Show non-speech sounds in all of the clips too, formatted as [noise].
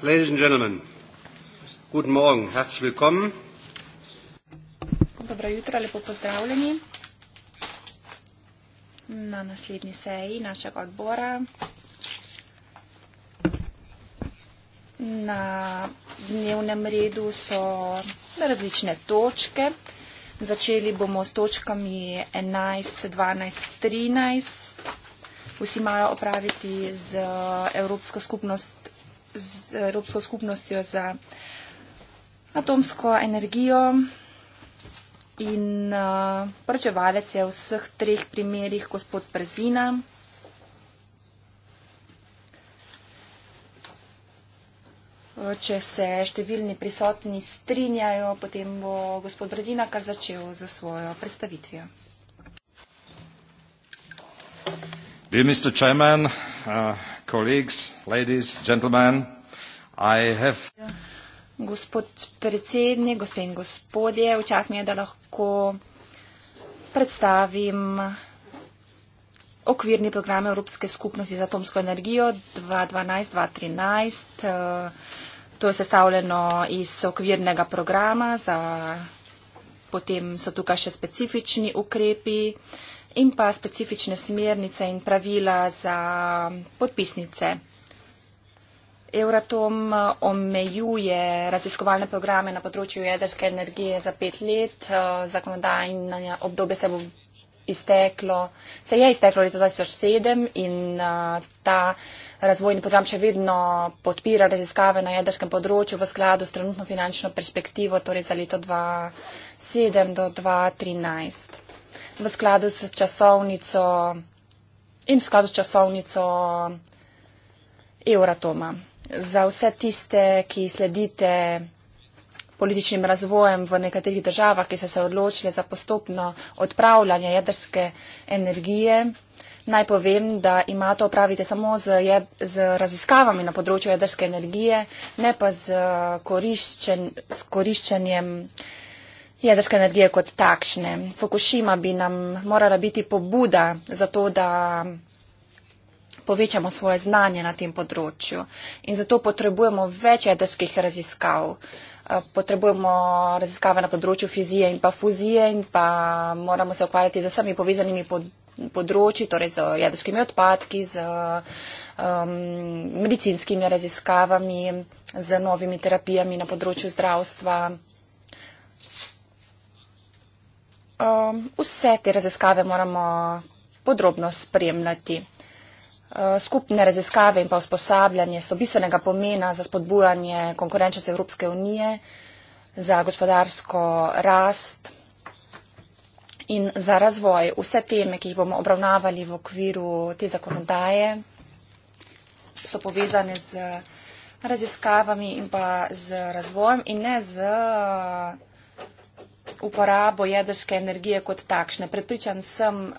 Ladies and gentlemen, guten Morgen, herzlich willkommen. Dobro jutro, lepo pozdravljeni na naslednji seji našega odbora. Na dnevnem redu so različne točke. Začeli bomo s točkami 11, 12, 13. Vsi imajo opraviti z Evropsko skupnost z Evropsko skupnostjo za atomsko energijo in uh, prčevalec je v vseh treh primerjih gospod Brzina. Če se številni prisotni strinjajo, potem bo gospod Brzina kar začel za svojo predstavitvijo. Dear Mr. Chairman, uh, colleagues, ladies, gentlemen, I have... Gospod predsednik, gospe in gospodje, včas mi je, da lahko predstavim okvirni program Evropske skupnosti za atomsko energijo 2012-2013. Eh, to je sestavljeno iz okvirnega programa, za... potem so tukaj še specifični ukrepi, in pa specifične smernice in pravila za podpisnice. Euratom eh, omejuje raziskovalne programe na področju jedrske energije za pet let, eh, zakonodajne obdobje se bo izteklo, se je izteklo leta 2007 in eh, ta razvojni program še vedno podpira raziskave na jedrskem področju v skladu s trenutno finančno perspektivo, torej za leto 2007 do 2013 v skladu s časovnico in v skladu s časovnico Euratoma. Za vse tiste, ki sledite političnim razvojem v nekaterih državah, ki so se odločili za postopno odpravljanje jedrske energije, naj povem, da ima to opraviti samo z, jed, z raziskavami na področju jedrske energije, ne pa z, koriščen, z koriščenjem jedrske energije kot takšne. Fukushima bi nam morala biti pobuda za to, da povečamo svoje znanje na tem področju. In zato potrebujemo več jedrskih raziskav. Eh, potrebujemo raziskave na področju fizije in pa fuzije in pa moramo se ukvarjati z vsemi povezanimi področji, torej z jedrskimi odpadki, z um, medicinskimi raziskavami, z novimi terapijami na področju zdravstva. um, vse te raziskave moramo podrobno spremljati. Uh, skupne raziskave in pa usposabljanje so bistvenega pomena za spodbujanje konkurenčnosti Evropske unije, za gospodarsko rast in za razvoj. Vse teme, ki jih bomo obravnavali v okviru te zakonodaje, so povezane z raziskavami in pa z razvojem in ne z uporabo jedrske energije kot takšne. Prepričan sem,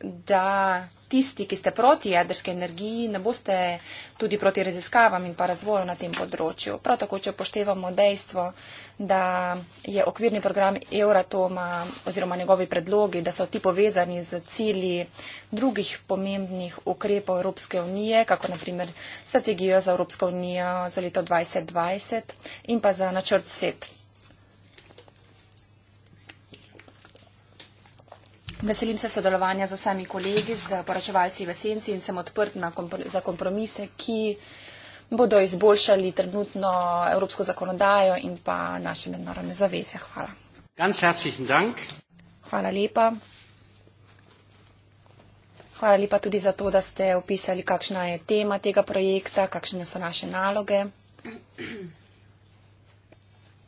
da tisti, ki ste proti jedrske energiji, ne boste tudi proti raziskavam in pa razvoju na tem področju. Prav tako, če upoštevamo dejstvo, da je okvirni program Euratoma oziroma njegovi predlogi, da so ti povezani z cilji drugih pomembnih ukrepov Evropske unije, kako naprimer strategijo za Evropsko unijo za leto 2020 in pa za načrt SET. Veselim se sodelovanja z vsemi kolegi, z poročevalci v Senci in sem odprt kompr za kompromise, ki bodo izboljšali trenutno evropsko zakonodajo in pa naše mednarodne zaveze. Hvala. Hvala lepa. Hvala lepa tudi za to, da ste opisali, kakšna je tema tega projekta, kakšne so naše naloge.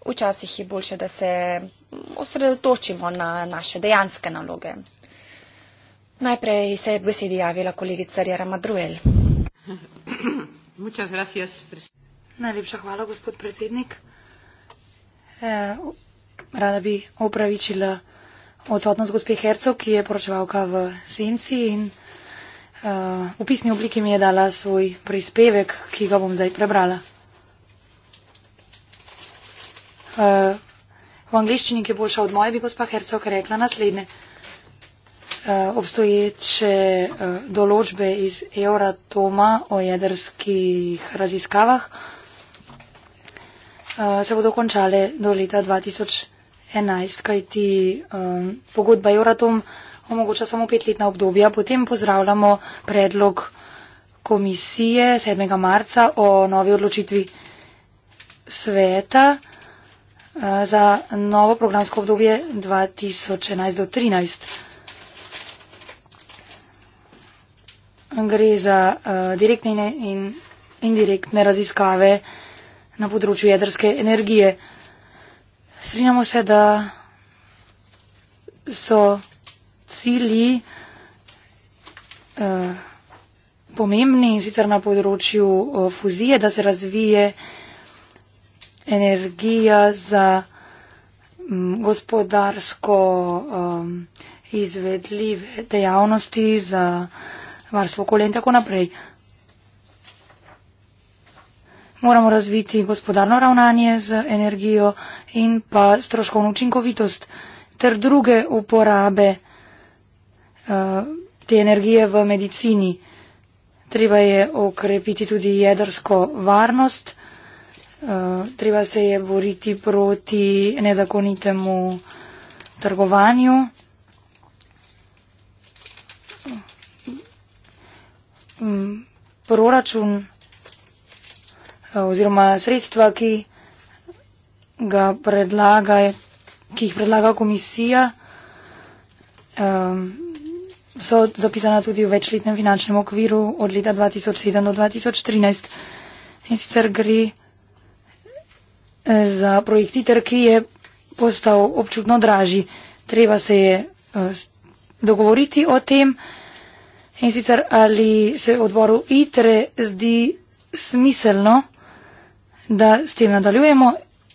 Včasih je boljše, da se osredotočimo na naše dejanske naloge. Najprej se je besedi javila kolegica Rjera Madruel. [coughs] Najlepša hvala, gospod predsednik. E, rada bi opravičila odsotnost gospe Hercov, ki je poročevalka v senci in e, v pisni obliki mi je dala svoj prispevek, ki ga bom zdaj prebrala. E, v angliščini, ki je boljša od moje, bi gospa Hercog rekla naslednje. Uh, obstoječe uh, določbe iz Euratoma o jedrskih raziskavah uh, se bodo končale do leta 2011, kajti um, pogodba Euratom omogoča samo petletna obdobja. Potem pozdravljamo predlog komisije 7. marca o novi odločitvi sveta. Eh, za novo programsko obdobje 2011 do 2013. Gre za uh, direktne in indirektne raziskave na področju jedrske energije. Strinjamo se, da so cilji uh, pomembni in sicer na področju uh, fuzije, da se razvije uh, energija za mm, gospodarsko um, izvedljive dejavnosti, za varstvo okolja in tako naprej. Moramo razviti gospodarno ravnanje z energijo in pa stroškovno učinkovitost ter druge uporabe uh, te energije v medicini. Treba je okrepiti tudi jedrsko varnost. Eh, treba se je boriti proti nezakonitemu trgovanju. Mm, proračun eh, oziroma sredstva, ki, predlaga, ki jih predlaga komisija, eh, so zapisana tudi v večletnem finančnem okviru od leta 2007 do 2013. In sicer gre E, za projektiter, ki je postal občutno dražji. Treba se je e, dogovoriti o tem in sicer ali se odboru ITRE zdi smiselno, da s tem nadaljujemo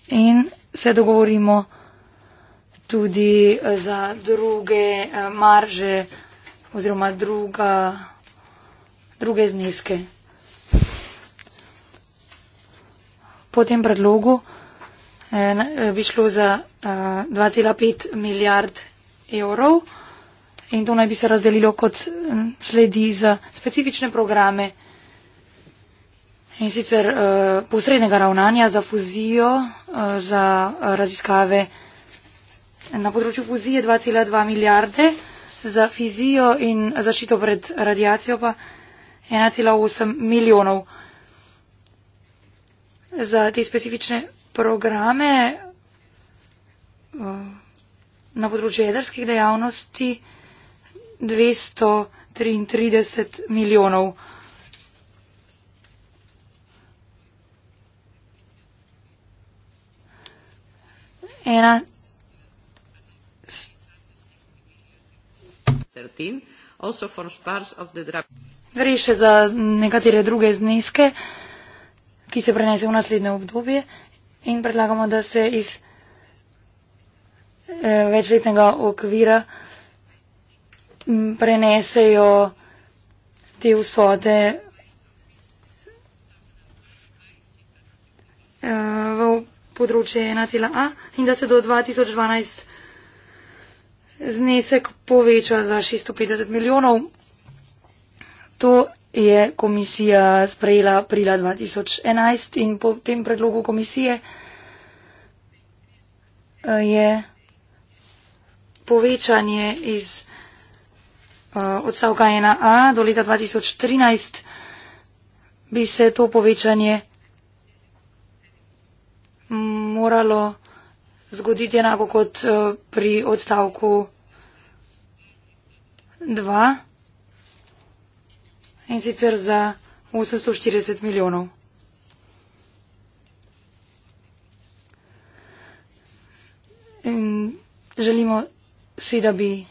in se dogovorimo tudi e, za druge marže oziroma druga, druge zneske. Po tem predlogu Eh, bi šlo za 2,5 eh, milijard evrov in to naj bi se razdelilo kot mm, sledi za specifične programe in sicer eh, posrednega ravnanja za fuzijo, za raziskave na področju fuzije 2,2 milijarde, za fizijo in zaščito pred radijacijo pa 1,8 milijonov. Za te specifične programe eh, na področju jedrskih dejavnosti 233 milijonov. Ena. Gre še za nekatere druge zneske, ki se prenese v naslednje obdobje in predlagamo, da se iz eh, večletnega okvira prenesejo te vsote eh, v področje 1,A in da se do 2012 znesek poveča za 650 milijonov. To je komisija sprejela aprila 2011 in po tem predlogu komisije eh, je povečanje iz eh, odstavka 1a do leta 2013 bi se to povečanje moralo zgoditi enako kot eh, pri odstavku 2 in sicer za 840 milijonov. In želimo si, da bi eh,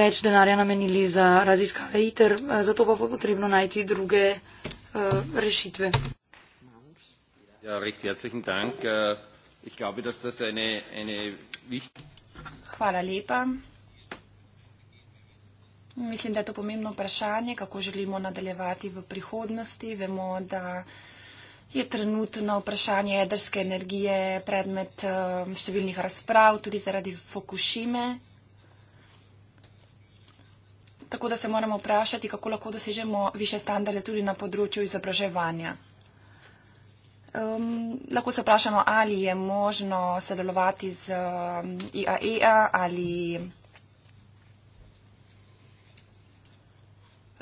več denarja namenili za raziskave ITER, eh, zato pa bo potrebno najti druge eh, rešitve. Ja, äh, Hvala lepa. Mislim, da je to pomembno vprašanje, kako želimo nadaljevati v prihodnosti. Vemo, da je trenutno vprašanje jedrske energije predmet eh, številnih razprav, tudi zaradi Fukushime. Tako da se moramo vprašati, kako lahko dosežemo više standarde tudi na področju izobraževanja. Um, lahko se vprašamo, ali je možno sodelovati z eh, IAEA e ali.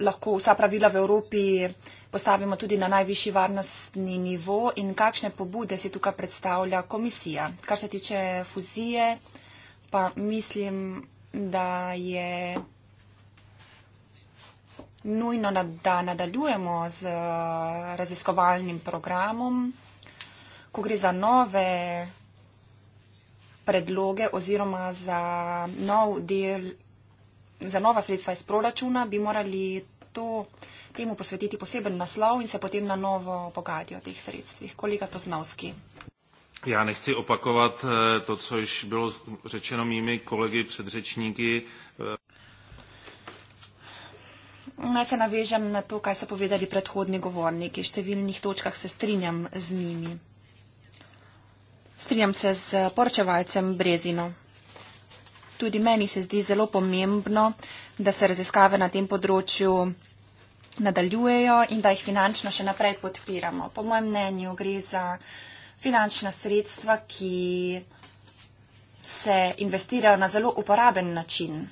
lahko vsa pravila v Evropi postavimo tudi na najvišji varnostni nivo in kakšne pobude si tukaj predstavlja komisija. Kar se tiče fuzije, pa mislim, da je nujno, da nadaljujemo z eh, raziskovalnim programom, ko gre za nove predloge oziroma za nov del. Za nova sredstva iz proračuna bi morali to, temu posvetiti poseben naslov in se potem na novo pogajati o teh sredstvih. Kolega Toznavski. Já nechci opakovat eh, to, co již bylo řečeno mými kolegy předřečníky. Eh. Naj se navežem na to, kaj so povedali predhodni govorniki. V številnih točkah se strinjam z njimi. Strinjam se z poročevalcem Brezino. Tudi meni se zdi zelo pomembno, da se raziskave na tem področju nadaljujejo in da jih finančno še naprej podpiramo. Po mojem mnenju gre za finančna sredstva, ki se investirajo na zelo uporaben način.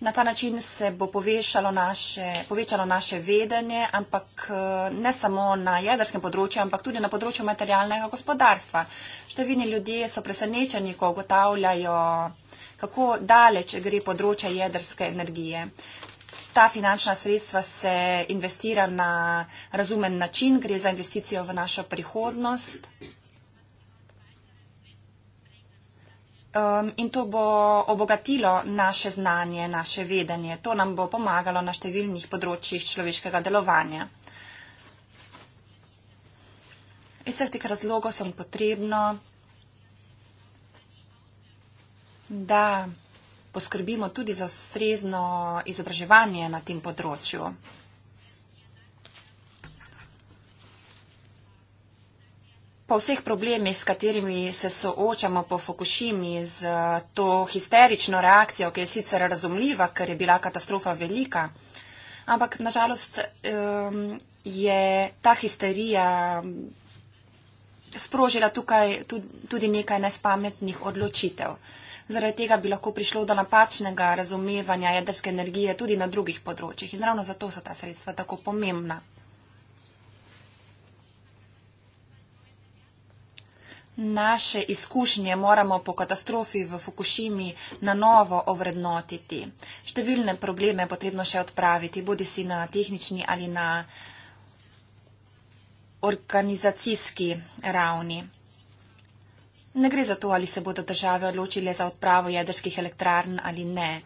Na ta način se bo naše, povečalo naše vedenje, ampak eh, ne samo na jedrskem področju, ampak tudi na področju materialnega gospodarstva. Številni ljudje so presenečeni, ko ugotavljajo, kako daleč gre področje jedrske energije. Ta finančna sredstva se investira na razumen način, gre za investicijo v našo prihodnost. Um, in to bo obogatilo naše znanje, naše vedenje. To nam bo pomagalo na številnih področjih človeškega delovanja. Iz vseh teh razlogov sem potrebno da poskrbimo tudi za ustrezno izobraževanje na tem področju. Po vseh problemih, s katerimi se soočamo po Fukushimi, z to histerično reakcijo, ki je sicer razumljiva, ker je bila katastrofa velika, ampak nažalost je ta histerija sprožila tukaj tudi nekaj nespametnih odločitev. Zaradi tega bi lahko prišlo do napačnega razumevanja jedrske energije tudi na drugih področjih in ravno zato so ta sredstva tako pomembna. Naše izkušnje moramo po katastrofi v Fukushimi na novo ovrednotiti. Številne probleme je potrebno še odpraviti, bodi si na tehnični ali na organizacijski ravni. Ne gre za to, ali se bodo države odločile za odpravo jedrskih elektrarn ali ne.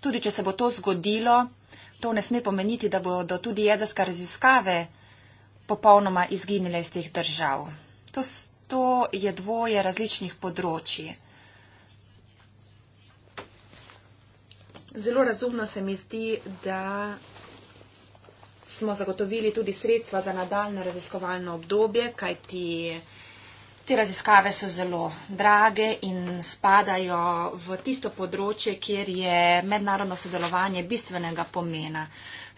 Tudi če se bo to zgodilo, to ne sme pomeniti, da bodo tudi jedrske raziskave popolnoma izginile iz teh držav. To, to je dvoje različnih področji. Zelo razumno se mi zdi, da smo zagotovili tudi sredstva za nadaljne raziskovalno obdobje, kajti. Te raziskave so zelo drage in spadajo v tisto področje, kjer je mednarodno sodelovanje bistvenega pomena.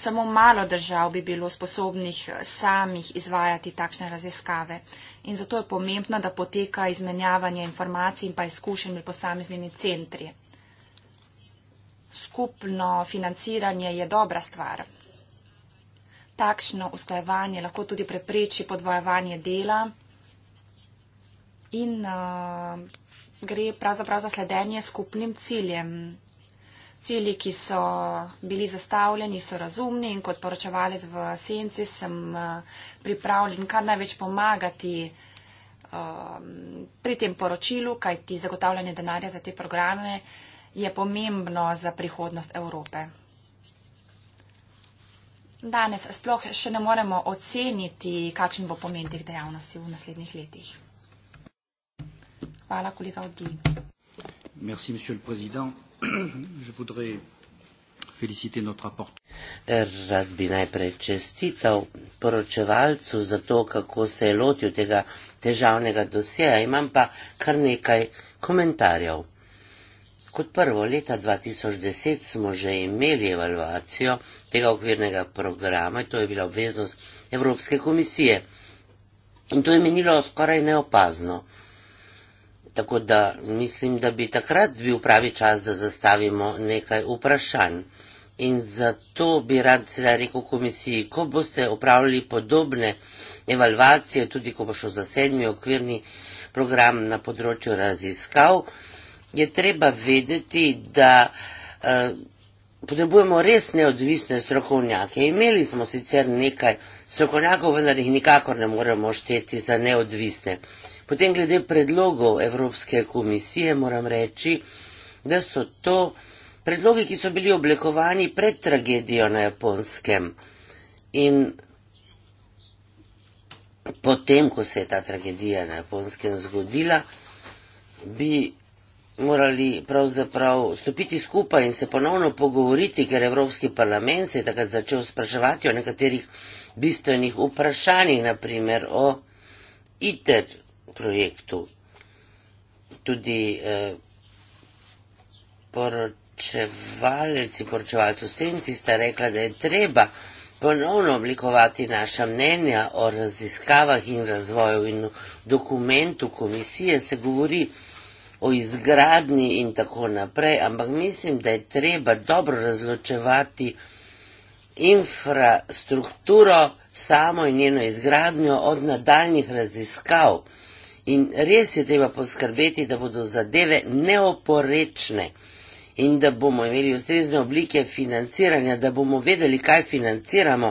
Samo malo držav bi bilo sposobnih samih izvajati takšne raziskave. In zato je pomembno, da poteka izmenjavanje informacij in pa izkušenj med posameznimi centri. Skupno financiranje je dobra stvar. Takšno usklajevanje lahko tudi prepreči podvojevanje dela in uh, gre pravzaprav za sledenje skupnim ciljem. Cili, ki so bili zastavljeni, so razumni in kot poročevalec v senci sem uh, pripravljen kar največ pomagati uh, pri tem poročilu, kajti zagotavljanje denarja za te programe je pomembno za prihodnost Evrope. Danes sploh še ne moremo oceniti, kakšen bo pomen teh dejavnosti v naslednjih letih. Hvala, kolega Odi. Merci, monsieur le président. [clears throat] Je voudrais feliciter notre rapporteur. Rad bi najprej čestital poročevalcu za to, kako se je lotil tega težavnega dosjeja. Imam pa kar nekaj komentarjev. Kot prvo, leta 2010 smo že imeli evaluacijo tega okvirnega programa, to je bila obveznost Evropske komisije. In to je menilo skoraj neopazno tako da mislim, da bi takrat bil pravi čas, da zastavimo nekaj vprašanj. In zato bi rad sedaj rekel komisiji, ko boste upravljali podobne evalvacije, tudi ko bo šlo za sedmi okvirni program na področju raziskav, je treba vedeti, da eh, Potrebujemo res neodvisne strokovnjake. Imeli smo sicer nekaj strokovnjakov, vendar jih nikakor ne moremo šteti za neodvisne. Uh, Potem glede predlogov Evropske komisije moram reči, da so to predlogi, ki so bili oblikovani pred tragedijo na Japonskem in potem, ko se je ta tragedija na Japonskem zgodila, bi morali pravzaprav stopiti skupaj in se ponovno pogovoriti, ker Evropski parlament se je takrat začel spraševati o nekaterih bistvenih vprašanjih, naprimer o ITER projektu. Tudi eh, poročevalec in poročevalec v senci sta rekla, da je treba ponovno oblikovati naša mnenja o raziskavah in razvoju in v dokumentu komisije se govori o izgradnji in tako naprej, ampak mislim, da je treba dobro razločevati infrastrukturo samo in njeno izgradnjo od nadaljnih raziskav. In res je treba poskrbeti, da bodo zadeve neoporečne in da bomo imeli ustrezne oblike financiranja, da bomo vedeli, kaj financiramo,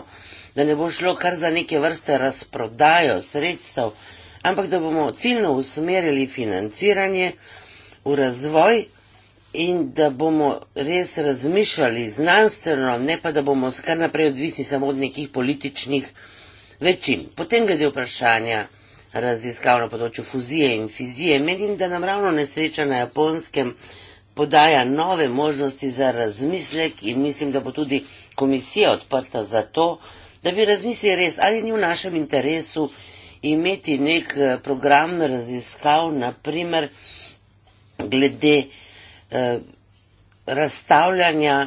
da ne bo šlo kar za neke vrste razprodajo sredstev, ampak da bomo ciljno usmerili financiranje v razvoj in da bomo res razmišljali znanstveno, ne pa da bomo skar naprej odvisni samo od nekih političnih večin. Potem glede vprašanja raziskav na področju fuzije in fizije, menim, da nam ravno nesreča na japonskem podaja nove možnosti za razmislek in mislim, da bo tudi komisija odprta za to, da bi razmislili res, ali ni v našem interesu imeti nek eh, program raziskav, naprimer glede eh, razstavljanja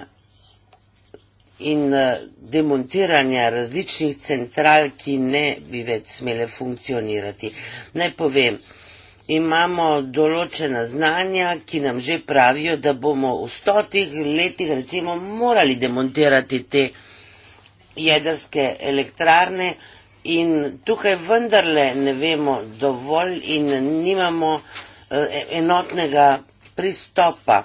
in eh, demontiranja različnih central, ki ne bi več smele funkcionirati. Naj povem, imamo določena znanja, ki nam že pravijo, da bomo v stotih letih recimo morali demontirati te jedrske elektrarne in tukaj vendarle ne vemo dovolj in nimamo eh, enotnega pristopa.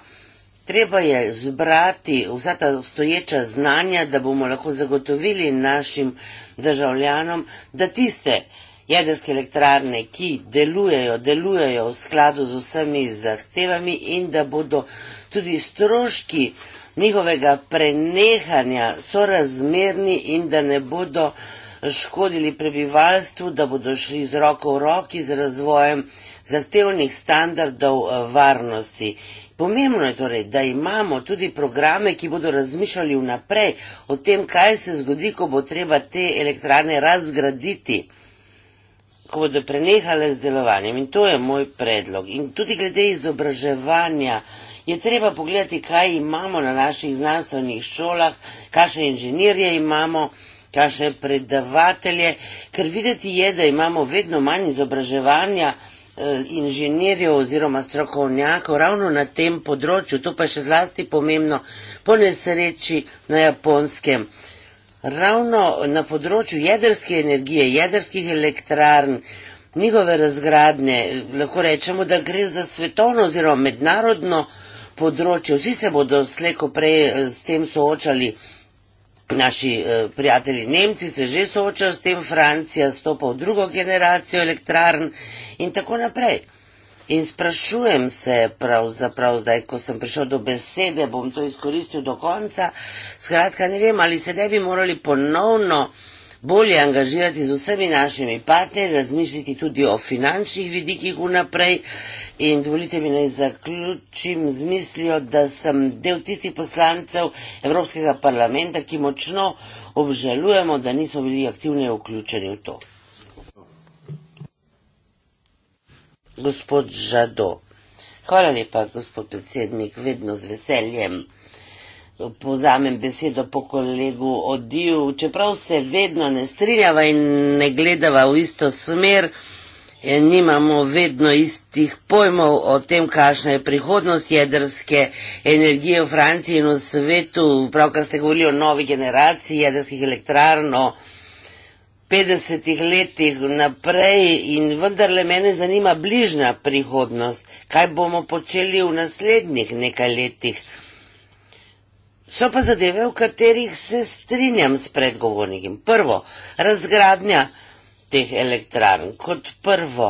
Treba je zbrati vsa ta obstoječa znanja, da bomo lahko zagotovili našim državljanom, da tiste jedrske elektrarne, ki delujejo, delujejo v skladu z vsemi zahtevami in da bodo tudi stroški njihovega prenehanja sorazmerni in da ne bodo škodili prebivalstvu, da bodo šli z roko v roki z razvojem zahtevnih standardov eh, varnosti. Pomembno je torej, da imamo tudi programe, ki bodo razmišljali vnaprej o tem, kaj se zgodi, ko bo treba te elektrane razgraditi, ko bodo prenehale z delovanjem. In to je moj predlog. In tudi glede izobraževanja je treba pogledati, kaj imamo na naših znanstvenih šolah, kakšne inženirje imamo kaže predavatelje, ker videti je, da imamo vedno manj izobraževanja eh, inženirjev oziroma strokovnjakov ravno na tem področju, to pa je še zlasti pomembno po nesreči na japonskem. Ravno na področju jedrske energije, jedrskih elektrarn, njihove razgradnje, lahko rečemo, da gre za svetovno oziroma mednarodno področje, vsi se bodo sleko prej eh, s tem soočali. Naši eh, prijatelji Nemci se že soočajo s tem, Francija stopa v drugo generacijo elektrarn in tako naprej. In sprašujem se, pravzaprav zdaj, ko sem prišel do besede, bom to izkoristil do konca, skratka ne vem, ali se ne bi morali ponovno bolje angažirati z vsemi našimi partnerji, razmišljati tudi o finančnih vidikih vnaprej in dovolite mi naj zaključim z mislijo, da sem del tistih poslancev Evropskega parlamenta, ki močno obžalujemo, da nismo bili aktivno vključeni v to. Gospod Žado. Hvala lepa, gospod predsednik, vedno z veseljem povzamem besedo po kolegu Odiju, čeprav se vedno ne strinjava in ne gledava v isto smer, nimamo vedno istih pojmov o tem, kakšna je prihodnost jedrske energije v Franciji in v svetu, pravkar ste govorili o novi generaciji jedrskih elektrarn, o 50 letih naprej in vendarle mene zanima bližnja prihodnost, kaj bomo počeli v naslednjih nekaj letih. So pa zadeve, v katerih se strinjam s predgovornikom. Prvo, razgradnja teh elektrarn. Kot prvo,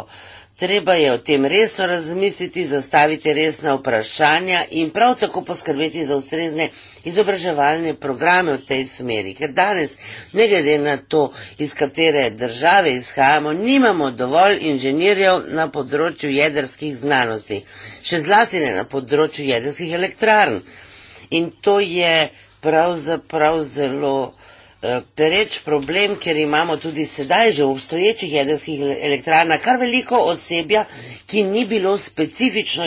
treba je o tem resno razmisliti, zastaviti resna vprašanja in prav tako poskrbeti za ustrezne izobraževalne programe v tej smeri. Ker danes, ne glede na to, iz katere države izhajamo, nimamo dovolj inženirjev na področju jedrskih znanosti, še zlasti ne na področju jedrskih elektrarn in to je pravzaprav zelo eh, pereč problem, ker imamo tudi sedaj že v obstoječih jedrskih elektrarnah kar veliko osebja, ki ni bilo specifično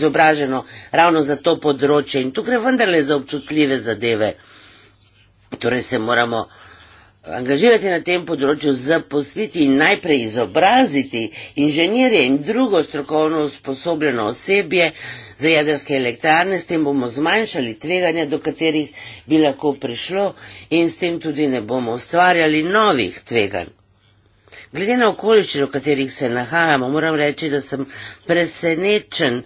izobraženo ravno za to področje. In tu gre vendarle za občutljive zadeve. Torej se moramo uh, angažirati na tem področju, zaposliti in najprej izobraziti inženirje in drugo strokovno usposobljeno osebje za jedrske elektrarne, s tem bomo zmanjšali tveganja, do katerih bi lahko prišlo in s tem tudi ne bomo ustvarjali novih tveganj. Glede na okoliščine, v katerih se nahajamo, moram reči, da sem presenečen,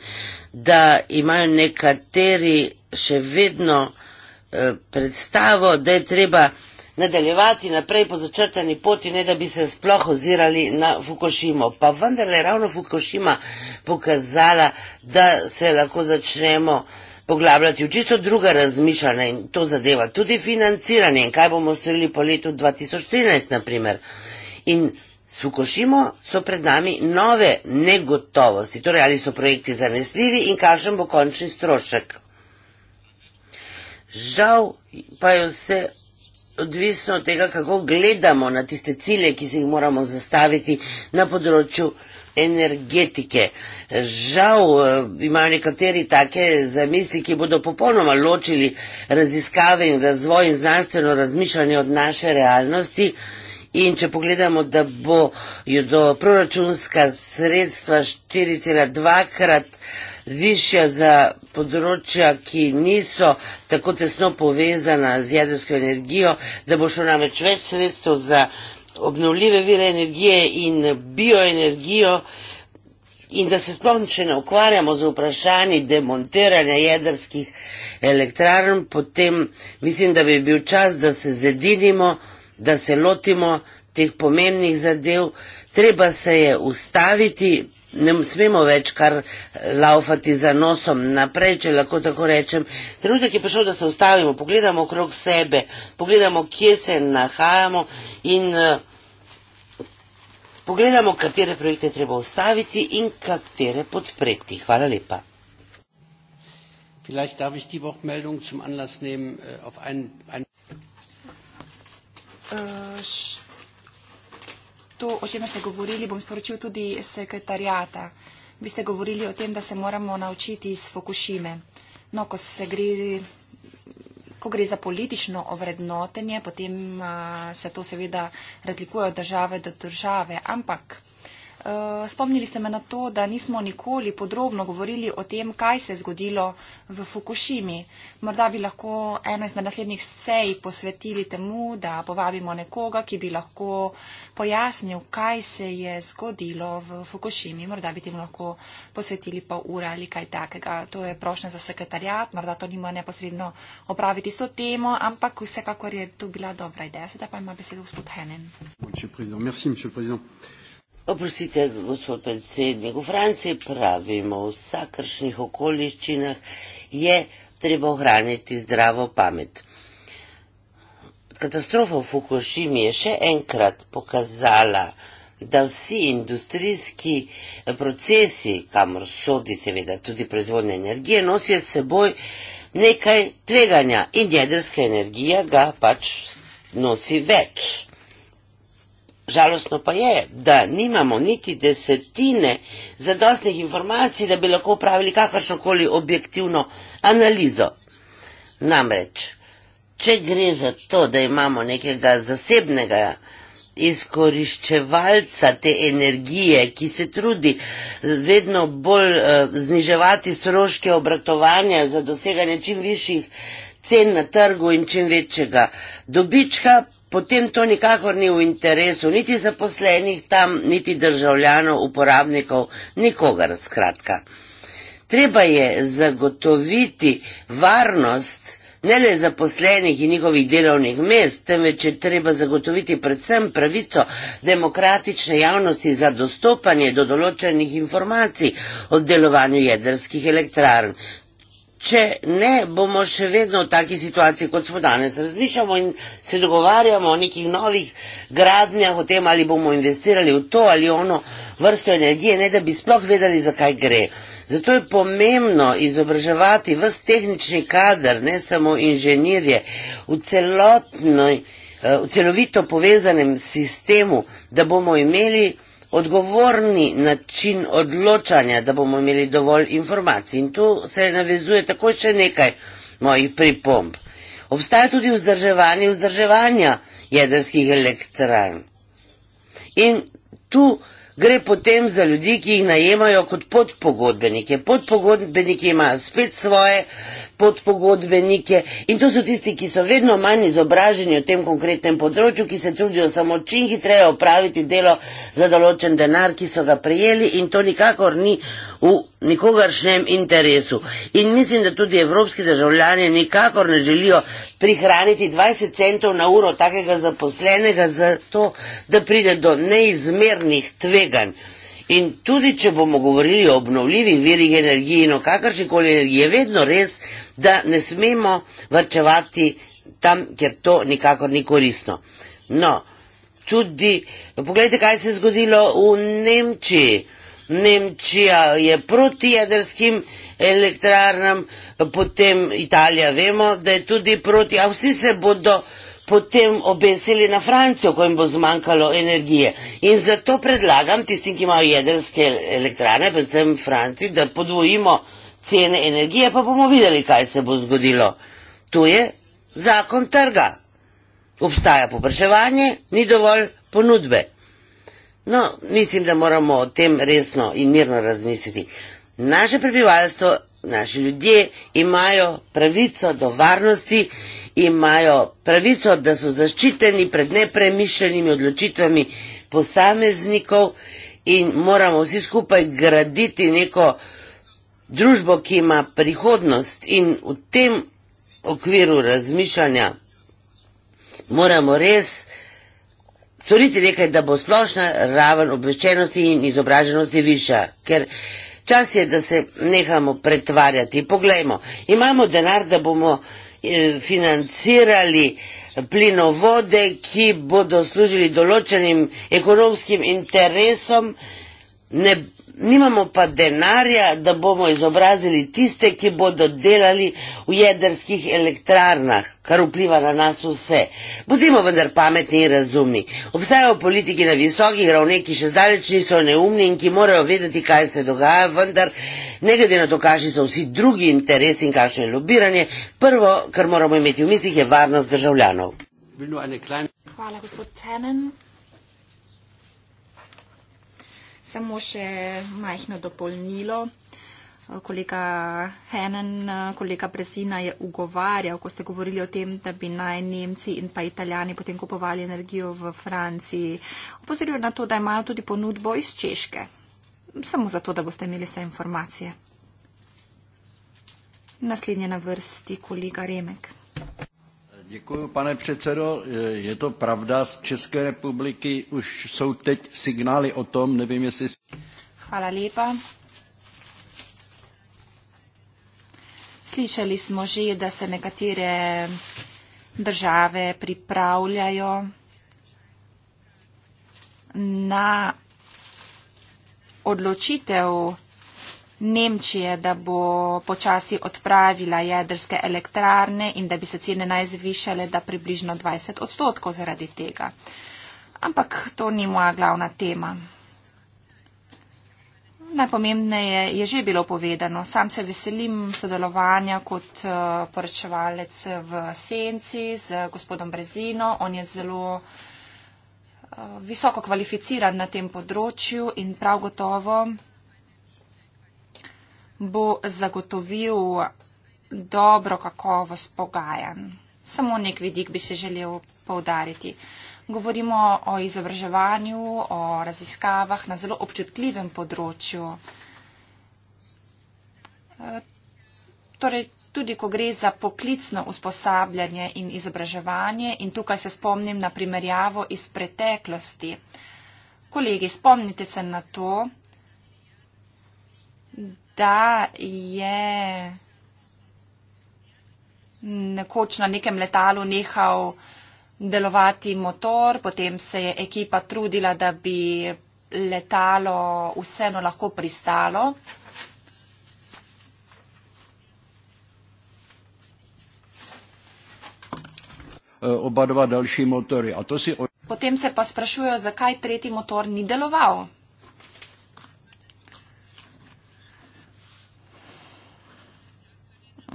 da imajo nekateri še vedno eh, predstavo, da je treba nadaljevati naprej po začrtani poti, ne da bi se sploh ozirali na Fukushimo. Pa vendarle je ravno Fukushima pokazala, da se lahko začnemo poglabljati v čisto druga razmišljanja in to zadeva tudi financiranje in kaj bomo storili po letu 2013 naprimer. In s Fukushimo so pred nami nove negotovosti, torej ali so projekti zanesljivi in kakšen bo končni strošek. Žal pa je vse odvisno od tega, kako gledamo na tiste cilje, ki si jih moramo zastaviti na področju energetike. Žal eh, imajo nekateri take zamisli, ki bodo popolnoma ločili raziskave in razvoj in znanstveno razmišljanje od naše realnosti. In če pogledamo, da bo jo do proračunska sredstva 4,2 krat višja za področja, ki niso tako tesno povezana z jedrsko energijo, da bo šlo namreč več sredstev za obnovljive vire energije in bioenergijo in da se sploh še ne ukvarjamo z vprašanji demontiranja jedrskih elektrarn, potem mislim, da bi bil čas, da se zedinimo, da se lotimo teh pomembnih zadev. Treba se je ustaviti, ne smemo več kar laufati za nosom naprej, če lahko tako rečem. Trenutek je prišel, da se ustavimo, pogledamo okrog sebe, pogledamo, kje se nahajamo in eh, pogledamo, katere projekte treba ustaviti in katere podpreti. Hvala lepa. Vielleicht darf ich die Wortmeldung zum Anlass nehmen äh, auf ein. ein äh, to, o čem ste govorili, bom sporočil tudi sekretarjata. Vi ste govorili o tem, da se moramo naučiti iz Fukushime. No, ko, gre, ko gre za politično ovrednotenje, potem a, se to seveda razlikuje od države do države. Ampak Eh, spomnili ste me na to, da nismo nikoli podrobno govorili o tem, kaj se je zgodilo v Fukushimi. Morda bi lahko eno izmed naslednjih sej posvetili temu, da povabimo nekoga, ki bi lahko pojasnil, kaj se je zgodilo v Fukushimi. Morda bi temu lahko posvetili pa ura ali kaj takega. To je prošnja za sekretarjat, morda to nima neposredno opraviti s to temo, ampak vsekakor je to bila dobra ideja. Sedaj pa ima besedo gospod Henen. Monsieur prezident. Merci, monsieur prezident. Oprostite, gospod predsednik, v Franciji pravimo, v vsakršnih okoliščinah je treba ohraniti zdravo pamet. Katastrofa v Fukushimi je še enkrat pokazala, da vsi industrijski procesi, kamor sodi seveda tudi proizvodnja energije, nosijo s seboj nekaj tveganja in jedrska energija ga pač nosi več. Žalostno pa je, da nimamo niti desetine zadostnih informacij, da bi lahko upravili kakršnokoli objektivno analizo. Namreč, če gre za to, da imamo nekega zasebnega izkoriščevalca te energije, ki se trudi eh, vedno bolj eh, zniževati stroške obratovanja za doseganje čim višjih cen na trgu in čim večjega dobička, potem to nikakor ni v interesu niti zaposlenih tam, niti državljanov, uporabnikov, nikogar skratka. Treba je zagotoviti varnost ne le zaposlenih in njihovih delovnih mest, temveč je treba zagotoviti predvsem pravico demokratične javnosti za dostopanje do določenih informacij o delovanju jedrskih elektrarn če ne, bomo še vedno v taki situaciji, kot smo danes. Razmišljamo in se dogovarjamo o nekih novih gradnjah, o tem, ali bomo investirali v to ali ono vrsto energije, ne da bi sploh vedeli, zakaj gre. Zato je pomembno izobraževati vst tehnični kader, ne samo inženirje, v celotnoj, eh, v celovito povezanem sistemu, da bomo imeli odgovorni način odločanja, da bomo imeli dovolj informacij. In tu se navezuje takoj še nekaj mojih pripomb. Obstaja tudi vzdrževanje vzdrževanja jedrskih elektran. In tu gre potem za ljudi, ki jih najemajo kot podpogodbenike. Podpogodbeniki imajo spet svoje podpogodbenike in to so tisti, ki so vedno manj izobraženi v tem konkretnem področju, ki se trudijo samo čim hitreje opraviti delo za določen denar, ki so ga prejeli in to nikakor ni v nikogaršnjem interesu. In mislim, da tudi evropski državljani nikakor ne želijo prihraniti 20 centov na uro takega zaposlenega za to, da pride do neizmernih tveganj. In tudi, če bomo govorili o obnovljivih virih energije in o kakršni koli energije, je vedno res, da ne smemo vrčevati tam, kjer to nikakor ni koristno. No, tudi, poglejte, kaj se je zgodilo v Nemčiji. Nemčija je proti jedrskim elektrarnam, potem Italija vemo, da je tudi proti, a vsi se bodo potem obesili na Francijo, ko jim bo zmanjkalo energije. In zato predlagam tistim, ki imajo jedrske elektrane, predvsem Franciji, da podvojimo cene energije, pa bomo videli, kaj se bo zgodilo. Tu je zakon trga. Obstaja popraševanje, ni dovolj ponudbe. No, mislim, da moramo o tem resno in mirno razmisliti. Naše prebivalstvo, naši ljudje imajo pravico do varnosti, imajo pravico, da so zaščiteni pred nepremišljenimi odločitvami posameznikov in moramo vsi skupaj graditi neko družbo, ki ima prihodnost in v tem okviru razmišljanja moramo res. Soriti rekli, da bo splošna raven obveščenosti in izobraženosti viša, ker čas je, da se nehamo pretvarjati. Poglejmo, imamo denar, da bomo eh, financirali plinovode, ki bodo služili določenim ekonomskim interesom, ne, Nimamo pa denarja, da bomo izobrazili tiste, ki bodo delali v jedrskih elektrarnah, kar vpliva na nas vse. Budimo vendar pametni in razumni. Obstajajo politiki na visokih ravneh, ki še zdaleč niso neumni in ki morajo vedeti, kaj se dogaja, vendar ne glede na to, kakšni so vsi drugi interesi in kakšno je lobiranje, prvo, kar moramo imeti v mislih, je varnost državljanov. Hvala, gospod Tenen. Samo še majhno dopolnilo. Kolega Henen, kolega Presina je ugovarjal, ko ste govorili o tem, da bi naj Nemci in pa Italijani potem kupovali energijo v Franciji. Opozoril na to, da imajo tudi ponudbo iz Češke. Samo zato, da boste imeli vse informacije. Naslednje na vrsti kolega Remek. Děkuji, pane předsedo. Je to pravda, z České republiky už jsou teď signály o tom, nevím, jestli... Hvala lepa. Slišali smo že, da se nekatere države pripravljajo na odločitev Nemčije, da bo počasi odpravila jedrske elektrarne in da bi se cene naj zvišale, da približno 20 odstotkov zaradi tega. Ampak to ni moja glavna tema. Najpomembneje je že bilo povedano. Sam se veselim sodelovanja kot eh, poročevalec v Senci z gospodom Brezino. On je zelo eh, visoko kvalificiran na tem področju in prav gotovo bo zagotovil dobro kakovost pogajan. Samo nek vidik bi se želel povdariti. Govorimo o izobraževanju, o raziskavah na zelo občutljivem področju. E, torej, tudi ko gre za poklicno usposabljanje in izobraževanje in tukaj se spomnim na primerjavo iz preteklosti. Kolegi, spomnite se na to, da je nekoč na nekem letalu nehal delovati motor, potem se je ekipa trudila, da bi letalo vseeno lahko pristalo. E, oba dva daljši motori. Potem se pa sprašujejo, zakaj tretji motor ni deloval.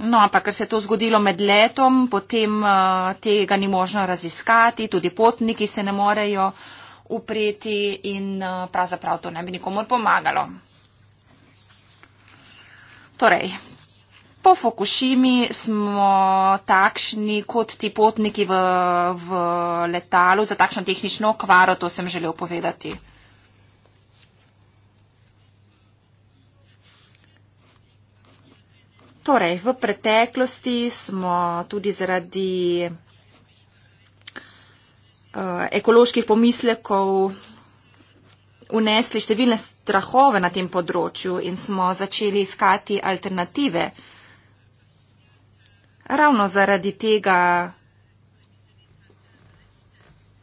No, ampak ker se je to zgodilo med letom, potem uh, tega ni možno raziskati, tudi potniki se ne morejo upreti in uh, pravzaprav to ne bi nikomor pomagalo. Torej, po Fukushimi smo takšni kot ti potniki v, v letalu za takšno tehnično okvaro, to sem želel povedati. Torej, v preteklosti smo tudi zaradi uh, ekoloških pomislekov unesli številne strahove na tem področju in smo začeli iskati alternative. Ravno zaradi tega,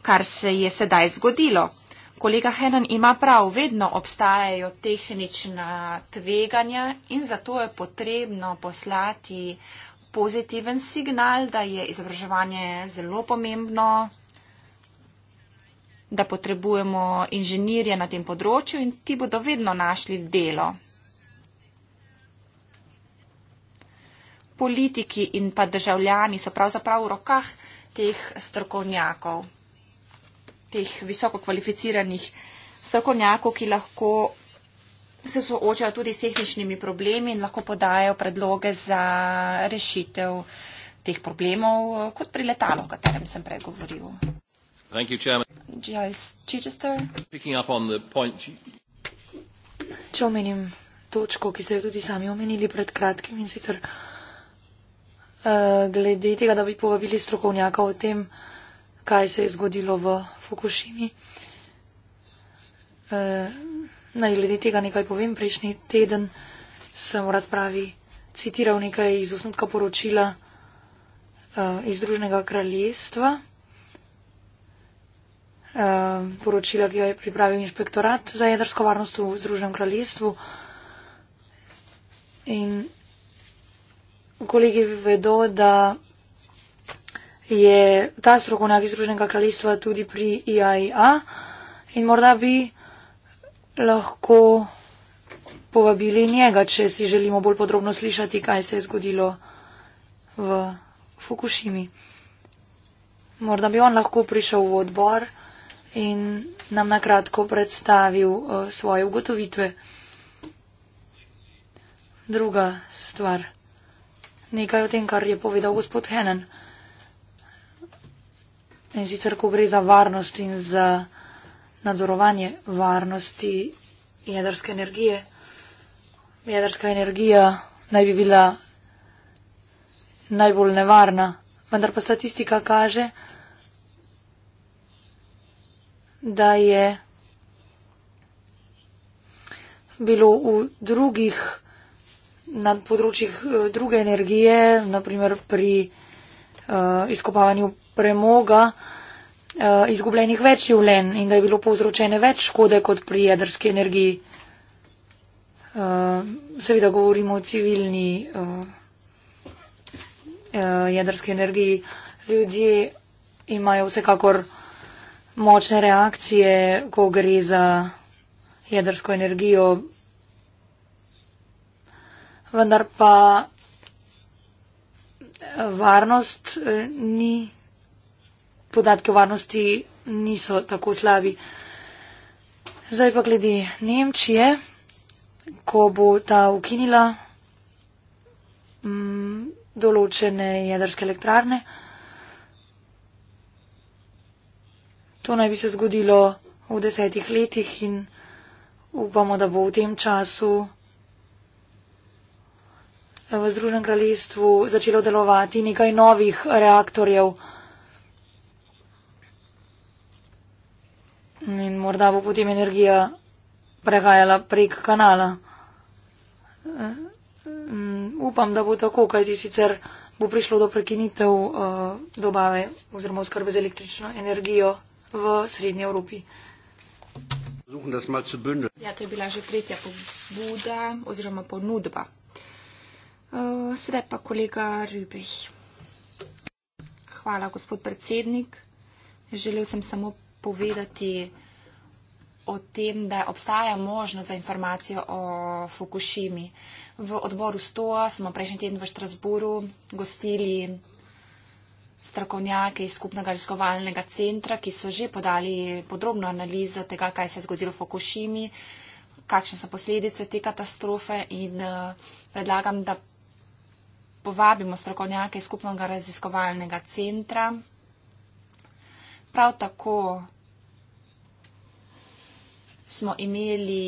kar se je sedaj zgodilo. Kolega Henan ima prav, vedno obstajajo tehnična tveganja in zato je potrebno poslati pozitiven signal, da je izobraževanje zelo pomembno, da potrebujemo inženirje na tem področju in ti bodo vedno našli delo. Politiki in pa državljani so pravzaprav v rokah teh strokovnjakov teh visoko kvalificiranih strokovnjakov, ki lahko se soočajo tudi s tehničnimi problemi in lahko podajo predloge za rešitev teh problemov, kot pri letalu, o katerem sem prej govoril. Če omenim točko, ki ste jo tudi sami omenili pred kratkim in sicer uh, glede tega, da bi povabili strokovnjaka o tem, kaj se je zgodilo v Fukushimi. Uh, naj glede tega nekaj povem. Prejšnji teden sem v razpravi citiral nekaj iz osnutka poročila uh, iz Združenega kraljestva, uh, poročila, ki ga je pripravil inšpektorat za jedrsko varnost v Združenem kraljestvu. In kolegi vedo, da je ta strokovnjak iz Združenega kraljestva tudi pri e IAEA in morda bi lahko povabili njega, če si želimo bolj podrobno slišati, kaj se je zgodilo v Fukushimi. Morda bi on lahko prišel v odbor in nam na kratko predstavil uh, svoje ugotovitve. Druga stvar. Nekaj o tem, kar je povedal gospod Henen. Uh, In sicer, ko gre za varnost in za nadzorovanje varnosti jedrske energije, jedrska energija naj bi bila najbolj nevarna, vendar pa statistika kaže, da je bilo v drugih, na področjih eh, druge energije, naprimer pri uh, izkopavanju premoga, uh, izgubljenih več življenj in da je bilo povzročene več škode kot pri jedrski energiji. Uh, seveda govorimo o civilni uh, uh, jedrski energiji. Ljudje imajo vsekakor močne reakcije, ko gre za jedrsko energijo. Vendar pa varnost ni podatki o varnosti niso tako slabi. Zdaj pa glede Nemčije, ko bo ta ukinila m, mm, določene jedrske elektrarne. To naj bi se zgodilo v desetih letih in upamo, da bo v tem času eh, v Združenem kraljestvu začelo delovati nekaj novih reaktorjev. In morda bo potem energija prehajala prek kanala. Mm, upam, da bo tako, kajti sicer bo prišlo do prekinitev eh, dobave oziroma oskrbe z električno energijo v Srednji Evropi. Ja, to je bila že tretja pobuda oziroma ponudba. Eh, sedaj pa kolega Rübih. Hvala, gospod predsednik. Želel sem samo povedati o tem, da obstaja možnost za informacijo o Fukushimi. V odboru STOA smo prejšnji teden v Štrasburu gostili strokovnjake iz skupnega raziskovalnega centra, ki so že podali podrobno analizo tega, kaj se je zgodilo v Fukushimi, kakšne so posledice te katastrofe in eh, predlagam, da povabimo strokovnjake iz skupnega raziskovalnega centra. Prav tako smo imeli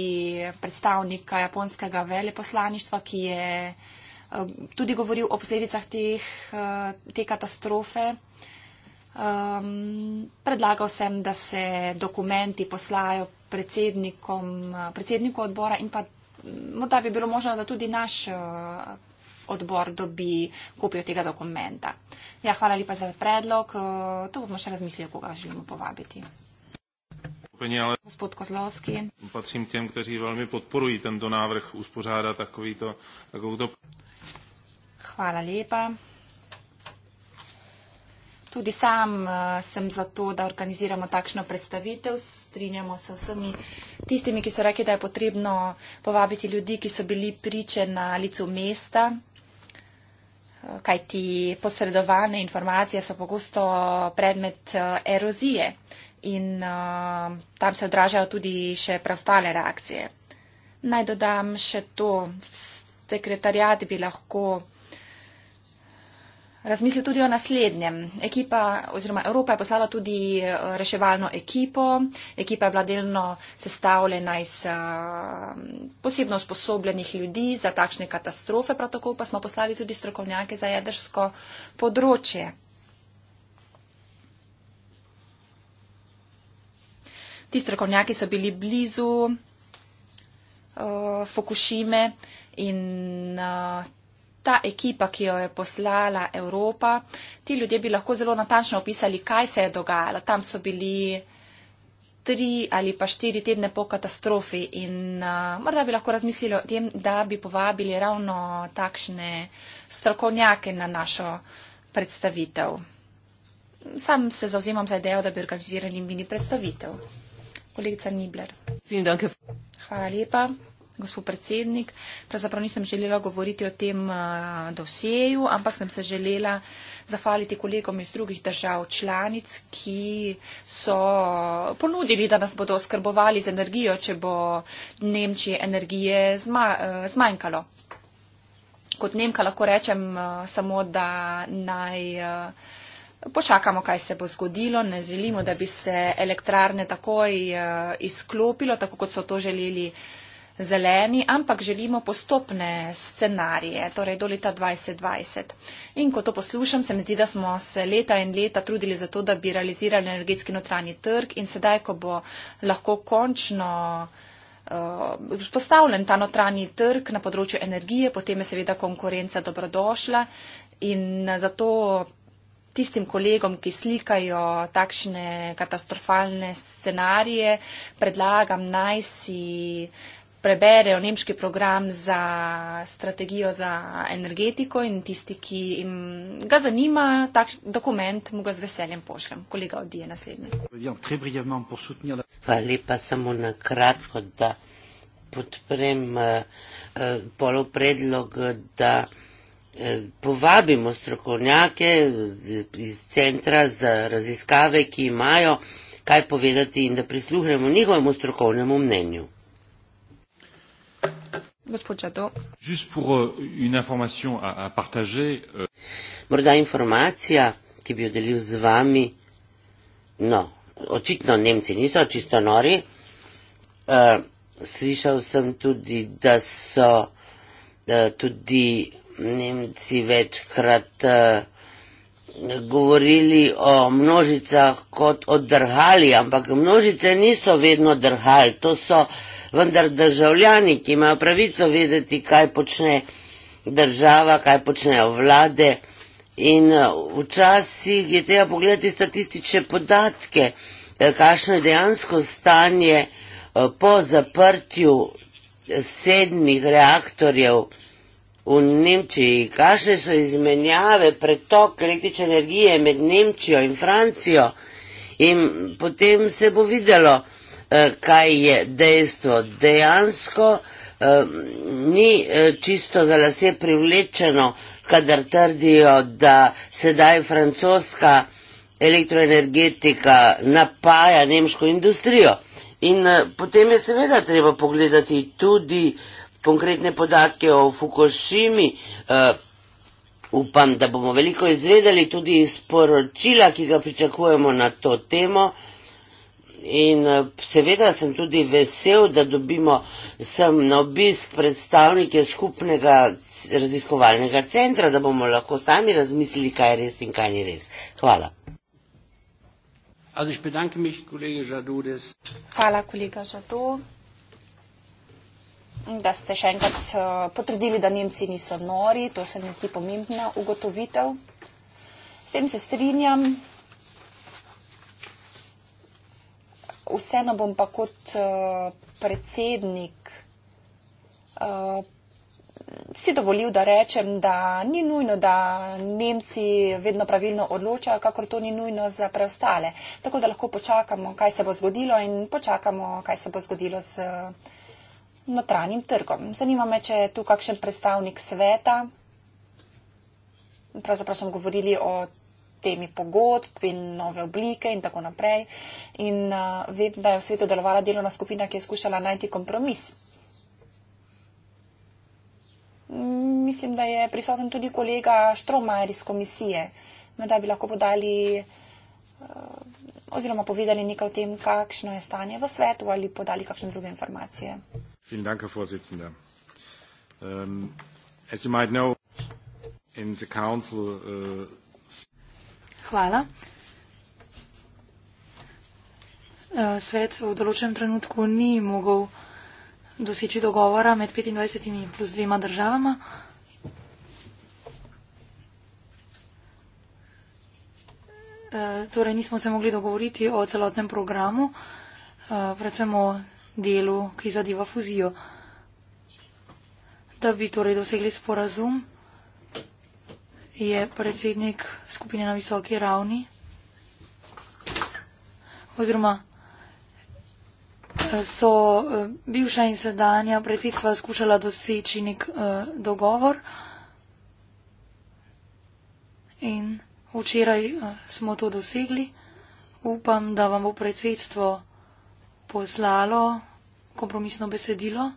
predstavnika japonskega veleposlaništva, ki je eh, tudi govoril o posledicah teh, eh, te katastrofe. Um, predlagal sem, da se dokumenti poslajo predsednikom, eh, predsedniku odbora in pa mm, morda bi bilo možno, da tudi naš odbor dobi kopijo tega dokumenta. Ja, hvala lepa za predlog. To bomo še razmislili, koga želimo povabiti uskupení, ale Gospod Kozlovský. patřím těm, kteří velmi podporují tento návrh uspořádat takovýto takovouto. Hvala lepa. Tudi sam uh, sem za to, da organiziramo takšno predstavitev. Strinjamo se vsemi tistimi, ki so rekli, da je potrebno povabiti ljudi, ki so bili priče na licu mesta, eh, kajti posredovane informacije so pogosto predmet uh, erozije. Uh, in uh, tam se odražajo tudi še preostale reakcije. Naj dodam še to, sekretarjat bi lahko razmislil tudi o naslednjem. Ekipa oziroma Evropa je poslala tudi uh, reševalno ekipo. Ekipa je bila delno sestavljena iz uh, posebno usposobljenih ljudi za takšne katastrofe, prav tako pa smo poslali tudi strokovnjake za jedrsko področje. ti strokovnjaki so bili blizu uh, Fukushime in uh, ta ekipa, ki jo je poslala Evropa, ti ljudje bi lahko zelo natančno opisali, kaj se je dogajalo. Tam so bili tri ali pa štiri tedne po katastrofi in uh, morda bi lahko razmislili o tem, da bi povabili ravno takšne strokovnjake na našo predstavitev. Sam se zauzemam za idejo, da bi organizirali mini predstavitev kolegica Nibler. Hvala lepa, gospod predsednik. Pravzaprav nisem želela govoriti o tem eh, dosjeju, ampak sem se želela zahvaliti kolegom iz drugih držav članic, ki so ponudili, da nas bodo oskrbovali z energijo, če bo Nemčije energije zma, eh, zmanjkalo. Kot Nemka lahko rečem eh, samo, da naj počakamo, kaj se bo zgodilo. Ne želimo, da bi se elektrarne takoj eh, izklopilo, tako kot so to želeli zeleni, ampak želimo postopne scenarije, torej do leta 2020. In ko to poslušam, se mi zdi, da smo se leta in leta trudili za to, da bi realizirali energetski notranji trg in sedaj, ko bo lahko končno eh, vzpostavljen uh, ta notranji trg na področju energije, potem je seveda konkurenca dobrodošla in eh, zato tistim kolegom, ki slikajo takšne katastrofalne scenarije, predlagam naj si preberejo nemški program za strategijo za energetiko in tisti, ki jim ga zanima, tak dokument mu ga z veseljem pošljem. Kolega odije naslednji. Hvala lepa samo na kratko, da podprem eh, eh polopredlog, da. Eh, povabimo strokovnjake eh, iz centra za raziskave, ki imajo kaj povedati in da prisluhnemo njihovemu strokovnemu mnenju. Gospod Čato. Euh, euh. Morda informacija, ki bi jo delil z vami. No, očitno Nemci niso čisto nori. Uh, slišal sem tudi, da so uh, tudi Nemci večkrat eh, govorili o množicah kot o drhali, ampak množice niso vedno drhali, to so vendar državljani, ki imajo pravico vedeti, kaj počne država, kaj počnejo vlade in eh, včasih je treba pogledati statistične podatke, eh, kakšno je dejansko stanje po zaprtju sedmih reaktorjev vsega, V Nemčiji kašle so izmenjave, pretok električne energije med Nemčijo in Francijo in potem se bo videlo, eh, kaj je dejstvo. Dejansko eh, ni eh, čisto za lase privlečeno, kadar trdijo, da sedaj francoska elektroenergetika napaja nemško industrijo. In potem je seveda treba pogledati tudi konkretne podatke o Fukushimi, eh, upam, da bomo veliko izvedeli tudi iz poročila, ki ga pričakujemo na to temo. In eh, seveda sem tudi vesel, da dobimo sem na obisk predstavnike skupnega raziskovalnega centra, da bomo lahko sami razmislili, kaj je res in kaj ni res. Hvala. Hvala, kolega Žadu da ste še enkrat eh, potrdili, da Nemci niso nori. To se mi zdi pomembna ugotovitev. S tem se strinjam. Vseeno bom pa kot eh, predsednik eh, si dovolil, da rečem, da ni nujno, da Nemci vedno pravilno odločajo, kakor to ni nujno za preostale. Tako da lahko počakamo, kaj se bo zgodilo in počakamo, kaj se bo zgodilo z notranjim trgom. Zanima me, če je tu kakšen predstavnik sveta. Pravzaprav smo govorili o temi pogodb in nove oblike in tako naprej. In uh, vem, da je v svetu delovala delovna skupina, ki je skušala najti kompromis. Mislim, da je prisoten tudi kolega Štromajer iz komisije. Morda bi lahko podali uh, oziroma povedali nekaj o tem, kakšno je stanje v svetu ali podali kakšne druge informacije. Vielen Dank, Herr Vorsitzender. Ähm, äh, Hvala. Äh, svet v določenem trenutku ni mogel doseči dogovora med 25 plus dvema državama. Äh, torej nismo se mogli dogovoriti o celotnem programu, predvsem o delu, ki zadeva fuzijo. Da bi torej dosegli sporazum, je predsednik skupine na visoki ravni oziroma eh, so eh, bivša in sedanja predsedstva skušala doseči nek eh, dogovor in včeraj smo to dosegli. Upam, da vam bo predsedstvo poslalo kompromisno besedilo.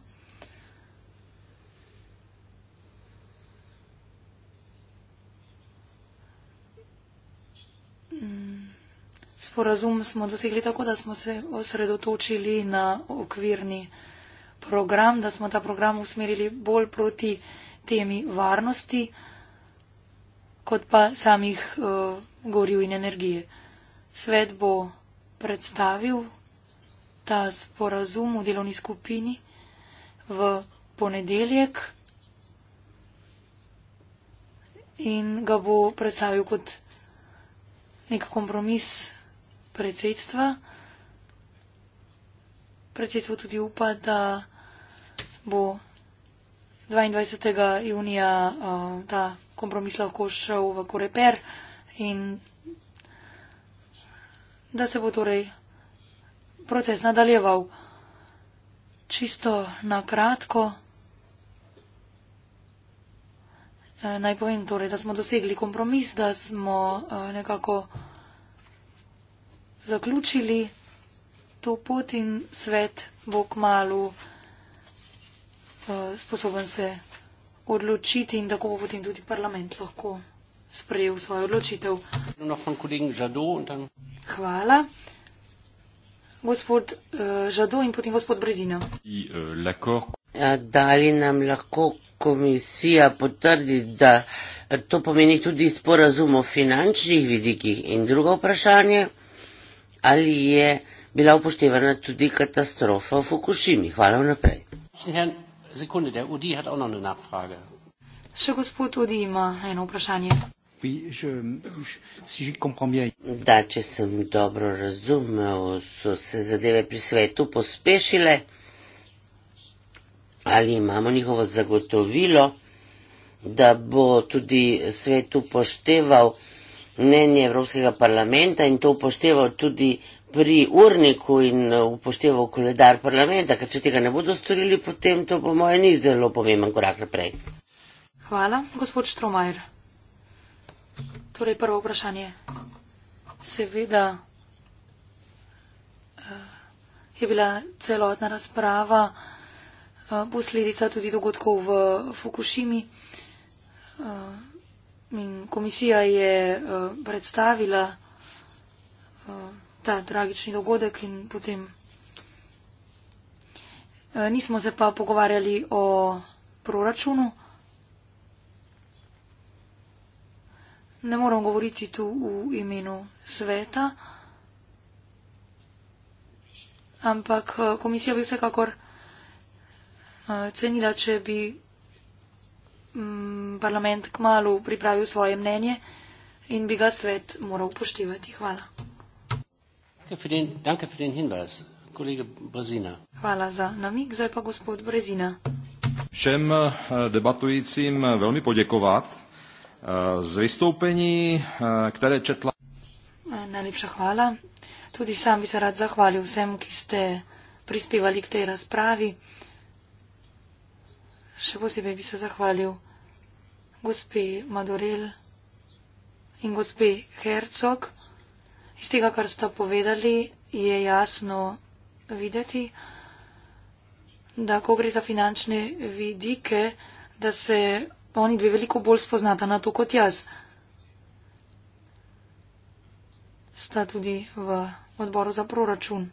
Mm. Sporazum smo dosegli tako, da smo se osredotočili na okvirni program, da smo ta program usmerili bolj proti temi varnosti, kot pa samih uh, eh, goril in energije. Svet bo predstavil ta sporazum v delovni skupini v ponedeljek in ga bo predstavil kot nek kompromis predsedstva. Predsedstvo tudi upa, da bo 22. junija uh, ta kompromis lahko šel v Koreper in da se bo torej proces nadaljeval. Čisto na kratko. Eh, naj povem torej, da smo dosegli kompromis, da smo eh, nekako zaključili to pot in svet bo k malu eh, sposoben se odločiti in tako bo potem tudi parlament lahko sprejel svojo odločitev. Hvala gospod uh, Žado in potem gospod Brezina. Ja, da li nam lahko komisija potrdi, da to pomeni tudi sporazum o finančnih vidikih in drugo vprašanje, ali je bila upoštevana tudi katastrofa v Fukushimi. Hvala vnaprej. Še gospod Udi ima eno vprašanje. Da, če sem dobro razumel, so se zadeve pri svetu pospešile. Ali imamo njihovo zagotovilo, da bo tudi svet upošteval mnenje Evropskega parlamenta in to upošteval tudi pri urniku in upošteval koledar parlamenta, ker če tega ne bodo storili, potem to po mojem ni zelo pomemben korak naprej. Hvala, gospod Štromajer. Torej, prvo vprašanje. Seveda eh, je bila celotna razprava eh, posledica tudi dogodkov v Fukushimi. Eh, in komisija je predstavila ta tragični dogodek in potem nismo se pa pogovarjali o proračunu. ne moram govoriti tu v imenu sveta, ampak eh, komisija bi vsekakor eh, cenila, če bi mm, parlament kmalo pripravil svoje mnenje in bi ga svet moral upoštevati. Hvala. Hvala za namik, zdaj pa gospod Brezina. Všem eh, debatujícím veľmi poděkovat. Eh, z vystoupení, eh, které četla. Eh, najlepša hvala. Tudi sam bi se rad zahvalil vsem, ki ste prispevali k tej razpravi. Še posebej bi se zahvalil gospe Madurel in gospe Hercog. Iz tega, kar sta povedali, je jasno videti, da ko gre za finančne vidike, da se pa oni dve veliko bolj spoznata na to kot jaz. Sta tudi v odboru za proračun.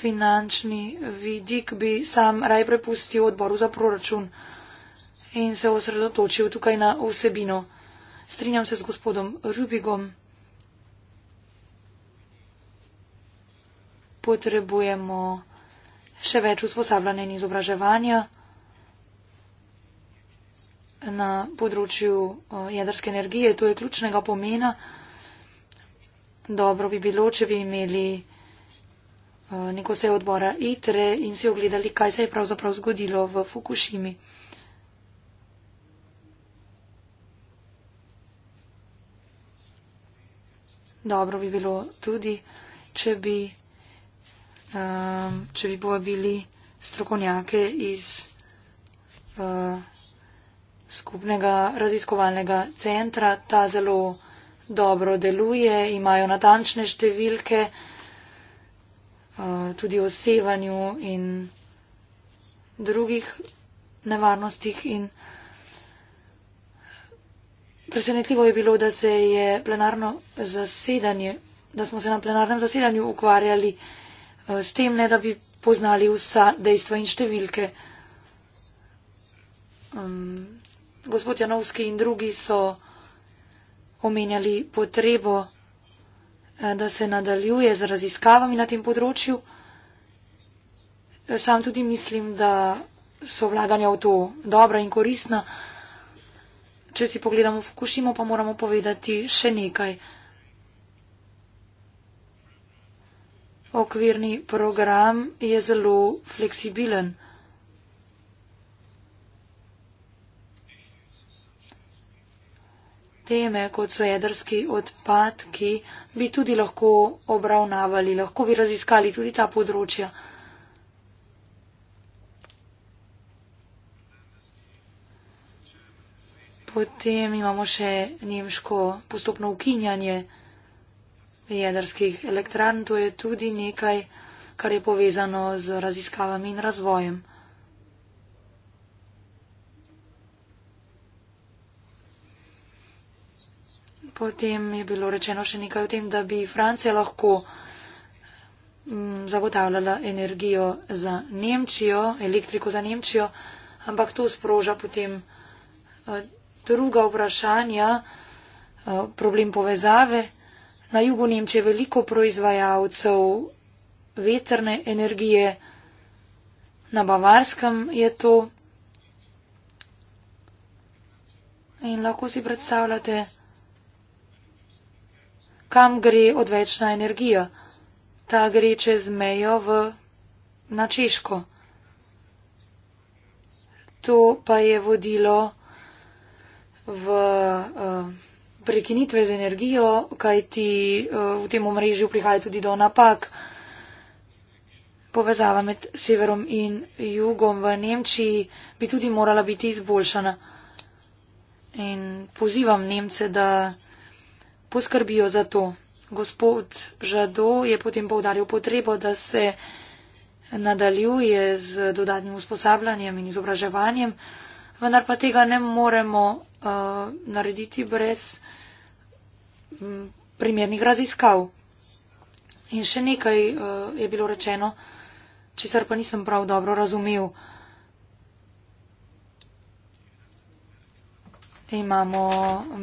Finančni vidik bi sam raj prepustil odboru za proračun in se osredotočil tukaj na vsebino. Strinjam se z gospodom Rubigom. Potrebujemo še več usposabljanja in izobraževanja na področju eh, jedrske energije. To je ključnega pomena. Dobro bi bilo, če bi imeli eh, neko sejo odbora ITRE in si ogledali, kaj se je pravzaprav zgodilo v Fukushimi. Dobro bi bilo tudi, če bi um, če bi povabili strokovnjake iz uh, skupnega raziskovalnega centra. Ta zelo dobro deluje, imajo natančne številke uh, tudi o sevanju in drugih nevarnostih. In presenetljivo je bilo, da se je plenarno zasedanje, da smo se na plenarnem zasedanju ukvarjali uh, Eh, s tem ne, da bi poznali vsa dejstva in številke. Um, gospod Janovski in drugi so omenjali potrebo, eh, da se nadaljuje z raziskavami na tem področju. Eh, sam tudi mislim, da so vlaganja v to dobra in koristna. Če si pogledamo v Fukushimo, pa moramo povedati še nekaj. okvirni program je zelo fleksibilen. Teme, kot so jedrski odpadki, bi tudi lahko obravnavali, lahko bi raziskali tudi ta področja. Potem imamo še nemško postopno ukinjanje jedrskih elektrarn, to je tudi nekaj, kar je povezano z raziskavami in razvojem. Potem je bilo rečeno še nekaj o tem, da bi Francija lahko mm, zagotavljala energijo za Nemčijo, elektriko za Nemčijo, ampak to sproža potem eh, druga vprašanja, eh, problem povezave na jugu Nemčije veliko proizvajalcev vetrne energije, na Bavarskem je to. In lahko si predstavljate, kam gre odvečna energija. Ta gre čez mejo v Načeško. To pa je vodilo v. Uh, prekinitve z energijo, kajti eh, v tem omrežju prihaja tudi do napak. Povezava med severom in jugom v Nemčiji bi tudi morala biti izboljšana. In pozivam Nemce, da poskrbijo za to. Gospod Žado je potem povdaril potrebo, da se nadaljuje z dodatnim usposabljanjem in izobraževanjem vendar pa tega ne moremo uh, narediti brez m, mm, primernih raziskav. In še nekaj uh, je bilo rečeno, česar pa nisem prav dobro razumel. Imamo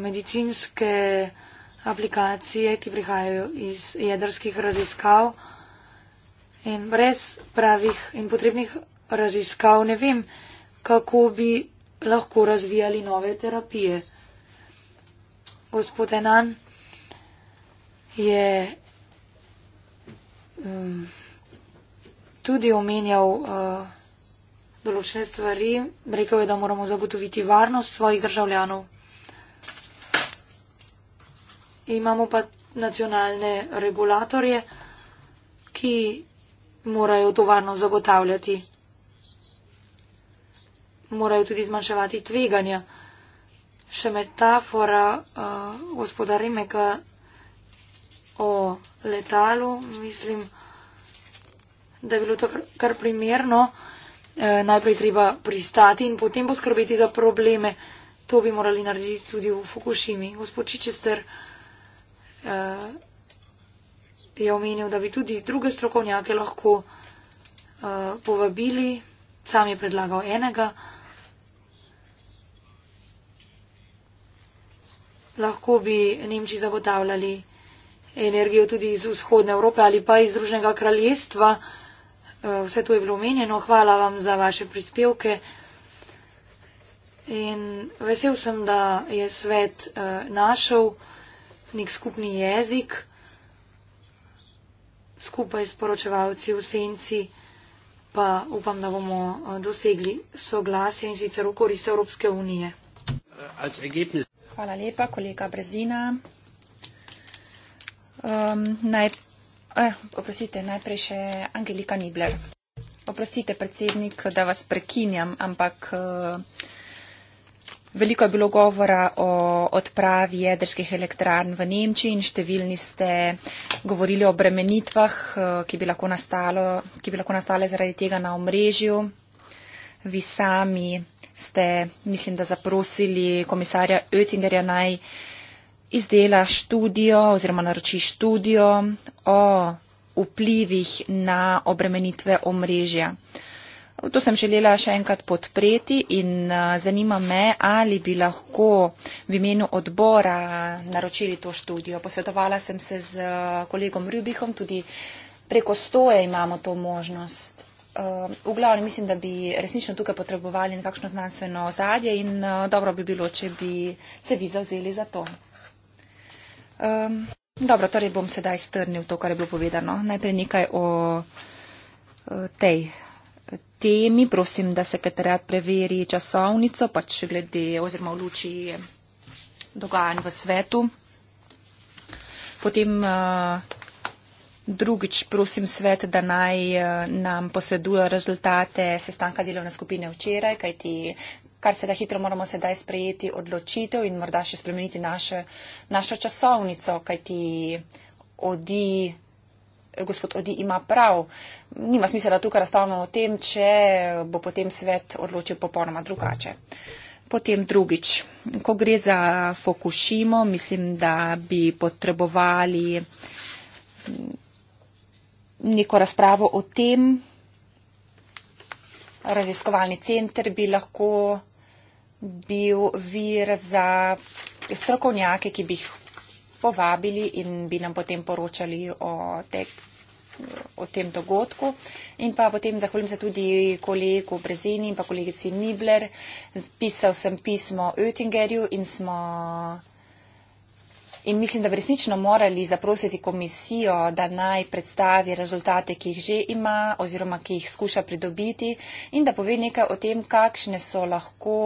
medicinske aplikacije, ki prihajajo iz jedrskih raziskav in brez pravih in potrebnih raziskav ne vem, kako bi lahko razvijali nove terapije. Gospod Enan je um, tudi omenjal uh, določene stvari. Rekel je, da moramo zagotoviti varnost svojih državljanov. Imamo pa nacionalne regulatorje, ki morajo to varnost zagotavljati morajo tudi zmanjševati tveganja. Še metafora uh, gospoda Rimeka o letalu, mislim, da je bilo to kar, kar primerno. E, najprej treba pristati in potem poskrbeti za probleme. To bi morali narediti tudi v Fukushimi. Gospod Čičester e, je omenil, da bi tudi druge strokovnjake lahko e, povabili. Sam je predlagal enega. lahko bi Nemčiji zagotavljali energijo tudi iz vzhodne Evrope ali pa iz Združnega kraljestva. Eh, vse to je bilo omenjeno. Hvala vam za vaše prispevke. In vesel sem, da je svet eh, našel nek skupni jezik skupaj s poročevalci v senci, pa upam, da bomo eh, dosegli soglasje in sicer v korist Evropske unije. Als Ergebnis. Hvala lepa, kolega Brezina. Um, naj, eh, oprostite, najprej še Angelika Nibler. Oprostite, predsednik, da vas prekinjam, ampak eh, veliko je bilo govora o odpravi jedrskih elektrarn v Nemčiji in številni ste govorili o bremenitvah, eh, ki, bi nastalo, ki bi lahko nastale zaradi tega na omrežju. Vi sami ste, mislim, da zaprosili komisarja Oettingerja naj izdela študijo oziroma naroči študijo o vplivih na obremenitve omrežja. To sem želela še enkrat podpreti in zanima me, ali bi lahko v imenu odbora naročili to študijo. Posvetovala sem se z kolegom Rjubihom, tudi preko stoje imamo to možnost. Ehm, v glavnem mislim, da bi resnično tukaj potrebovali nekakšno znanstveno zadje in eh, dobro bi bilo, če bi se vi zauzeli za to. Um, dobro, torej bom sedaj strnil to, kar je bilo povedano. Najprej nekaj o eh, tej eh, temi. Prosim, da se katerat preveri časovnico, pač glede oziroma v luči dogajanj v svetu. Potem uh, Drugič, prosim svet, da naj eh, nam posreduje rezultate sestanka delovne skupine včeraj, kajti kar se da hitro moramo sedaj sprejeti odločitev in morda še spremeniti naše, našo časovnico, kajti odi, gospod Odi ima prav. Nima smisla, da tukaj razpravljamo o tem, če bo potem svet odločil popolnoma drugače. Potem drugič, ko gre za Fukushimo, mislim, da bi potrebovali neko razpravo o tem, raziskovalni center bi lahko bil vir za strokovnjake, ki bi jih povabili in bi nam potem poročali o, te, o tem dogodku. In pa potem zahvaljujem se tudi kolegu Brezini in pa kolegici Nibler. Pisal sem pismo Oettingerju in smo In mislim, da bi resnično morali zaprositi komisijo, da naj predstavi rezultate, ki jih že ima oziroma ki jih skuša pridobiti in da pove nekaj o tem, kakšne so lahko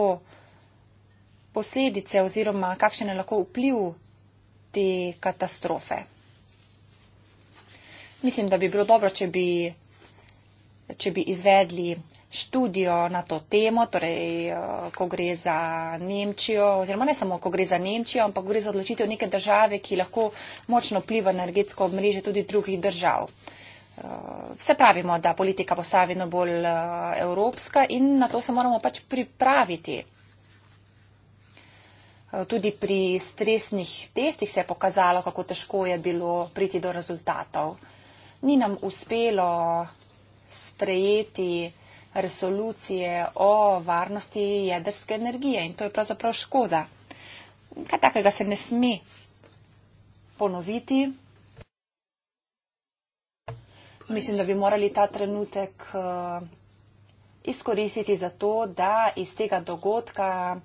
posledice oziroma kakšen je lahko vpliv te katastrofe. Mislim, da bi bilo dobro, če bi, če bi izvedli študijo na to temo, torej eh, ko gre za Nemčijo, oziroma ne samo ko gre za Nemčijo, ampak gre za odločitev neke države, ki lahko močno vpliva na energetsko mreže tudi drugih držav. Eh, vse pravimo, da politika postaja vedno bolj eh, evropska in na to se moramo pač pripraviti. Tudi pri stresnih testih se je pokazalo, kako težko je bilo priti do rezultatov. Ni nam uspelo sprejeti resolucije o varnosti jedrske energije in to je pravzaprav škoda. Kaj takega se ne sme ponoviti? Mislim, da bi morali ta trenutek eh, izkoristiti za to, da iz tega dogodka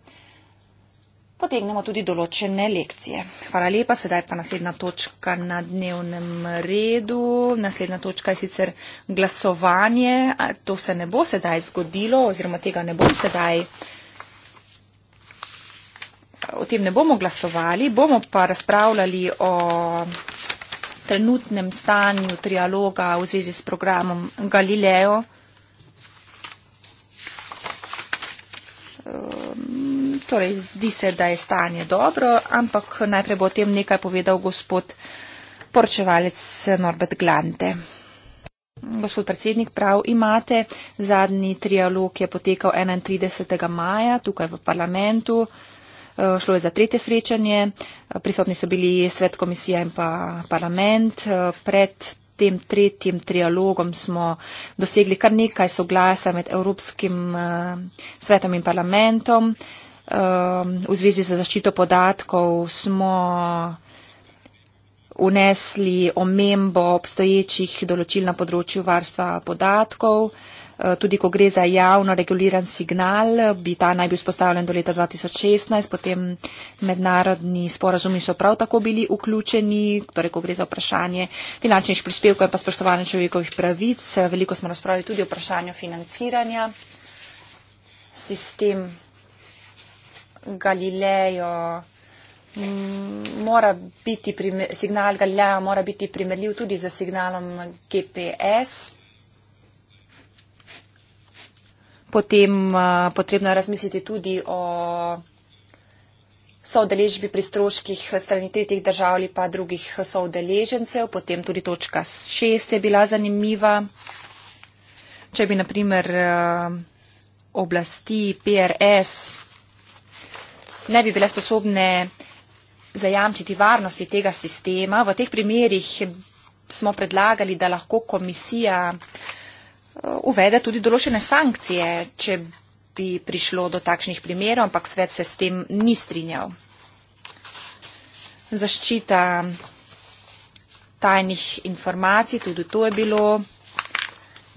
potegnemo tudi določene lekcije. Hvala lepa, sedaj pa naslednja točka na dnevnem redu. Naslednja točka je sicer glasovanje. To se ne bo sedaj zgodilo oziroma tega ne bom sedaj. O tem ne bomo glasovali, bomo pa razpravljali o trenutnem stanju trialoga v zvezi s programom Galileo. Um, torej zdi se, da je stanje dobro, ampak najprej bo o tem nekaj povedal gospod poročevalec Norbert Glante. Gospod predsednik, prav imate, zadnji trialog je potekal 31. maja tukaj v parlamentu. Eh, šlo je za tretje srečanje, eh, prisotni so bili svet komisija in pa parlament. Eh, pred tem tretjim trialogom smo dosegli kar nekaj soglasa med Evropskim svetom in parlamentom. Um, v zvezi z zaščito podatkov smo unesli omembo obstoječih določil na področju varstva podatkov. Uh, tudi ko gre za javno reguliran signal, bi ta naj bil spostavljen do leta 2016, potem mednarodni sporazumi so prav tako bili vključeni, torej ko gre za vprašanje finančnih prispevkov in pa spoštovanja človekovih pravic. Veliko smo razpravili tudi o vprašanju financiranja. Sistem Galilejo, mora biti, signal Galileja mora biti primerljiv tudi z signalom GPS. Potem uh, potrebno je razmisliti tudi o soodeležbi pri stroških strani tretjih držav ali pa drugih soodeležencev. Potem tudi točka šest je bila zanimiva. Če bi naprimer uh, oblasti PRS ne bi bile sposobne zajamčiti varnosti tega sistema. V teh primerih smo predlagali, da lahko komisija eh, uvede tudi določene sankcije, če bi prišlo do takšnih primerov, ampak svet se s tem ni strinjal. Zaščita tajnih informacij, tudi to je bilo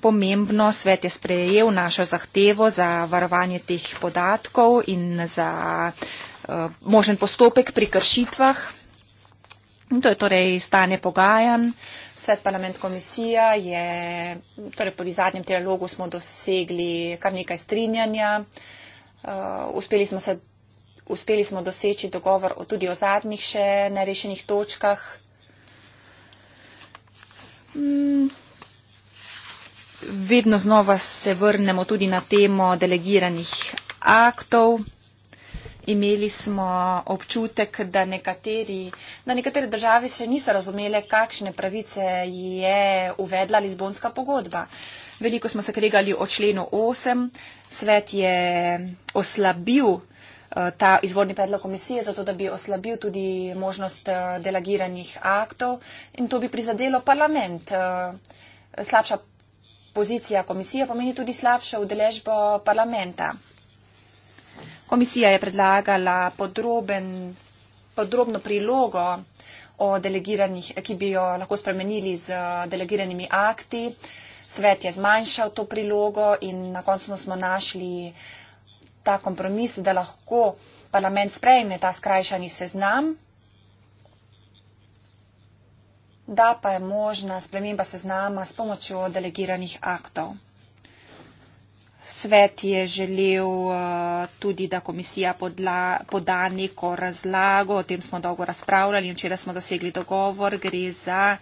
pomembno. Svet je sprejel našo zahtevo za varovanje teh podatkov in za uh, možen postopek pri kršitvah. In to je torej stanje pogajanj. Svet parlament komisija je, torej po zadnjem trialogu smo dosegli kar nekaj strinjanja. Uh, uspeli smo se. Uspeli smo doseči dogovor o, tudi o zadnjih še nerešenih točkah. Mm vedno znova se vrnemo tudi na temo delegiranih aktov. Imeli smo občutek, da, nekateri, da nekatere države še niso razumele, kakšne pravice je uvedla Lizbonska pogodba. Veliko smo se kregali o členu 8. Svet je oslabil eh, ta izvorni predlog komisije, zato da bi oslabil tudi možnost eh, delegiranih aktov in to bi prizadelo parlament. Eh, slabša pozicija komisije pomeni tudi slabšo udeležbo parlamenta. Komisija je predlagala podroben, podrobno prilogo, ki bi jo lahko spremenili z delegiranimi akti. Svet je zmanjšal to prilogo in na koncu smo našli ta kompromis, da lahko parlament sprejme ta skrajšani seznam da pa je možna sprememba seznama s pomočjo delegiranih aktov. Svet je želel eh, tudi, da komisija podla, poda neko razlago, o tem smo dolgo razpravljali in včeraj smo dosegli dogovor, gre za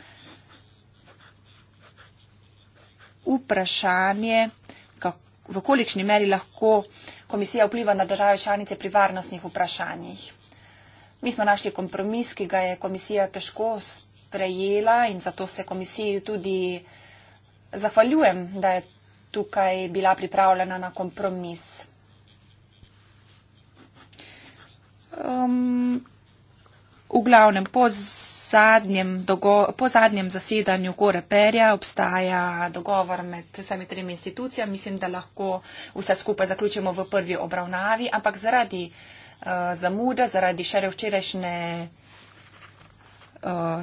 vprašanje, v kolikšni meri lahko komisija vpliva na države članice pri varnostnih vprašanjih. Mi smo našli kompromis, ki ga je komisija težko sprejela prejela in zato se komisiji tudi zahvaljujem, da je tukaj bila pripravljena na kompromis. Um, v glavnem, po zadnjem, po zadnjem zasedanju Gore Perja obstaja dogovor med vsemi tremi institucijami. Mislim, da lahko vse skupaj zaključimo v prvi obravnavi, ampak zaradi uh, zamude, zaradi še včerajšnje Eh,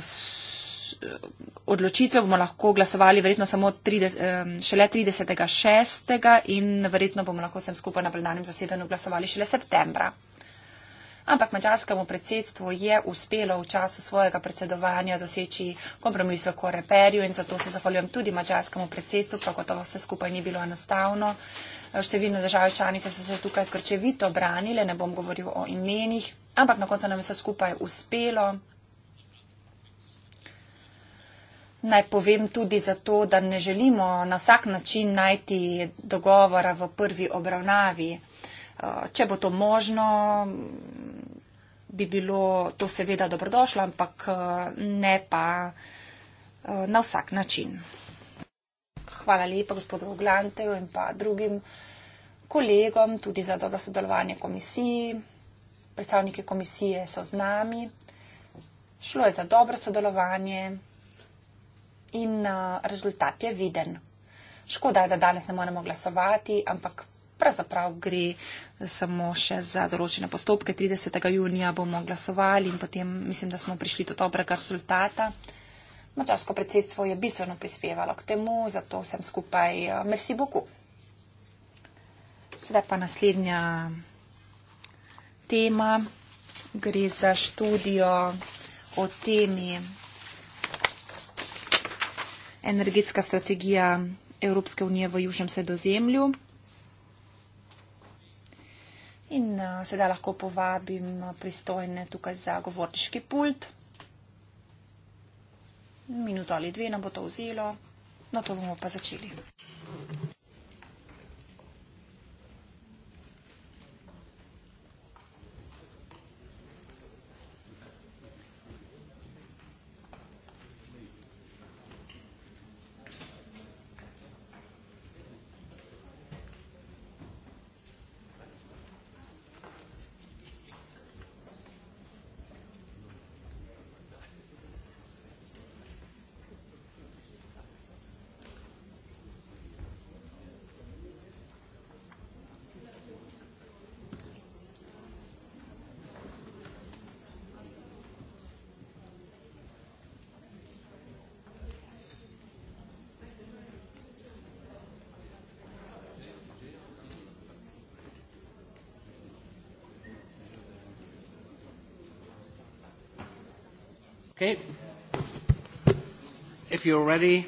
odločitve bomo lahko glasovali verjetno samo 30, šele 36. in verjetno bomo lahko vsem skupaj na plenarnem zasedanju glasovali šele septembra. Ampak mačarskemu predsedstvu je uspelo v času svojega predsedovanja doseči kompromis v koreperju in zato se zahvaljujem tudi mačarskemu predsedstvu, prav gotovo vse skupaj ni bilo enostavno. Eh, številne države članice so se tukaj krčevito branile, ne bom govoril o imenih, ampak na koncu nam je vse skupaj uspelo. Naj povem tudi zato, da ne želimo na vsak način najti dogovora v prvi obravnavi. Uh, če bo to možno, bi bilo to seveda dobrodošlo, ampak uh, ne pa uh, na vsak način. Hvala lepa gospodu Oglanteju in pa drugim kolegom tudi za dobro sodelovanje komisiji. Predstavniki komisije so z nami. Šlo je za dobro sodelovanje in uh, rezultat je viden. Škoda je, da danes ne moremo glasovati, ampak pravzaprav gre samo še za določene postopke. 30. junija bomo glasovali in potem mislim, da smo prišli do dobrega rezultata. Mačarsko predsedstvo je bistveno prispevalo k temu, zato sem skupaj eh, Merci Boku. Sedaj pa naslednja tema. Gre za študijo o temi energetska strategija Evropske unije v Južnem sredozemlju. In eh, sedaj lahko povabim eh, pristojne tukaj za govorniški pult. Minuto ali dve nam bo to vzelo, na to bomo pa začeli. Okay. If you're ready,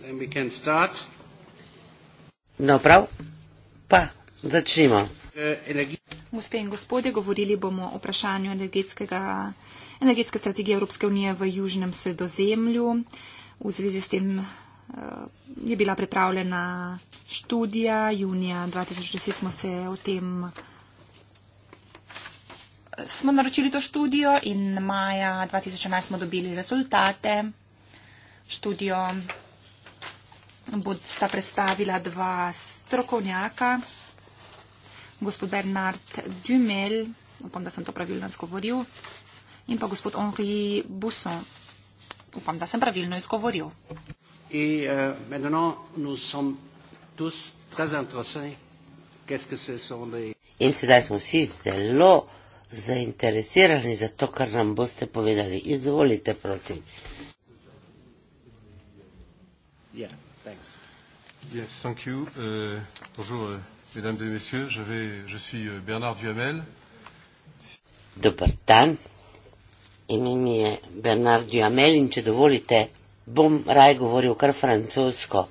then we can start. No, prav. Pa, začnimo. Eh, Gospe in gospodje, govorili bomo o vprašanju energetske strategije Evropske unije v južnem sredozemlju. V zvezi s tem eh, je bila pripravljena študija. Junija 2010 smo se o tem smo naročili to študijo in maja 2011 smo dobili rezultate. Študijo bodo predstavila dva strokovnjaka, gospod Bernard Dumel, upam, da sem to pravilno izgovoril, in pa gospod Henri Busson, upam, da sem pravilno izgovoril. Euh, in sedaj smo vsi zelo zainteresirani za to, kar nam boste povedali. Izvolite, prosim. Yes, thank you. Uh, bonjour, euh, mesdames et messieurs. Je, vais, je suis euh, Bernard Duhamel. Dobar dan. Ime mi je Bernard Duhamel in če dovolite, bom raje govoril kar francosko.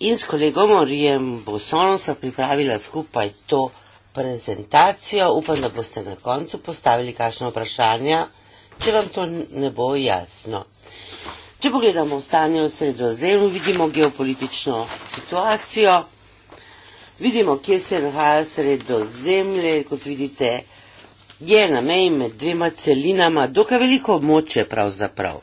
In s kolegom Orijem Bosonom sem pripravila skupaj to prezentacijo. Upam, da boste na koncu postavili kakšno vprašanje, če vam to ne bo jasno. Če pogledamo stanje v sredozemlju, vidimo geopolitično situacijo, vidimo, kje se nahaja sredozemlje, kot vidite, je na meji med dvema celinama, dokaj veliko moče pravzaprav.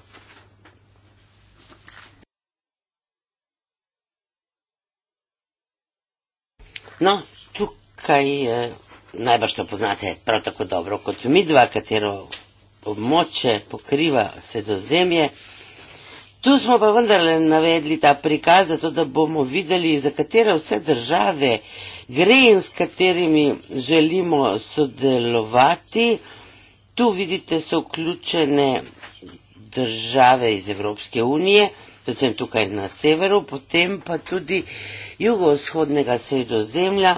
No, tukaj eh, najbrž to poznate prav tako dobro kot mi dva, katero območje pokriva sredozemlje. Tu smo pa vendarle navedli ta prikaz, zato da bomo videli, za katere vse države gre in s katerimi želimo sodelovati. Tu vidite so vključene države iz Evropske unije, predvsem tukaj na severu, potem pa tudi jugovzhodnega sredozemlja.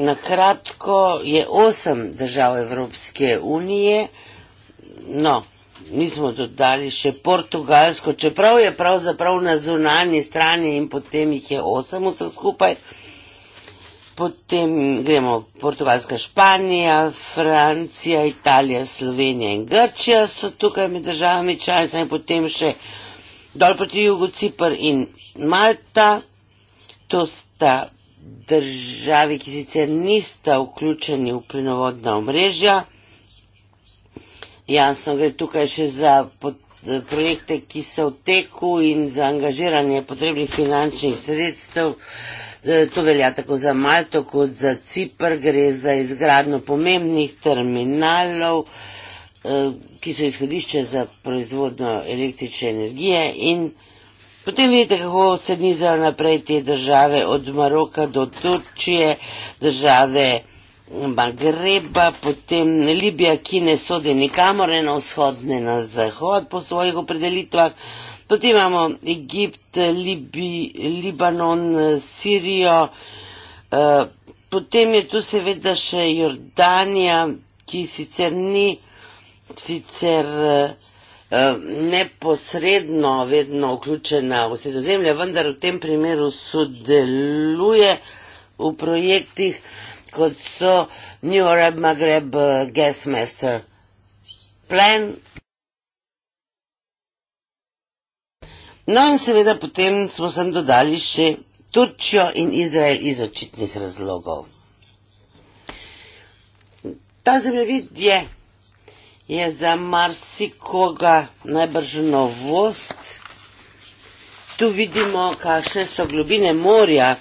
Na kratko je osem držav Evropske unije, no, nismo dodali še Portugalsko, čeprav je pravzaprav na zunanji strani in potem jih je osem vse skupaj. Potem gremo Portugalska, Španija, Francija, Italija, Slovenija in Grčija so tukaj med državami članicami, potem še dol proti jugu Cipr in Malta. To sta državi, ki sicer nista vključeni v plinovodna omrežja. Jasno gre tukaj še za projekte, ki so v teku in za angažiranje potrebnih finančnih sredstev. E, to velja tako za Malto kot za Cipr, gre za izgradno pomembnih terminalov, Eh, ki so izhodišče za proizvodno električne energije in potem vidite, kako se nizajo naprej te države od Maroka do Turčije, države mm, Magreba, potem Libija, ki ne sodi nikamor, ne na vzhod, ne na zahod po svojih opredelitvah, potem imamo Egipt, Libi, Libanon, Sirijo, eh, potem je tu seveda še Jordanija, ki sicer ni sicer eh, neposredno vedno vključena v sredozemlje, vendar v tem primeru sodeluje v projektih, kot so New Arab Maghreb eh, Gasmaster Plan. No in seveda potem smo sem dodali še Turčjo in Izrael iz očitnih razlogov. Ta zemljevid je je za marsikoga najbrž novost. Tu vidimo, kakšne so globine morja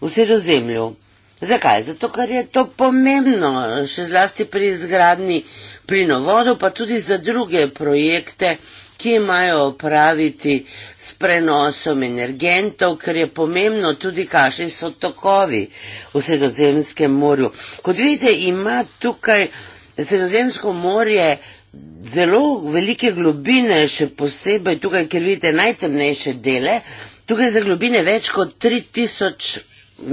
v sredozemlju. Zakaj? Zato, ker je to pomembno, še zlasti pri izgradni plinovodu, pa tudi za druge projekte, ki imajo opraviti s prenosom energentov, ker je pomembno tudi, kakšni so tokovi v sredozemskem morju. Kot vidite, ima tukaj Sredozemsko morje zelo velike globine, še posebej tukaj, kjer vidite najtemnejše dele, tukaj za globine več kot 3000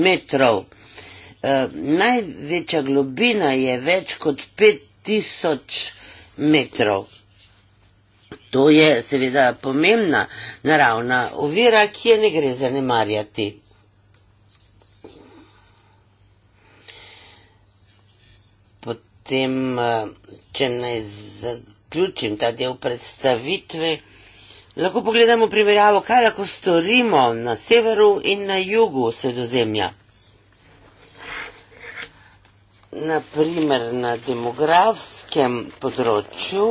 metrov. E, največja globina je več kot 5000 metrov. To je seveda pomembna naravna ovira, ki je ne gre zanemarjati. potem, eh, če naj zaključim ta del predstavitve, lahko pogledamo primerjavo, kaj lahko storimo na severu in na jugu sredozemlja. Naprimer, na demografskem področju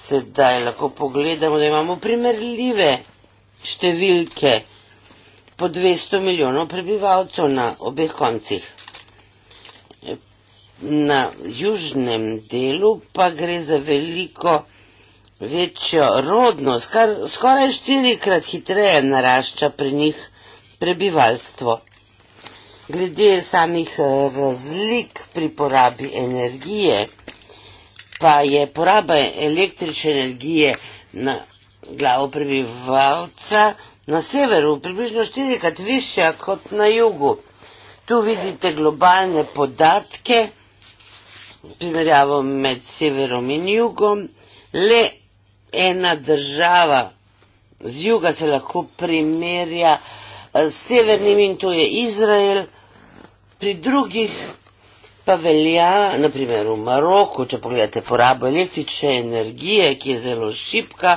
sedaj lahko pogledamo, da imamo primerljive številke po 200 milijonov prebivalcev na obeh koncih na južnem delu pa gre za veliko večjo rodnost, kar skoraj štirikrat hitreje narašča pri njih prebivalstvo. Glede samih eh, razlik pri porabi energije, pa je poraba električne energije na glavo prebivalca na severu približno štirikrat višja kot na jugu. Tu vidite globalne podatke, primerjavo med severom in jugom, le ena država z juga se lahko primerja eh, s severnim in to je Izrael, pri drugih pa velja, naprimer v Maroku, če pogledate porabo električne energije, ki je zelo šipka,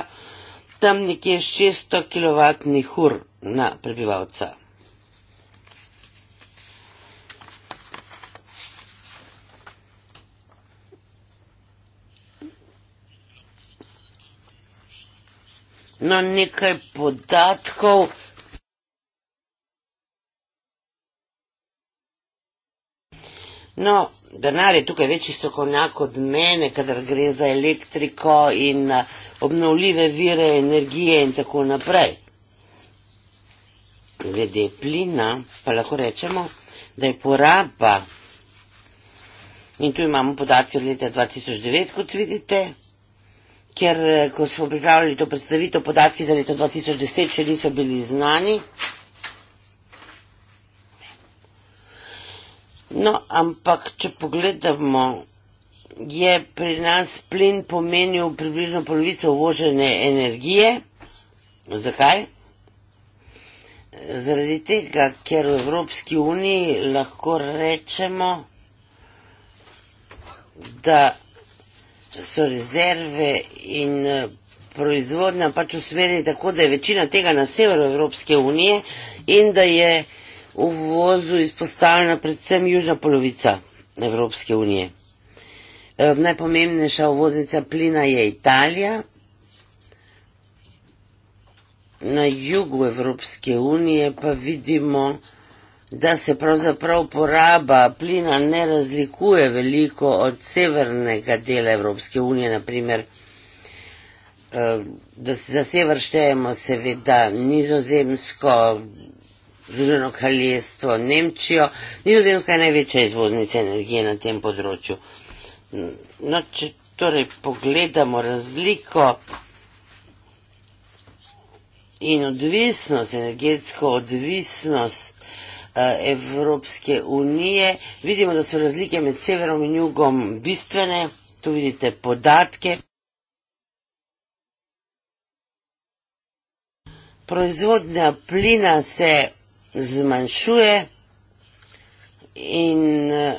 tam nekje 600 kWh na prebivalca. na nekaj podatkov. No, denar je tukaj večji strokovnjak od mene, kadar gre za elektriko in eh, obnovljive vire energije in tako naprej. Glede plina pa lahko rečemo, da je poraba in tu imamo podatke od leta 2009, kot vidite, ker eh, ko smo pripravili to predstavitev, podatki za leto 2010 še niso bili znani. No, ampak če pogledamo, je pri nas plin pomenil približno polovico uvožene energije. Zakaj? Zaradi tega, ker v Evropski uniji lahko rečemo, da so rezerve in eh, proizvodnja pač usmerjeni tako, da je večina tega na severu Evropske unije in da je v vozu izpostavljena predvsem južna polovica Evropske unije. Eh, najpomembnejša uvoznica plina je Italija. Na jugu Evropske unije pa vidimo, da je da se pravzaprav poraba plina ne razlikuje veliko od severnega dela Evropske unije, naprimer, eh, da se za sever štejemo seveda nizozemsko, Združeno kraljestvo, Nemčijo, nizozemska je največja izvoznica energije na tem področju. No, če torej pogledamo razliko in odvisnost, energetsko odvisnost Eh, Evropske unije. Vidimo, da so razlike med severom in jugom bistvene. Tu vidite podatke. Proizvodnja plina se zmanjšuje in eh,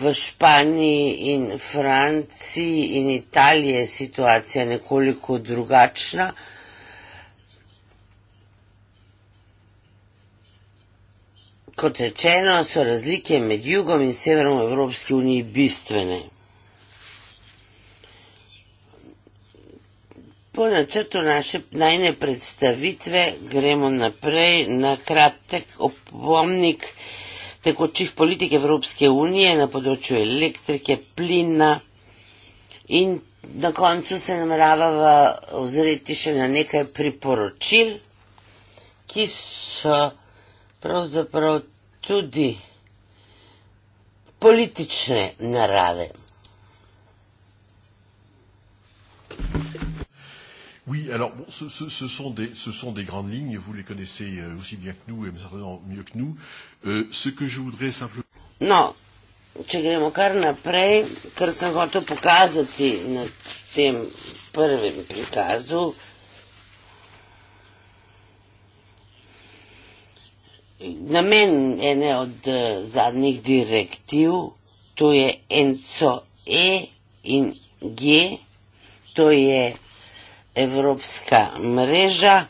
v Španiji in Franciji in Italiji je situacija nekoliko drugačna. Kot rečeno, so razlike med jugom in severom Evropske unije bistvene. Po načrtu naše najne predstavitve gremo naprej na kratek opomnik tekočih politik Evropske unije na področju elektrike, plina in na koncu se namerava ozreti še na nekaj priporočil, ki so pravzaprav tudi politične narave. Oui, alors bon, ce, ce, ce, sont des, ce sont des grandes lignes, vous les connaissez euh, aussi bien que nous et certainement mieux que nous. Euh, ce que je voudrais simplement. Non, je vais continuer, parce que je voulais vous montrer dans ce premier Namen ene od eh, zadnjih direktiv, to je ENCO E in G, to je Evropska mreža.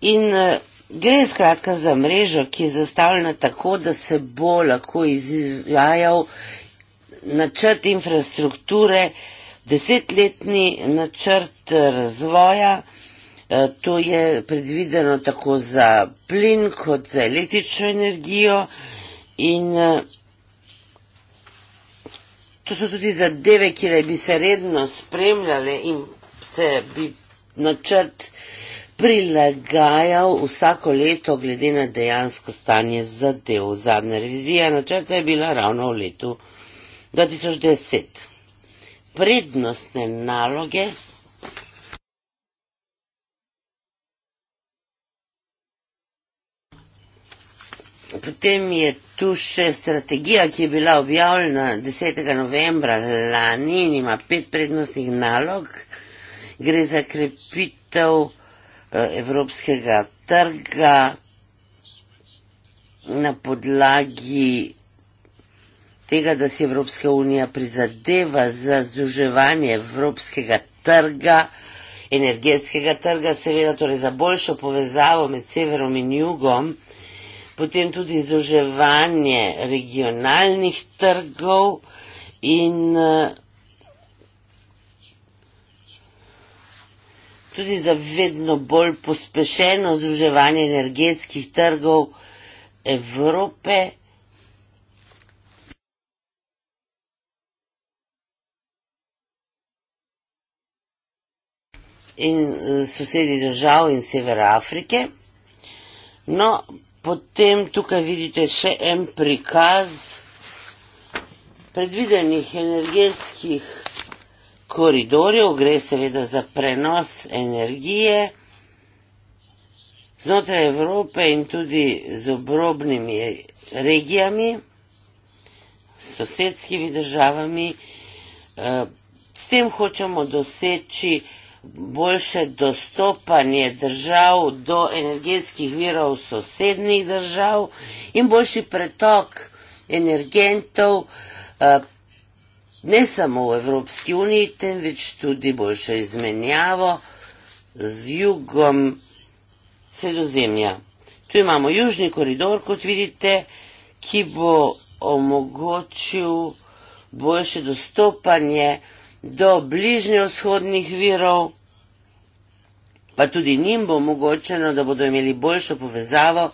In eh, gre skratka za mrežo, ki je zastavljena tako, da se bo lahko izvajal načrt infrastrukture, desetletni načrt razvoja, Eh, to je predvideno tako za plin kot za električno energijo in eh, to so tudi zadeve, ki bi se redno spremljale in se bi načrt prilagajal vsako leto glede na dejansko stanje zadev. Zadnja revizija načrta je bila ravno v letu 2010. Prednostne naloge Potem je tu še strategija, ki je bila objavljena 10. novembra lani in ima pet prednostnih nalog. Gre za krepitev eh, evropskega trga na podlagi tega, da si Evropska unija prizadeva za združevanje evropskega trga, energetskega trga, seveda torej za boljšo povezavo med severom in jugom potem tudi združevanje regionalnih trgov in eh, tudi za vedno bolj pospešeno združevanje energetskih trgov Evrope. in eh, sosedi držav in Severa Afrike. No, Potem tukaj vidite še en prikaz predvidenih energetskih koridorjev, gre seveda za prenos energije znotraj Evrope in tudi z obrobnimi regijami, s sosedskimi državami. Eh, s tem hočemo doseči vsega, boljše dostopanje držav do energetskih virov sosednjih držav in boljši pretok energentov eh, ne samo v Evropski uniji, temveč tudi boljšo izmenjavo z jugom sredozemlja. Tu imamo južni koridor, kot vidite, ki bo omogočil boljše dostopanje energetskih virov do bližnjevzhodnih virov, pa tudi njim bo omogočeno, da bodo imeli boljšo povezavo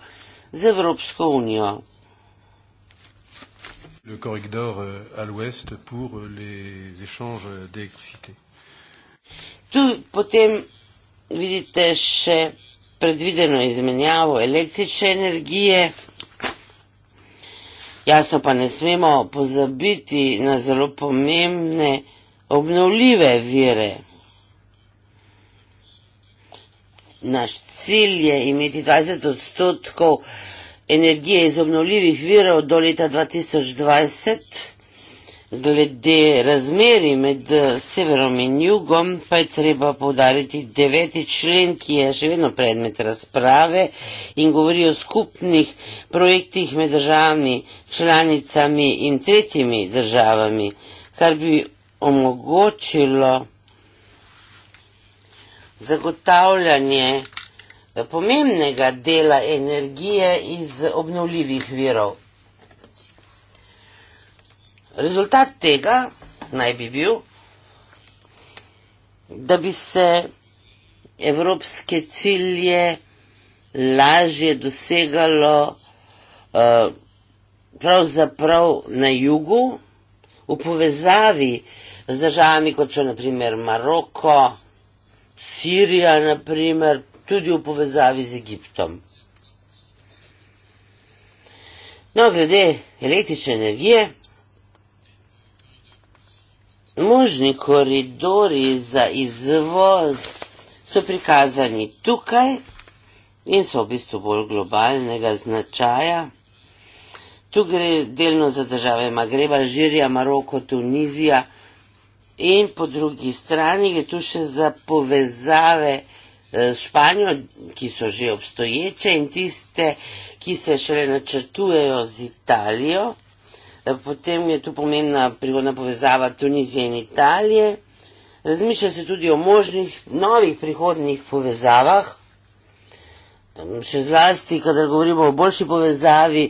z Evropsko unijo. Le corridor euh, à l'ouest pour les échanges d'électricité. Tu, potem, vidite še predvideno izmenjavo električne energije. Jasno pa ne smemo pozabiti na zelo pomembne obnovljive vire. Naš cilj je imeti 20 odstotkov energije iz obnovljivih virov do leta 2020. Glede razmeri med eh, severom in jugom pa je treba povdariti deveti člen, ki je še vedno predmet razprave in govori o skupnih projektih med državami, članicami in tretjimi državami, kar bi omogočilo zagotavljanje pomembnega dela energije iz obnovljivih virov. Rezultat tega naj bi bil, da bi se evropske cilje lažje dosegalo eh, pravzaprav na jugu v povezavi z državami, kot so naprimer Maroko, Sirija, naprimer, tudi v povezavi z Egiptom. No, glede električne energije, možni koridori za izvoz so prikazani tukaj in so v bistvu bolj globalnega značaja. Tu gre delno za države Magreba, Alžirija, Maroko, Tunizija. In po drugi strani je tu še za povezave eh, s Španijo, ki so že obstoječe in tiste, ki se šele načrtujejo z Italijo. Eh, potem je tu pomembna prihodna povezava Tunizije in Italije. Razmišlja se tudi o možnih novih prihodnih povezavah, še zlasti, kadar govorimo o boljši povezavi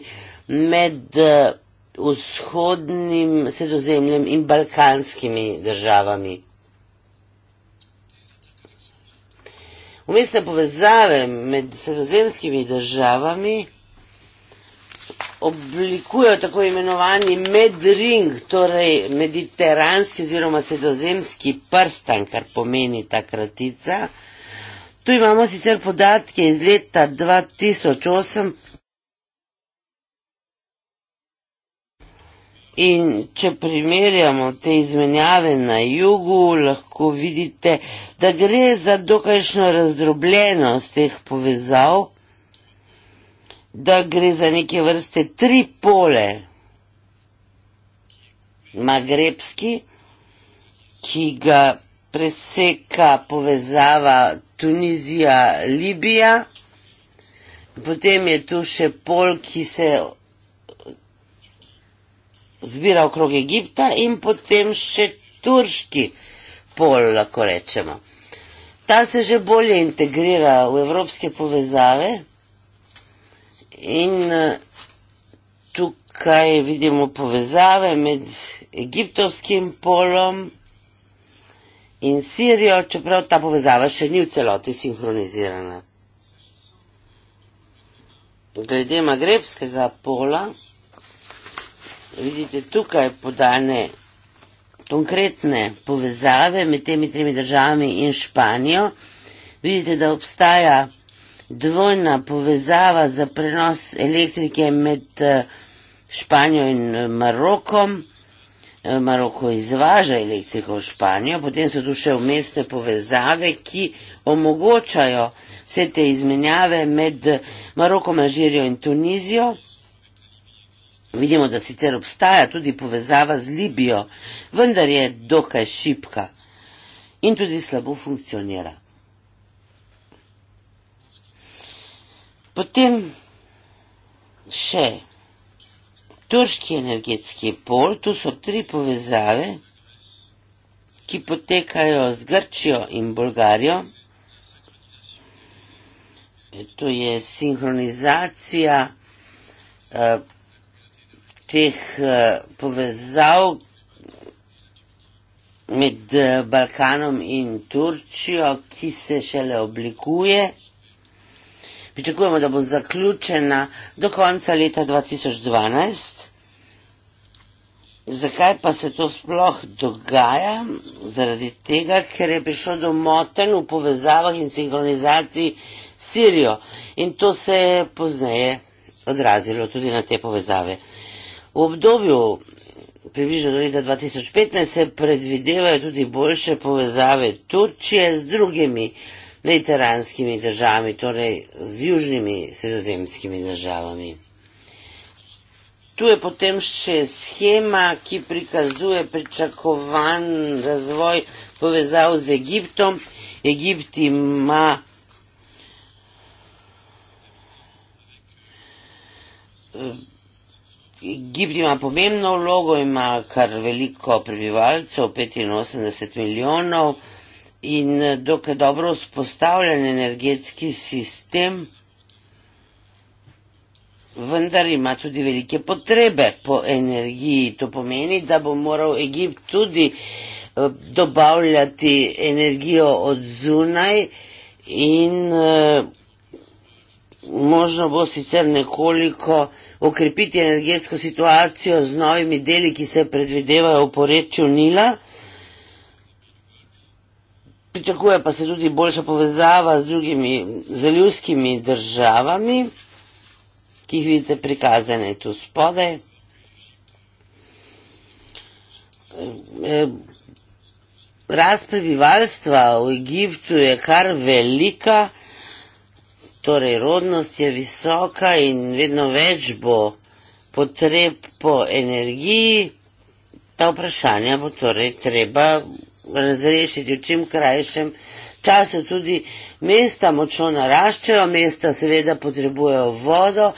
med eh, vzhodnim sredozemljem in balkanskimi državami. Umestne povezave med sredozemskimi državami oblikujejo tako imenovani medring, torej mediteranski oziroma sredozemski prstan, kar pomeni ta kratica. Tu imamo sicer podatke iz leta 2008, In če primerjamo te izmenjave na jugu, lahko vidite, da gre za dokajšno razdrobljenost teh povezav, da gre za neke vrste tri pole. Magrebski, ki ga preseka povezava Tunizija-Libija, potem je tu še pol, ki se zbira okrog Egipta in potem še turški pol, lahko rečemo. Ta se že bolje integrira v evropske povezave in eh, tukaj vidimo povezave med egiptovskim polom in Sirijo, čeprav ta povezava še ni v celoti sinhronizirana. Glede magrebskega pola, vidite tukaj podane konkretne povezave med temi tremi državami in Španijo. Vidite, da obstaja dvojna povezava za prenos elektrike med eh, Španijo in eh, Marokom. Eh, Maroko izvaža elektriko v Španijo, potem so tu še umestne povezave, ki omogočajo vse te izmenjave med Marokom, Alžirijo in Tunizijo. Vidimo, da sicer obstaja tudi povezava z Libijo, vendar je dokaj šipka in tudi slabo funkcionira. Potem še turški energetski pol, tu so tri povezave, ki potekajo z Grčijo in Bolgarijo. To je sinhronizacija, eh, teh eh, povezav med eh, Balkanom in Turčijo, ki se šele oblikuje. Pričakujemo, da bo zaključena do konca leta 2012. Zakaj pa se to sploh dogaja? Zaradi tega, ker je prišlo do moten v povezavah in sinhronizaciji s Sirijo. In to se je pozneje odrazilo tudi na te povezave. V obdobju približno do leta 2015 se predvidevajo tudi boljše povezave Turčije z drugimi mediteranskimi državami, torej z južnimi sredozemskimi državami. Tu je potem še schema, ki prikazuje pričakovan razvoj povezav z Egiptom. Egipt ima Gib ima pomembno vlogo, ima kar veliko prebivalcev, 85 milijonov in eh, dokaj dobro vzpostavljen energetski sistem, vendar ima tudi velike potrebe po energiji. To pomeni, da bo moral Egipt tudi eh, dobavljati energijo od zunaj in eh, možno bo sicer nekoliko okrepiti energetsko situacijo z novimi deli, ki se predvidevajo v porečju Nila. Pričakuje pa se tudi boljša povezava z drugimi zaljuskimi državami, ki jih vidite prikazane tu spodaj. E, e, rast prebivalstva v Egiptu je kar velika torej rodnost je visoka in vedno več bo potreb po energiji, ta vprašanja bo torej treba razrešiti v čim krajšem času. Tudi mesta močno naraščajo, mesta seveda potrebujejo vodo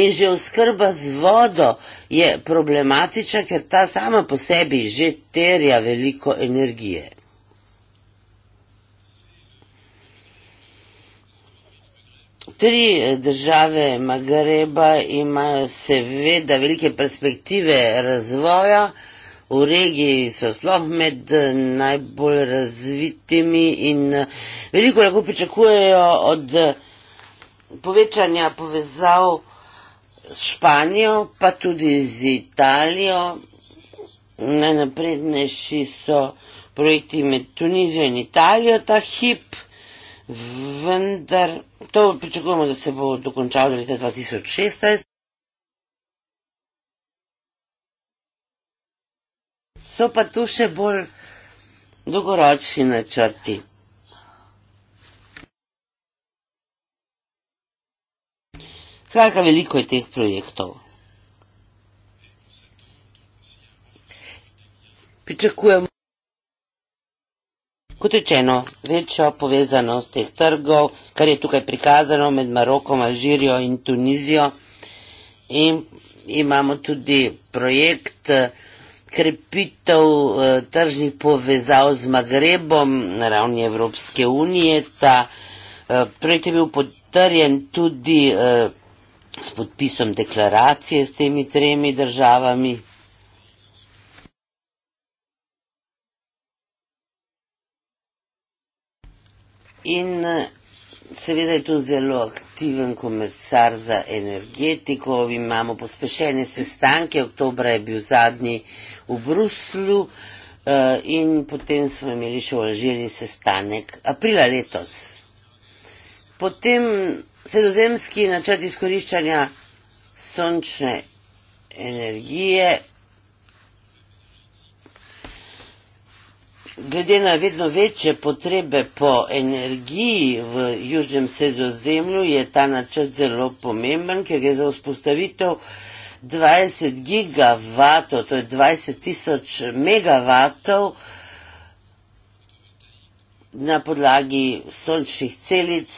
in že oskrba z vodo je problematična, ker ta sama po sebi že terja veliko energije. Tri eh, države Magreba imajo seveda velike perspektive razvoja, v regiji so sploh med eh, najbolj razvitimi in eh, veliko lahko pričakujejo od povečanja povezav s Španijo, pa tudi z Italijo. Najnaprednejši so projekti med Tunizijo in Italijo ta hip, vendar. To pričakujemo, da se bo dokončalo leta 2016. So pa tu še bolj dolgoročni načrti. Skratka, veliko je teh projektov. Pričakujemo. Kot rečeno, večjo povezanost teh trgov, kar je tukaj prikazano med Marokom, Alžirijo in Tunizijo. In imamo tudi projekt eh, krepitev eh, tržnih povezav z Magrebom na ravni Evropske unije. Ta eh, projekt je bil potrjen tudi s podpisom deklaracije s temi tremi državami, in eh, seveda je tu zelo aktiven komercar za energetiko, imamo pospešene sestanke, oktober je bil zadnji v Bruslu eh, in potem smo imeli še v Alžiri sestanek aprila letos. Potem sredozemski načrt izkoriščanja sončne energije, glede na vedno večje potrebe po energiji v južnem sredozemlju, je ta načrt zelo pomemben, ker je za vzpostavitev 20 gigavatov, to je 20 tisoč megavatov na podlagi sončnih celic,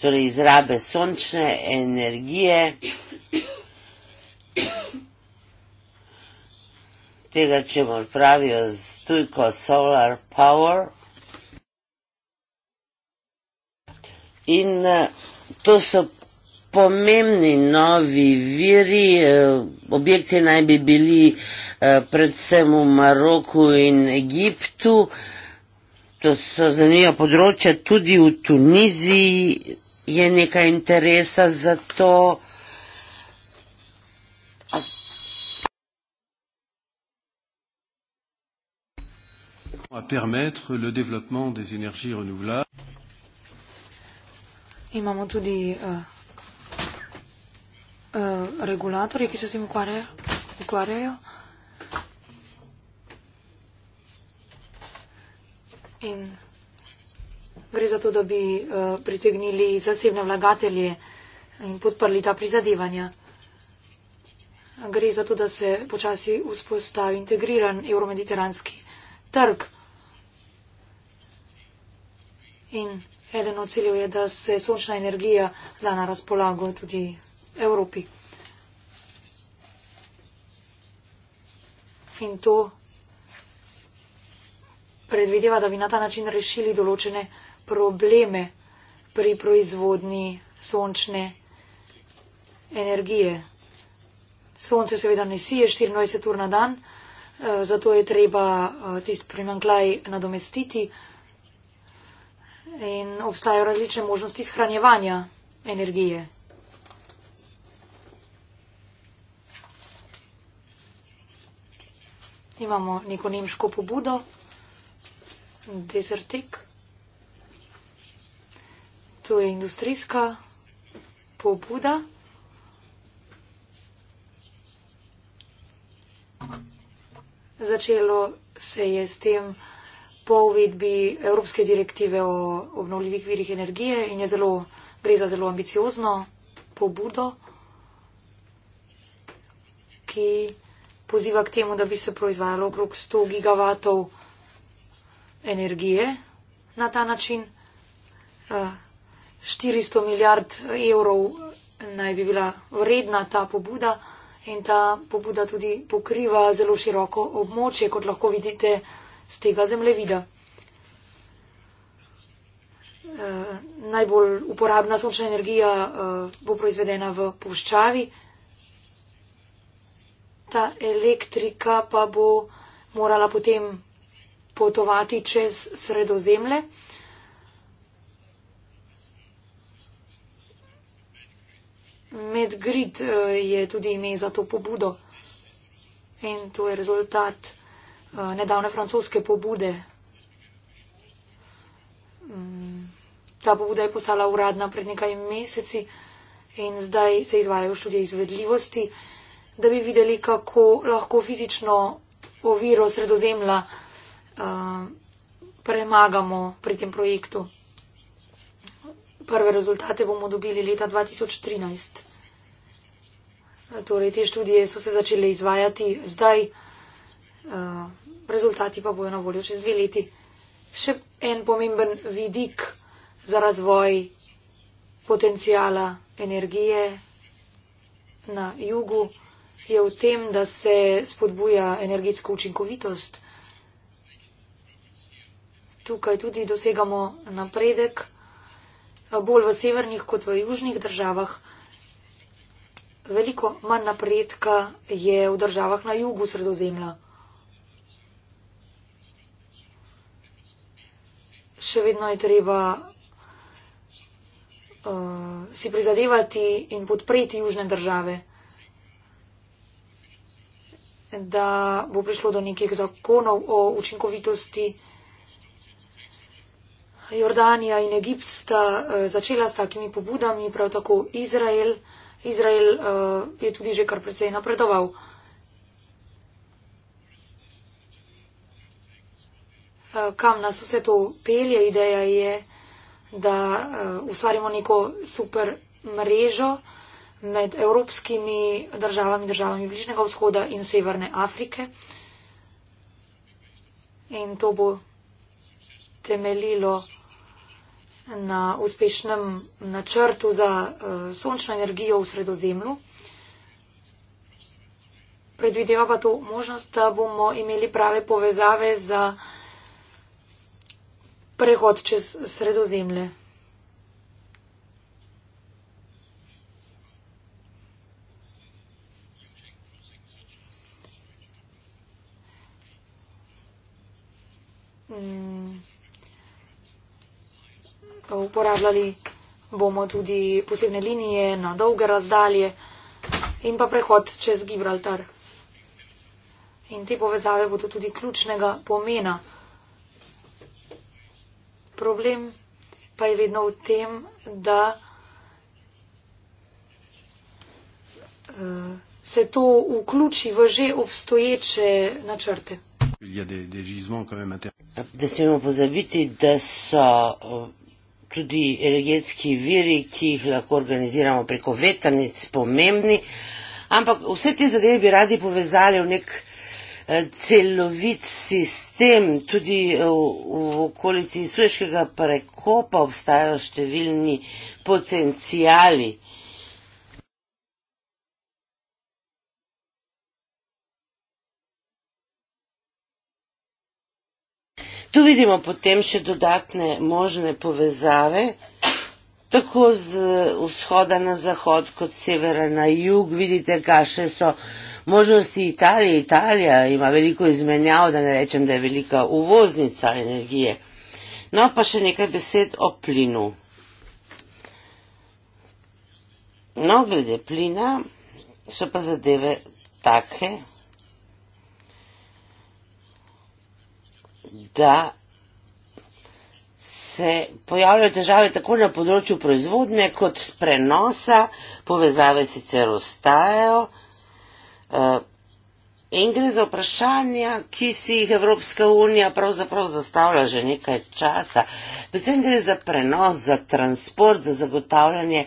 torej izrabe sončne energije tega, če mor pravijo z tujko solar power. In eh, to so pomembni novi viri, eh, objekti naj bi bili eh, predvsem v Maroku in Egiptu, to so zanimiva področja, tudi v Tuniziji je nekaj interesa za to, da je nekaj interesa za to, à permettre le développement des énergies renouvelables. Imamo tudi uh, uh, regulatorje, ki se s tem ukvarjajo. In gre za to, da bi uh, pritegnili zasebne vlagatelje in podprli ta prizadevanja. Gre za to, da se počasi vzpostavi integriran evromediteranski trg. In eden od ciljev je, da se sončna energija da na razpolago tudi Evropi. In to predvideva, da bi na ta način rešili določene probleme pri proizvodni sončne energije. Sonce seveda ne sije 24 ur na dan, eh, zato je treba eh, tisti primankljaj nadomestiti in obstajajo različne možnosti shranjevanja energije. Imamo neko nemško pobudo, desertik. To je industrijska pobuda. Začelo se je s tem, da po uvedbi Evropske direktive o obnovljivih virih energije in je zelo, gre za zelo ambiciozno pobudo, ki poziva k temu, da bi se proizvajalo okrog 100 gigavatov energije na ta način. 400 eh, milijard evrov naj bi bila vredna ta pobuda in ta pobuda tudi pokriva zelo široko območje, kot lahko vidite z tega zemljevida. Eh, najbolj uporabna sončna energija eh, bo proizvedena v puščavi, ta elektrika pa bo morala potem potovati čez sredozemlje. Medgrid eh, je tudi ime za to pobudo in to je rezultat. Eh, nedavne francoske pobude. Mm, ta pobuda je postala uradna pred nekaj meseci in zdaj se izvajajo študije izvedljivosti, da bi videli, kako lahko fizično oviro sredozemlja eh, premagamo pri tem projektu. Prve rezultate bomo dobili leta 2013. Eh, torej, te študije so se začele izvajati zdaj rezultati pa bojo na voljo čez dve leti. Še en pomemben vidik za razvoj potencijala energije na jugu je v tem, da se spodbuja energetsko učinkovitost. Tukaj tudi dosegamo napredek bolj v severnih kot v južnih državah. Veliko manj napredka je v državah na jugu sredozemlja. še vedno je treba uh, si prizadevati in podpreti južne države, da bo prišlo do nekih zakonov o učinkovitosti. Jordanija in Egipt sta uh, začela s takimi pobudami, prav tako Izrael. Izrael uh, je tudi že kar precej napredoval. Uh, Eh, kam nas vse to pelje. Ideja je, da eh, ustvarimo neko super mrežo med evropskimi državami, državami Bližnjega vzhoda in Severne Afrike. In to bo temeljilo na uspešnem načrtu za uh, sončno energijo v sredozemlju. Predvideva pa to možnost, da bomo imeli prave povezave za uh, prehod čez sredozemlje. Mm. Uporabljali bomo tudi posebne linije na dolge razdalje in pa prehod čez Gibraltar. In te povezave bodo tudi ključnega pomena problem pa je vedno v tem, da uh, se to vključi v že obstoječe načrte. Ne smemo pozabiti, da so eh, tudi energetski viri, ki jih lahko organiziramo preko vetrnic, pomembni, ampak vse te zadeve bi radi povezali v nek. Eh, celovit sistem, tudi eh, v, v okolici Sueškega prekopa obstajajo številni potencijali. Tu vidimo potem še dodatne možne povezave, tako z vzhoda na zahod kot severa na jug. Vidite, kaše so možnosti Italije. Italija ima veliko izmenjav, da ne rečem, da je velika uvoznica energije. No, pa še nekaj besed o plinu. No, glede plina so pa zadeve take, da se pojavljajo težave tako na področju proizvodne kot prenosa, povezave sicer ostajajo, uh, in gre za vprašanja, ki si jih Evropska unija pravzaprav zastavlja že nekaj časa. Predvsem gre za prenos, za transport, za zagotavljanje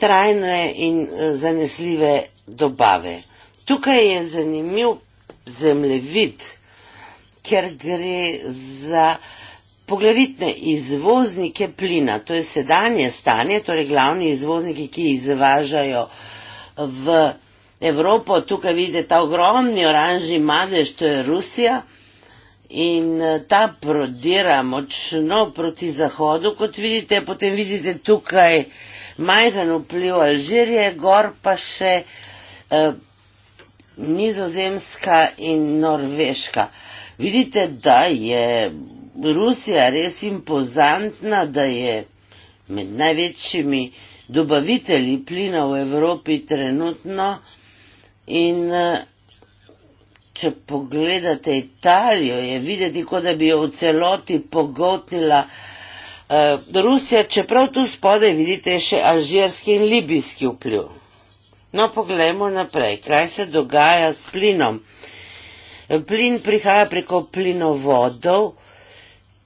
trajne in uh, zanesljive dobave. Tukaj je zanimiv zemljevid, ker gre za poglavitne izvoznike plina, to je sedanje stanje, torej glavni izvozniki, ki izvažajo v Evropo, tukaj vidite ta ogromni oranžni madež, to je Rusija, in eh, ta prodira močno proti zahodu, kot vidite, potem vidite tukaj majhen vpliv Alžirije, gor pa še eh, nizozemska in norveška. Vidite, da je Rusija res impozantna, da je med največjimi dobavitelji plina v Evropi trenutno, In eh, če pogledate Italijo, je videti, kot da bi jo v celoti pogotnila eh, Rusija, čeprav tu spodaj vidite še alžirski in libijski vpliv. No, poglejmo naprej, kaj se dogaja s plinom. Plin prihaja preko plinovodov,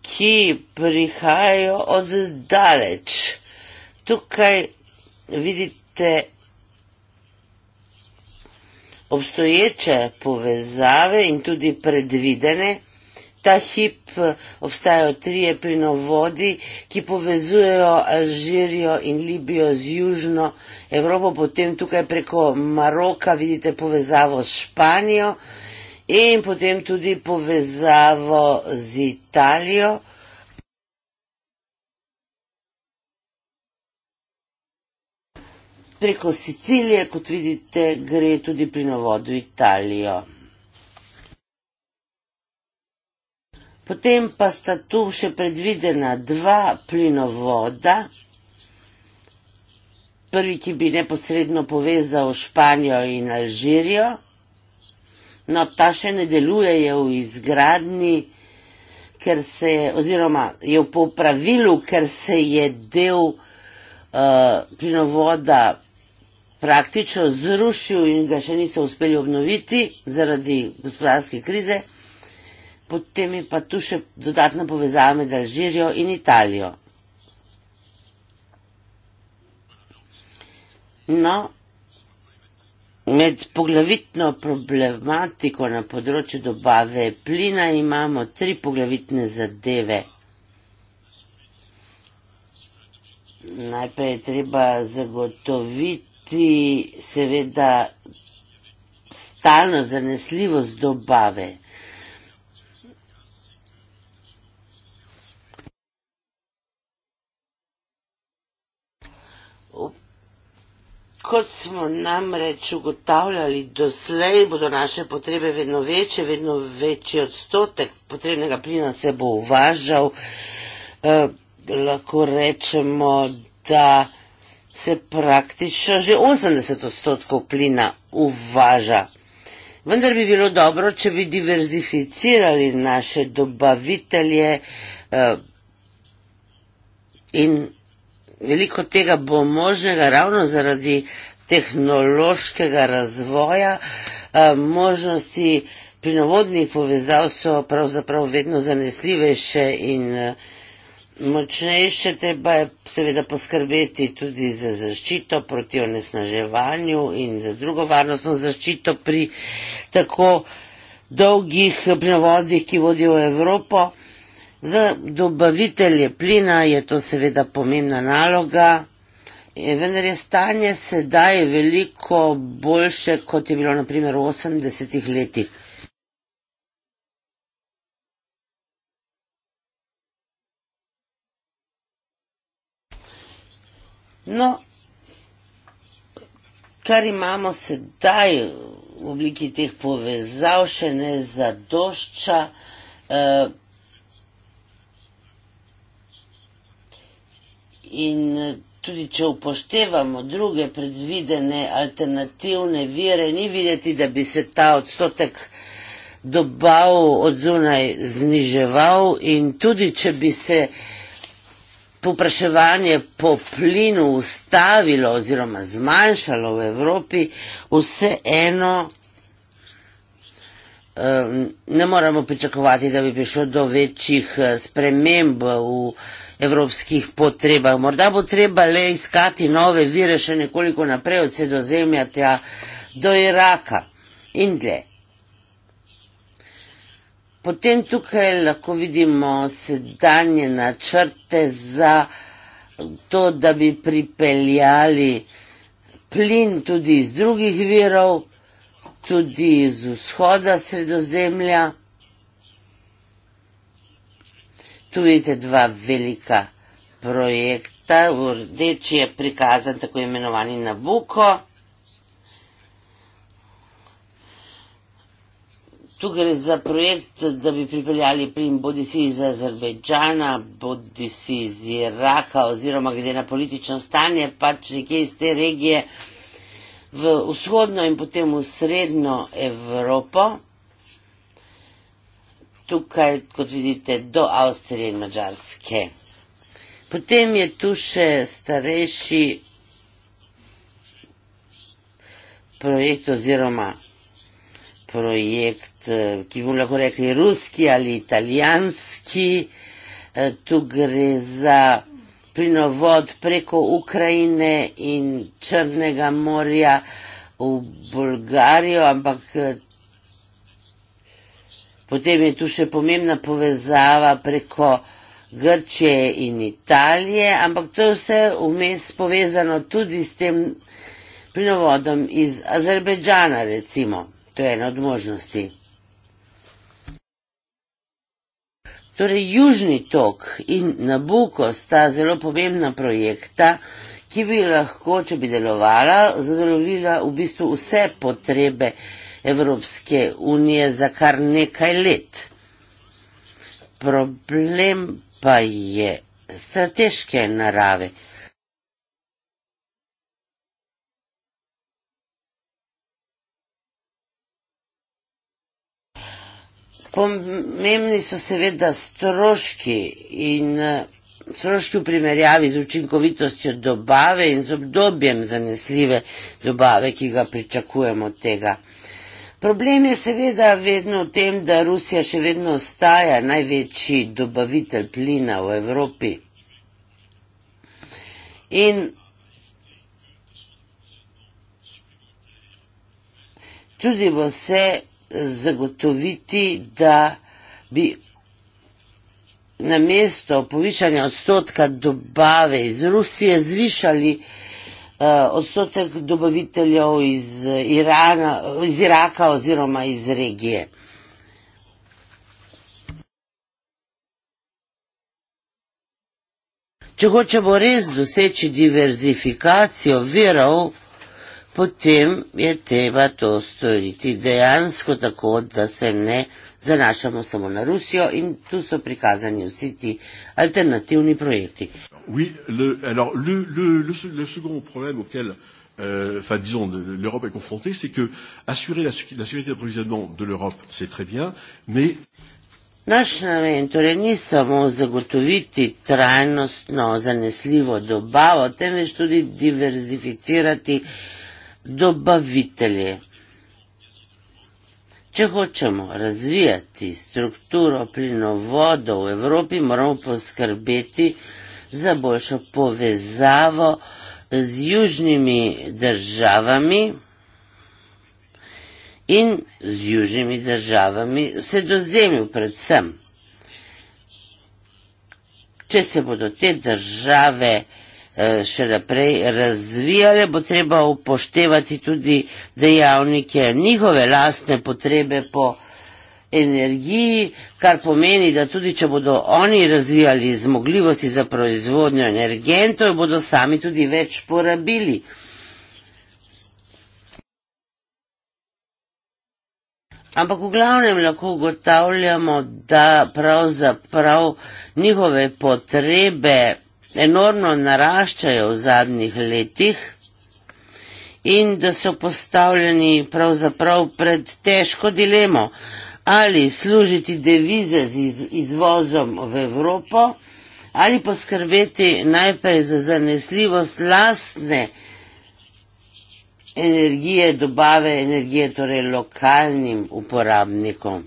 ki prihajajo od daleč. Tukaj vidite obstoječe povezave in tudi predvidene. Ta hip eh, obstajajo trije plinovodi, ki povezujejo Alžirijo in Libijo z Južno Evropo, potem tukaj preko Maroka vidite povezavo s Španijo in potem tudi povezavo z Italijo. preko Sicilije, kot vidite, gre tudi plinovod v Italijo. Potem pa sta tu še predvidena dva plinovoda, prvi, ki bi neposredno povezal Španijo in Alžirijo, no ta še ne deluje, je v izgradni, ker se je, oziroma je v popravilu, ker se je del eh, plinovoda povezal, praktično zrušil in ga še niso uspeli obnoviti zaradi gospodarske krize. Potem je pa tu še dodatna povezava med Alžirijo in Italijo. No, med poglavitno problematiko na področju dobave plina imamo tri poglavitne zadeve. Najprej je treba zagotoviti, ti seveda stalno zanesljivost dobave. Kot smo namreč ugotavljali, doslej bodo naše potrebe vedno večje, vedno večji odstotek potrebnega plina se bo uvažal. Eh, lahko rečemo, da se praktično že 80 odstotkov plina uvaža. Vendar bi bilo dobro, če bi diverzificirali naše dobavitelje eh, in veliko tega bo možnega ravno zaradi tehnološkega razvoja. Eh, možnosti plinovodnih povezav so pravzaprav vedno zanesljivejše in vsega. Eh, Močnejše treba je seveda poskrbeti tudi za zaščito proti onesnaževanju in za drugo varnostno zaščito pri tako dolgih prevodih, ki vodijo v Evropo. Za dobavitelje plina je to seveda pomembna naloga, vendar je stanje sedaj veliko boljše, kot je bilo naprimer v 80-ih letih. No, kar imamo sedaj v obliki teh povezav, še ne zadošča. Eh, in eh, tudi, če upoštevamo druge predvidene alternativne vire, ni videti, da bi se ta odstotek dobav od zunaj zniževal in tudi, če bi se povpraševanje po plinu ustavilo oziroma zmanjšalo v Evropi, vseeno ne moramo pričakovati, da bi prišlo do večjih eh, sprememb v evropskih potrebah. Morda bo treba le iskati nove vire še nekoliko naprej od sredozemlja do Iraka in dlje. Potem tukaj lahko vidimo sedanje načrte za to, da bi pripeljali plin tudi iz drugih virov, tudi iz vzhoda sredozemlja. Tu vidite dva velika projekta, v rdeči je prikazan tako imenovani Nabuko. tukaj za projekt, da bi pripeljali plin bodi si iz Azerbejdžana, bodi si iz Iraka oziroma glede na politično stanje, pač nekje iz te regije v vzhodno in potem v srednjo Evropo. Tukaj, kot vidite, do Avstrije in Mačarske. Potem je tu še starejši projekt oziroma projekt, eh, ki bomo lahko rekli ruski ali italijanski. Eh, tu gre za plinovod preko Ukrajine in Črnega morja v Bolgarijo, ampak eh, potem je tu še pomembna povezava preko Grčije in Italije, ampak to je vse vmes povezano tudi s tem plinovodom iz Azerbejdžana, recimo. To je ena od možnosti. Torej, Južni tok in Nabuko sta zelo pomembna projekta, ki bi lahko, če bi delovala, zadovoljila v bistvu vse potrebe Evropske unije za kar nekaj let. Problem pa je strateške narave. Pomembni so seveda stroški in eh, stroški v primerjavi z učinkovitostjo dobave in z obdobjem zanesljive dobave, ki ga pričakujemo od tega. Problem je seveda vedno v tem, da Rusija še vedno ostaja največji dobavitelj plina v Evropi. In tudi bo vse zagotoviti, da bi na mesto povišanja odstotka dobave iz Rusije zvišali eh, odstotek dobaviteljev iz, eh, Irana, iz Iraka oziroma iz regije. Če hočemo res doseči diverzifikacijo verov, potem je treba to storiti dejansko tako, da se ne zanašamo samo na Rusijo in tu so prikazani vsi ti alternativni projekti. Oui, le, alors, le, le, le, le second problème auquel euh, Enfin, disons, l'Europe est confrontée, c'est que assurer la, la sécurité d'approvisionnement de l'Europe, c'est très bien, mais. Naš namen torej ni samo zagotoviti trajnostno zanesljivo dobavo, temveč tudi diverzificirati dobavitelji. Če hočemo razvijati strukturo plinovodo v Evropi, moramo poskrbeti za boljšo povezavo z južnimi državami in z južnimi državami sredozemlju predvsem. Če se bodo te države razvijali, Eh, še naprej razvijale, bo treba upoštevati tudi dejavnike njihove lastne potrebe po energiji, kar pomeni, da tudi če bodo oni razvijali zmogljivosti za proizvodnjo energentov, bodo sami tudi več porabili. Ampak v glavnem lahko ugotavljamo, da pravzaprav njihove potrebe enormno naraščajo v zadnjih letih in da so postavljeni pravzaprav pred težko dilemo, ali služiti devize z izvozom v Evropo, ali poskrbeti najprej za zanesljivost lastne energije, dobave energije, torej lokalnim uporabnikom.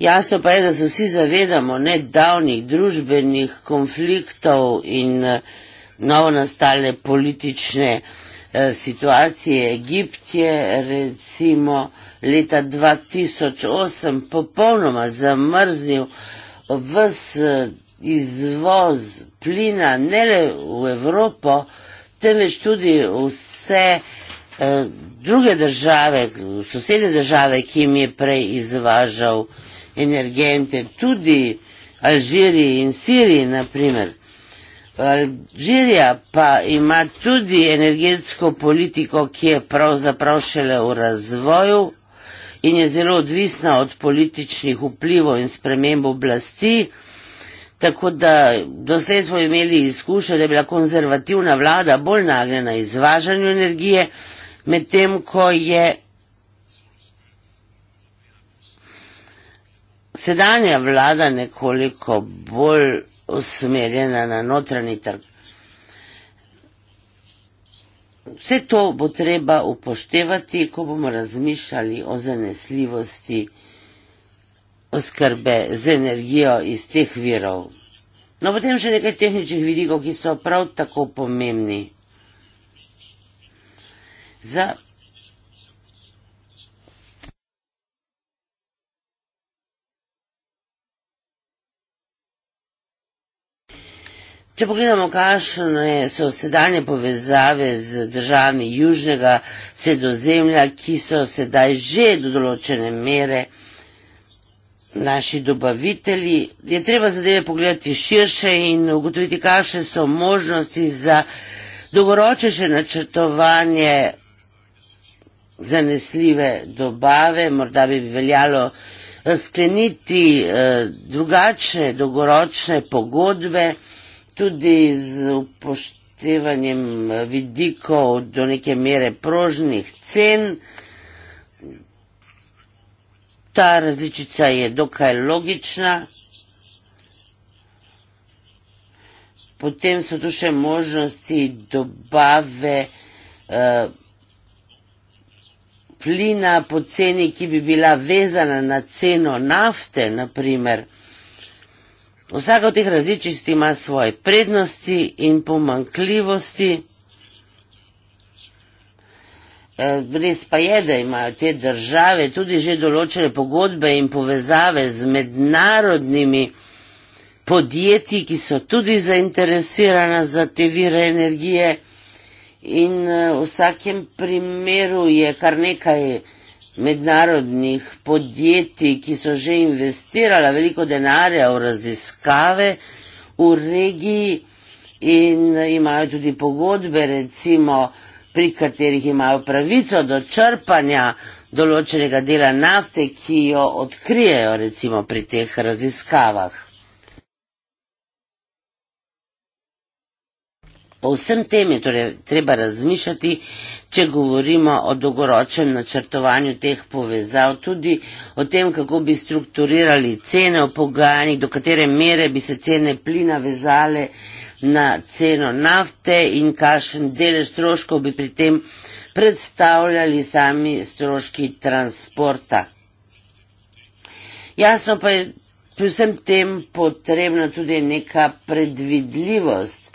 Jasno pa je, da se vsi zavedamo nedavnih družbenih konfliktov in eh, novo nastale politične eh, situacije. Egipt je recimo leta 2008 popolnoma zamrznil vs eh, izvoz plina ne le v Evropo, temveč tudi vse druge države, sosednje države, ki jim je prej izvažal plina energente, tudi Alžiriji in Siriji, naprimer. Alžirija pa ima tudi energetsko politiko, ki je pravzaprav šele v razvoju in je zelo odvisna od političnih vplivov in sprememb oblasti. Tako da doslej smo imeli izkušnje, da je bila konzervativna vlada bolj nagnjena izvažanju energije, medtem ko je sedanja vlada nekoliko bolj usmerjena na notranji trg. Vse to bo treba upoštevati, ko bomo razmišljali o zanesljivosti oskrbe z energijo iz teh virov. No, potem še nekaj tehničnih vidikov, ki so prav tako pomembni. Za Če pogledamo, kakšne so sedanje povezave z državami južnega sredozemlja, ki so sedaj že do določene mere naši dobavitelji, je treba zadeve pogledati širše in ugotoviti, kakšne so možnosti za dolgoročnejše načrtovanje zanesljive dobave. Morda bi veljalo skleniti eh, drugačne dolgoročne pogodbe tudi z upoštevanjem vidikov do neke mere prožnih cen. Ta različica je dokaj logična. Potem so tu še možnosti dobave eh, plina po ceni, ki bi bila vezana na ceno nafte, naprimer. Vsaka od teh različnosti ima svoje prednosti in pomankljivosti. E, res pa je, da imajo te države tudi že določene pogodbe in povezave z mednarodnimi podjetji, ki so tudi zainteresirana za te vire energije. In e, v vsakem primeru je kar nekaj različnosti, mednarodnih podjetij, ki so že investirala veliko denarja v raziskave v regiji in imajo tudi pogodbe, recimo, pri katerih imajo pravico do črpanja določenega dela nafte, ki jo odkrijejo recimo pri teh raziskavah. Po vsem tem je torej treba razmišljati, če govorimo o dolgoročnem načrtovanju teh povezav, tudi o tem, kako bi strukturirali cene v pogajanjih, do katere mere bi se cene plina vezale na ceno nafte in kakšen delež stroškov bi pri tem predstavljali sami stroški transporta. Jasno pa je pri vsem tem potrebna tudi neka predvidljivost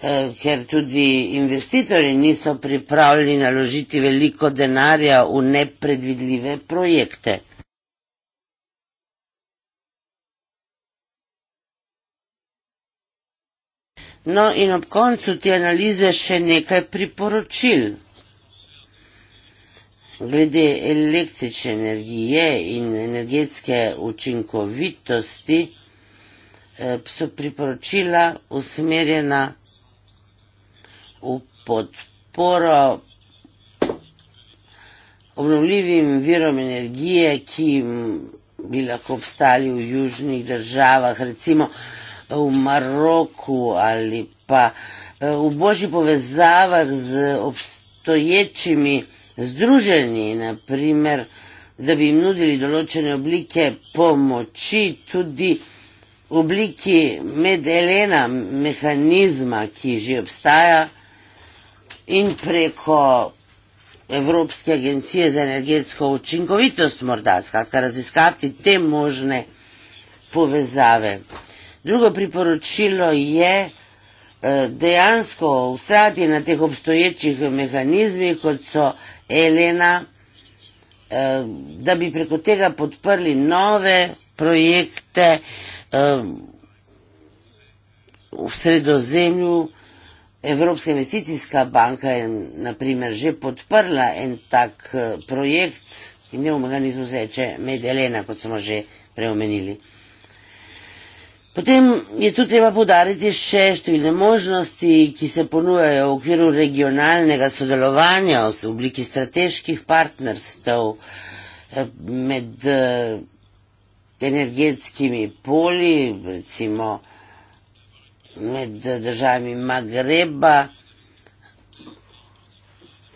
Eh, ker tudi investitorji niso pripravljeni naložiti veliko denarja v nepredvidljive projekte. No in ob koncu te analize še nekaj priporočil. Glede električne energije in energetske učinkovitosti eh, so priporočila usmerjena v podporo obnovljivim virom energije, ki bi lahko obstali v južnih državah, recimo v Maroku ali pa eh, v božji povezavah z obstoječimi združenji, naprimer, da bi jim nudili določene oblike pomoči, tudi v obliki medelena mehanizma, ki že obstaja in preko Evropske agencije za energetsko učinkovitost morda skratka raziskati te možne povezave. Drugo priporočilo je eh, dejansko ustrati na teh obstoječih mehanizmih, kot so Elena, eh, da bi preko tega podprli nove projekte eh, v sredozemlju, Evropska investicijska banka je naprimer že podprla en tak eh, projekt in njegov mehanizem se reče Medelena, kot smo že preomenili. Potem je tu treba podariti še številne možnosti, ki se ponujajo v okviru regionalnega sodelovanja v obliki strateških partnerstv eh, med eh, energetskimi poli, recimo med državami Magreba.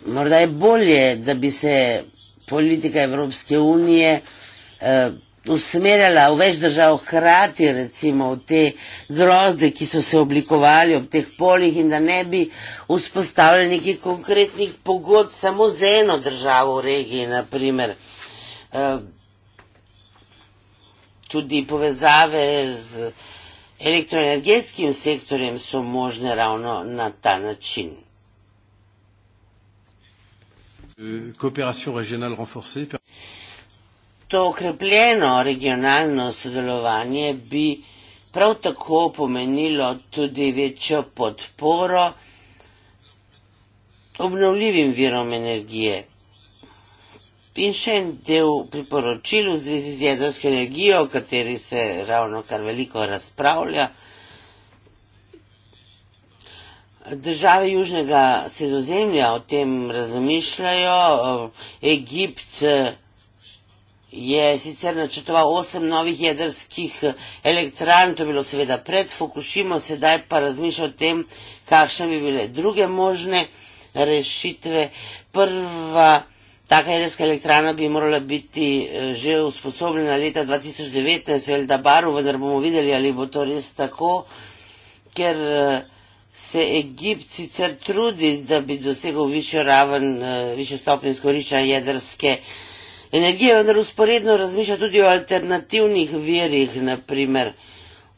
Morda je bolje, da bi se politika Evropske unije uh, usmerjala v več držav hkrati, recimo v te grozde, ki so se oblikovali ob teh poljih in da ne bi vzpostavljali nekih konkretnih pogod samo z eno državo v regiji, naprimer. Uh, eh, tudi povezave z uh, Elektroenergetskim sektorjem so možne ravno na ta način. To okrepljeno regionalno sodelovanje bi prav tako pomenilo tudi večjo podporo obnovljivim virom energije. In še en del priporočil v zvezi z jedrsko energijo, o kateri se ravno kar veliko razpravlja. Države Južnega sredozemlja o tem razmišljajo. Egipt je sicer načrtoval osem novih jedrskih elektran, to je bilo seveda pred Fukushima, sedaj pa razmišlja o tem, kakšne bi bile druge možne rešitve. Prva Taka jedrska elektrana bi morala biti eh, že usposobljena leta 2019 v Eldabaru, vendar bomo videli, ali bo to res tako, ker eh, se Egipt sicer trudi, da bi dosegel višjo raven, eh, višjo stopnjo izkoriščanja jedrske energije, vendar usporedno razmišlja tudi o alternativnih verjih, naprimer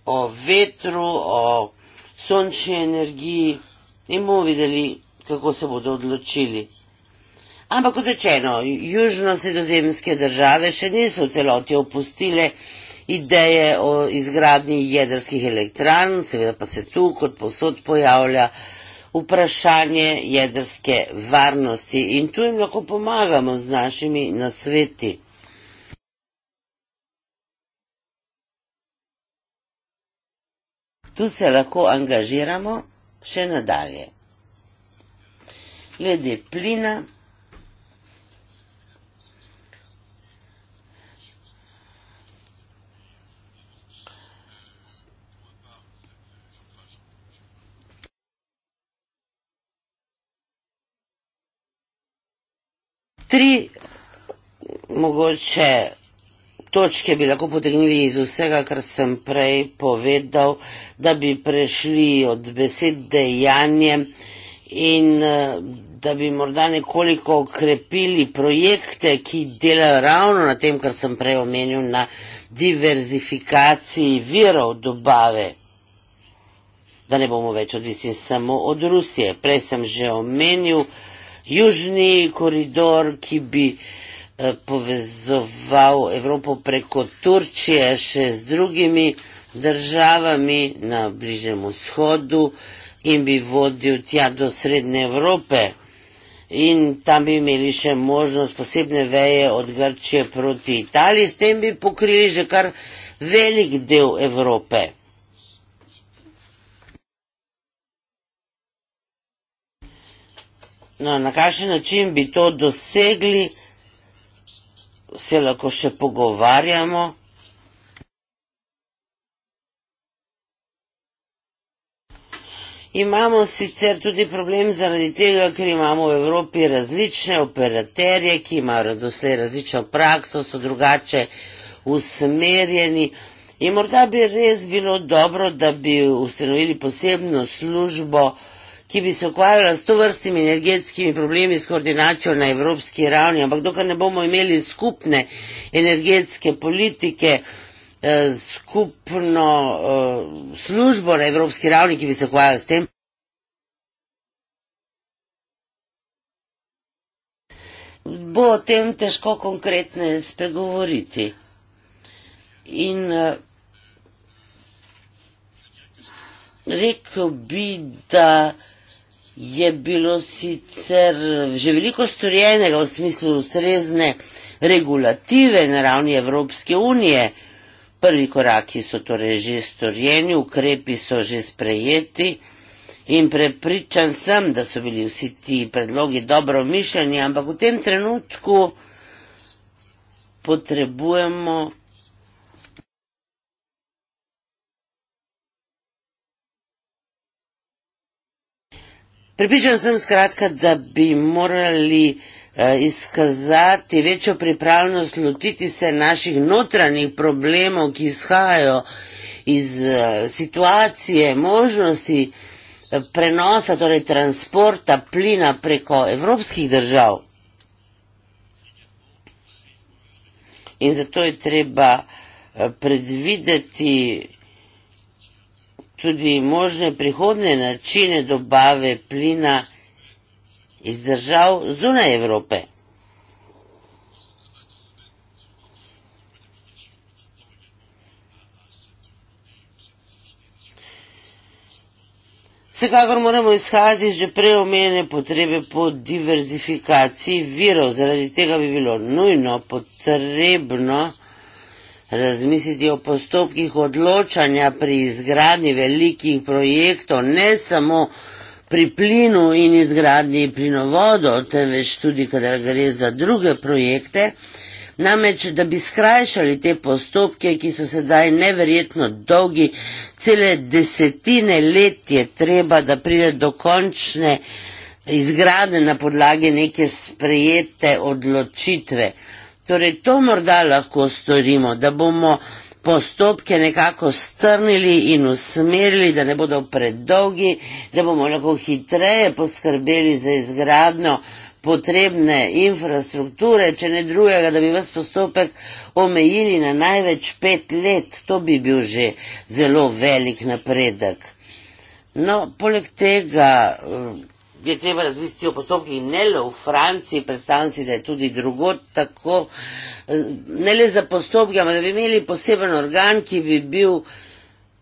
o vetru, o sončni energiji in bomo videli, kako se bodo odločili. Ampak kot rečeno, južno-sredozemske države še niso v celoti opustile ideje o izgradnji jedrskih elektran, seveda pa se tu kot posod pojavlja vprašanje jedrske varnosti in tu jim lahko pomagamo z našimi nasveti. Tu se lahko angažiramo še nadalje. Glede plina, tri mogoče točke bi lahko potegnili iz vsega, kar sem prej povedal, da bi prešli od besed dejanjem in eh, da bi morda nekoliko okrepili projekte, ki delajo ravno na tem, kar sem prej omenil, na diverzifikaciji virov dobave, da ne bomo več odvisni samo od Rusije. Prej sem že omenil, da južni koridor, ki bi eh, povezoval Evropo preko Turčije še z drugimi državami na Bližnjem vzhodu in bi vodil tja do Srednje Evrope. In tam bi imeli še možnost posebne veje od Grčije proti Italiji, s tem bi pokrili že kar velik del Evrope. No, na kakšen način bi to dosegli, se lahko še pogovarjamo. Imamo sicer tudi problem zaradi tega, ker imamo v Evropi različne operaterje, ki imajo doslej različno prakso, so drugače usmerjeni. In morda bi res bilo dobro, da bi ustanovili posebno službo, ki bi se ukvarjala s to vrstimi energetskimi problemi s koordinacijo na evropski ravni, ampak dokler ne bomo imeli skupne energetske politike, eh, skupno eh, službo na evropski ravni, ki bi se ukvarjala s tem. Bo o tem težko konkretno spregovoriti. In uh, rekel bi, da je bilo sicer že veliko storjenega v smislu ustrezne regulative na ravni Evropske unije. Prvi koraki so torej že storjeni, ukrepi so že sprejeti in prepričan sem, da so bili vsi ti predlogi dobro mišljeni, ampak v tem trenutku potrebujemo Pripričan sem skratka, da bi morali eh, izkazati večjo pripravnost lotiti se naših notranjih problemov, ki izhajajo iz eh, situacije, možnosti eh, prenosa, torej transporta plina preko evropskih držav. In zato je treba predvideti tudi možne prihodne načine dobave plina iz držav zunaj Evrope. Vsekakor moramo izhajati že prej omenjene potrebe po diverzifikaciji virov, zaradi tega bi bilo nujno potrebno razmisliti o postopkih odločanja pri izgradnji velikih projektov, ne samo pri plinu in izgradnji plinovodo, temveč tudi, kadar gre za druge projekte. Namreč, da bi skrajšali te postopke, ki so sedaj neverjetno dolgi, cele desetine let je treba, da pride do končne izgrade na podlagi neke sprejete odločitve. Torej, to morda lahko storimo, da bomo postopke nekako strnili in usmerili, da ne bodo predolgi, da bomo lahko hitreje poskrbeli za izgradno potrebne infrastrukture, če ne drugega, da bi vas postopek omejili na največ pet let, to bi bil že zelo velik napredek. No, poleg tega je treba razvisti o postopki in ne le v Franciji, predstavljam si, da je tudi drugot tako, eh, ne le za postopke, ampak da bi imeli poseben organ, ki bi bil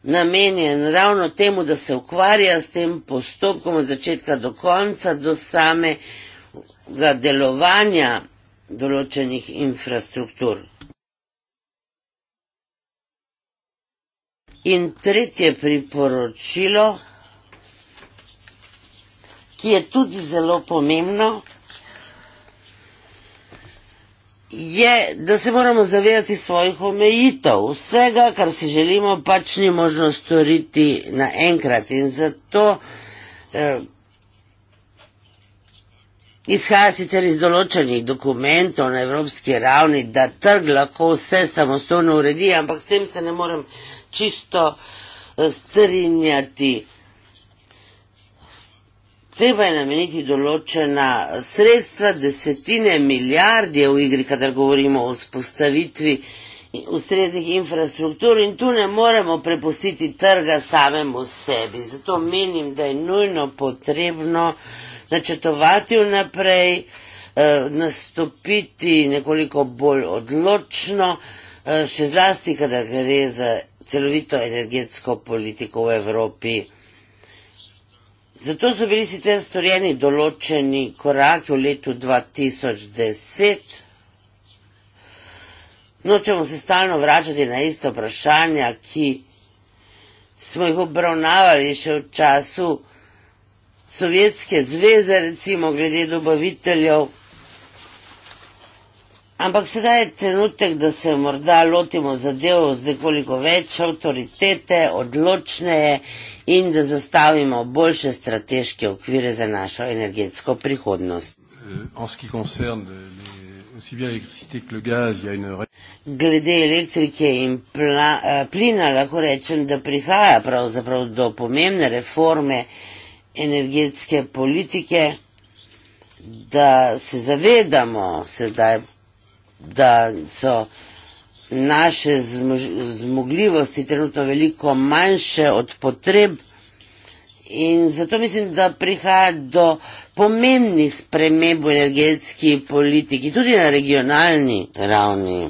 namenjen ravno temu, da se ukvarja s tem postopkom od začetka do konca, do samega delovanja določenih infrastruktur. In tretje priporočilo, ki je tudi zelo pomembno, je, da se moramo zavedati svojih omejitev. Vsega, kar si želimo, pač ni možno storiti naenkrat. In zato eh, izhaja sicer iz določenih dokumentov na evropski ravni, da trg lahko vse samostojno uredi, ampak s tem se ne morem čisto eh, strinjati. Eh, treba je nameniti določena sredstva, desetine milijard je v igri, kadar govorimo o spostavitvi ustreznih infrastruktur in tu ne moremo prepustiti trga samemu sebi. Zato menim, da je nujno potrebno načrtovati vnaprej, eh, nastopiti nekoliko bolj odločno, eh, še zlasti, kadar gre za celovito energetsko politiko v Evropi. Zato so bili sicer storjeni določeni koraki v letu 2010. Nočemo se stalno vračati na isto vprašanja, ki smo jih obravnavali še v času Sovjetske zveze, recimo glede dobaviteljev Ampak sedaj je trenutek, da se morda lotimo zadev z nekoliko več avtoritete, odločneje in da zastavimo boljše strateške okvire za našo energetsko prihodnost. Eh, Glede elektrike in eh, plina lahko rečem, da prihaja pravzaprav do pomembne reforme energetske politike, da se zavedamo sedaj da so naše zmož, zmogljivosti trenutno veliko manjše od potreb in zato mislim, da prihaja do pomembnih sprememb v energetski politiki, tudi na regionalni ravni.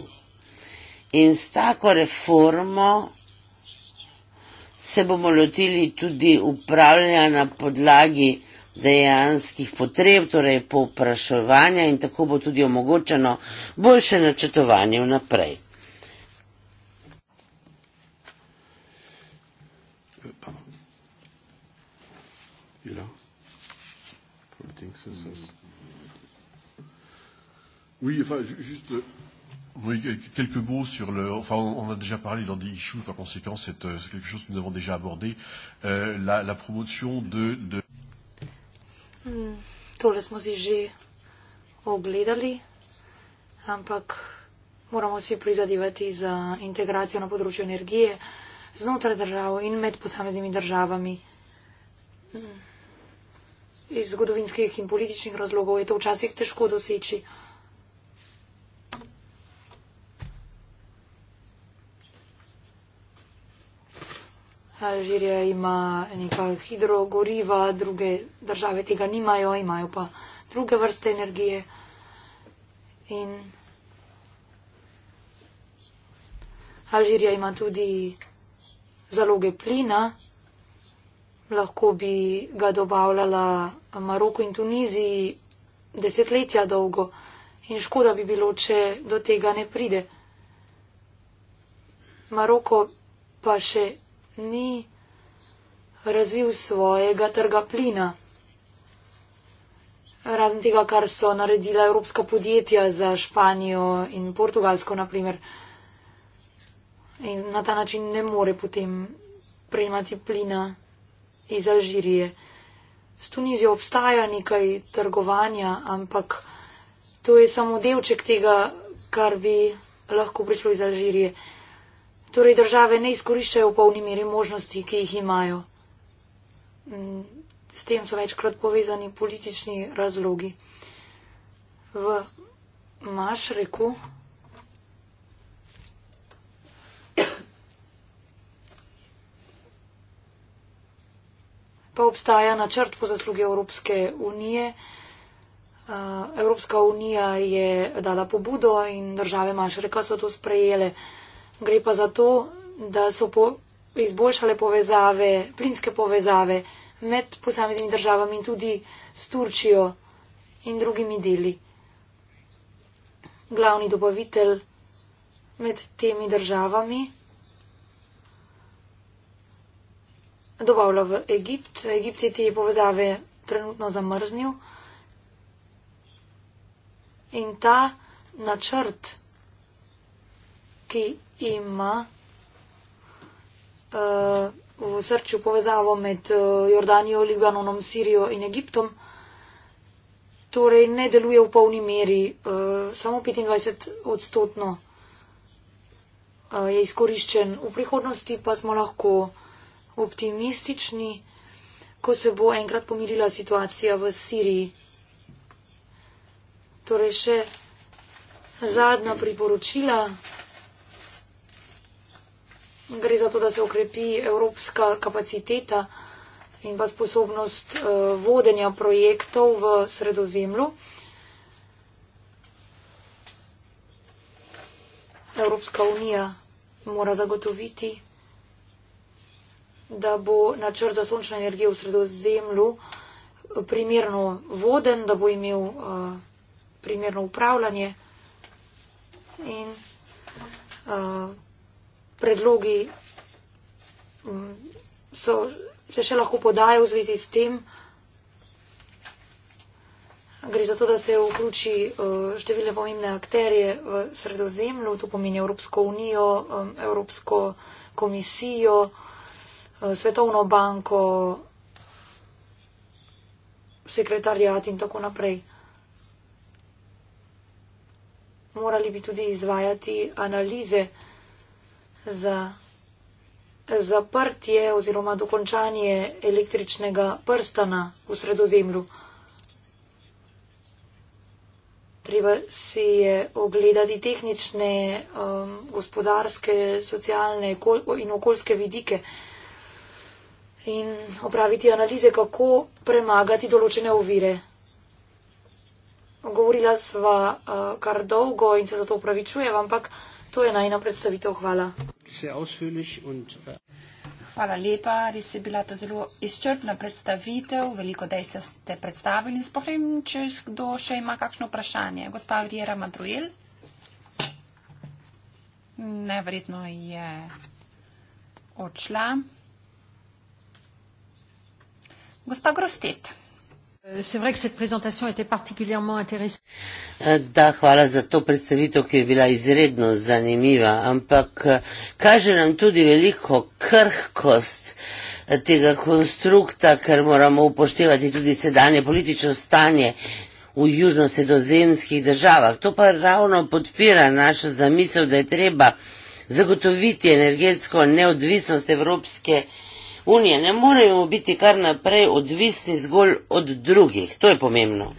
In s tako reformo se bomo lotili tudi upravljanja na podlagi dejanskih potreb, torej povpraševanja in tako bo tudi omogočeno boljše načrtovanje vnaprej. Oui, enfin, juste oui, quelques mots sur le. Enfin, on a déjà parlé dans des issues, par conséquent, euh, c'est quelque chose que nous avons déjà abordé. Euh, la, la promotion de. de... Hmm, tole smo si že ogledali, ampak moramo si prizadevati za integracijo na področju energije znotraj držav in med posameznimi državami. Hmm, iz zgodovinskih in političnih razlogov je to včasih težko doseči. Alžirija ima neka hidrogoriva, druge države tega nimajo, imajo pa druge vrste energije. In Alžirija ima tudi zaloge plina, lahko bi ga dobavljala Maroku in Tuniziji desetletja dolgo in škoda bi bilo, če do tega ne pride. Maroko pa še ni razvil svojega trga plina. Razen tega, kar so naredila evropska podjetja za Španijo in Portugalsko, naprimer. In na ta način ne more potem prejmati plina iz Alžirije. S Tunizijo obstaja nekaj trgovanja, ampak to je samo delček tega, kar bi lahko prišlo iz Alžirije. Torej države ne izkoriščajo v polni meri možnosti, ki jih imajo. Mm, s tem so večkrat povezani politični razlogi. V Mašreku pa obstaja načrt po zaslugi Evropske unije. Evropska unija je dala pobudo in države Mašreka so to sprejele gre pa za to, da so po izboljšale povezave, plinske povezave med posameznimi državami in tudi s Turčijo in drugimi deli. Glavni dobavitelj med temi državami dobavlja v Egipt. Egipt je te povezave trenutno zamrznil in ta načrt, ki ima uh, v srcu povezavo med uh, Jordanijo, Libanonom, Sirijo in Egiptom. Torej ne deluje v polni meri, uh, samo 25 odstotno uh, je izkoriščen. V prihodnosti pa smo lahko optimistični, ko se bo enkrat pomirila situacija v Siriji. Torej še zadnja priporočila gre za to, da se okrepi evropska kapaciteta in pa sposobnost uh, vodenja projektov v sredozemlju. Evropska unija mora zagotoviti, da bo načrt za sončno energijo v sredozemlju eh, primerno voden, da bo imel uh, primerno upravljanje in uh, predlogi mm, so, se še lahko podajo v zvezi s tem. Gre za to, da se vključi eh, številne pomembne akterje v sredozemlju, to pomeni Evropsko unijo, Evropsko komisijo, eh, Svetovno banko, sekretarjat in tako naprej. Morali bi tudi izvajati analize za zaprtje oziroma dokončanje električnega prstana v sredozemlju. Treba si je ogledati tehnične, um, gospodarske, socialne in okoljske vidike in opraviti analize, kako premagati določene ovire. Govorila sva uh, kar dolgo in se zato upravičujem, ampak. To je najna predstavitev, hvala. Äh, hvala lepa, res je bila to zelo izčrpna predstavitev, veliko dejstev ste predstavili in spohrem, če kdo še ima kakšno vprašanje. Gospa Vriera Madruel. Neverjetno je odšla. Gospa Grostet. Euh, c'est vrai que cette présentation était particulièrement intéressante. Eh, da, hvala za to predstavitev, ki je bila izredno zanimiva, ampak eh, kaže nam tudi veliko krhkost eh, tega konstrukta, ker moramo upoštevati tudi sedanje politično stanje v južno-sredozemskih državah. To pa ravno podpira našo zamisel, da je treba zagotoviti energetsko neodvisnost Evropske unije. Unije ne morejo biti kar naprej odvisni zgolj od drugih. To je pomembno.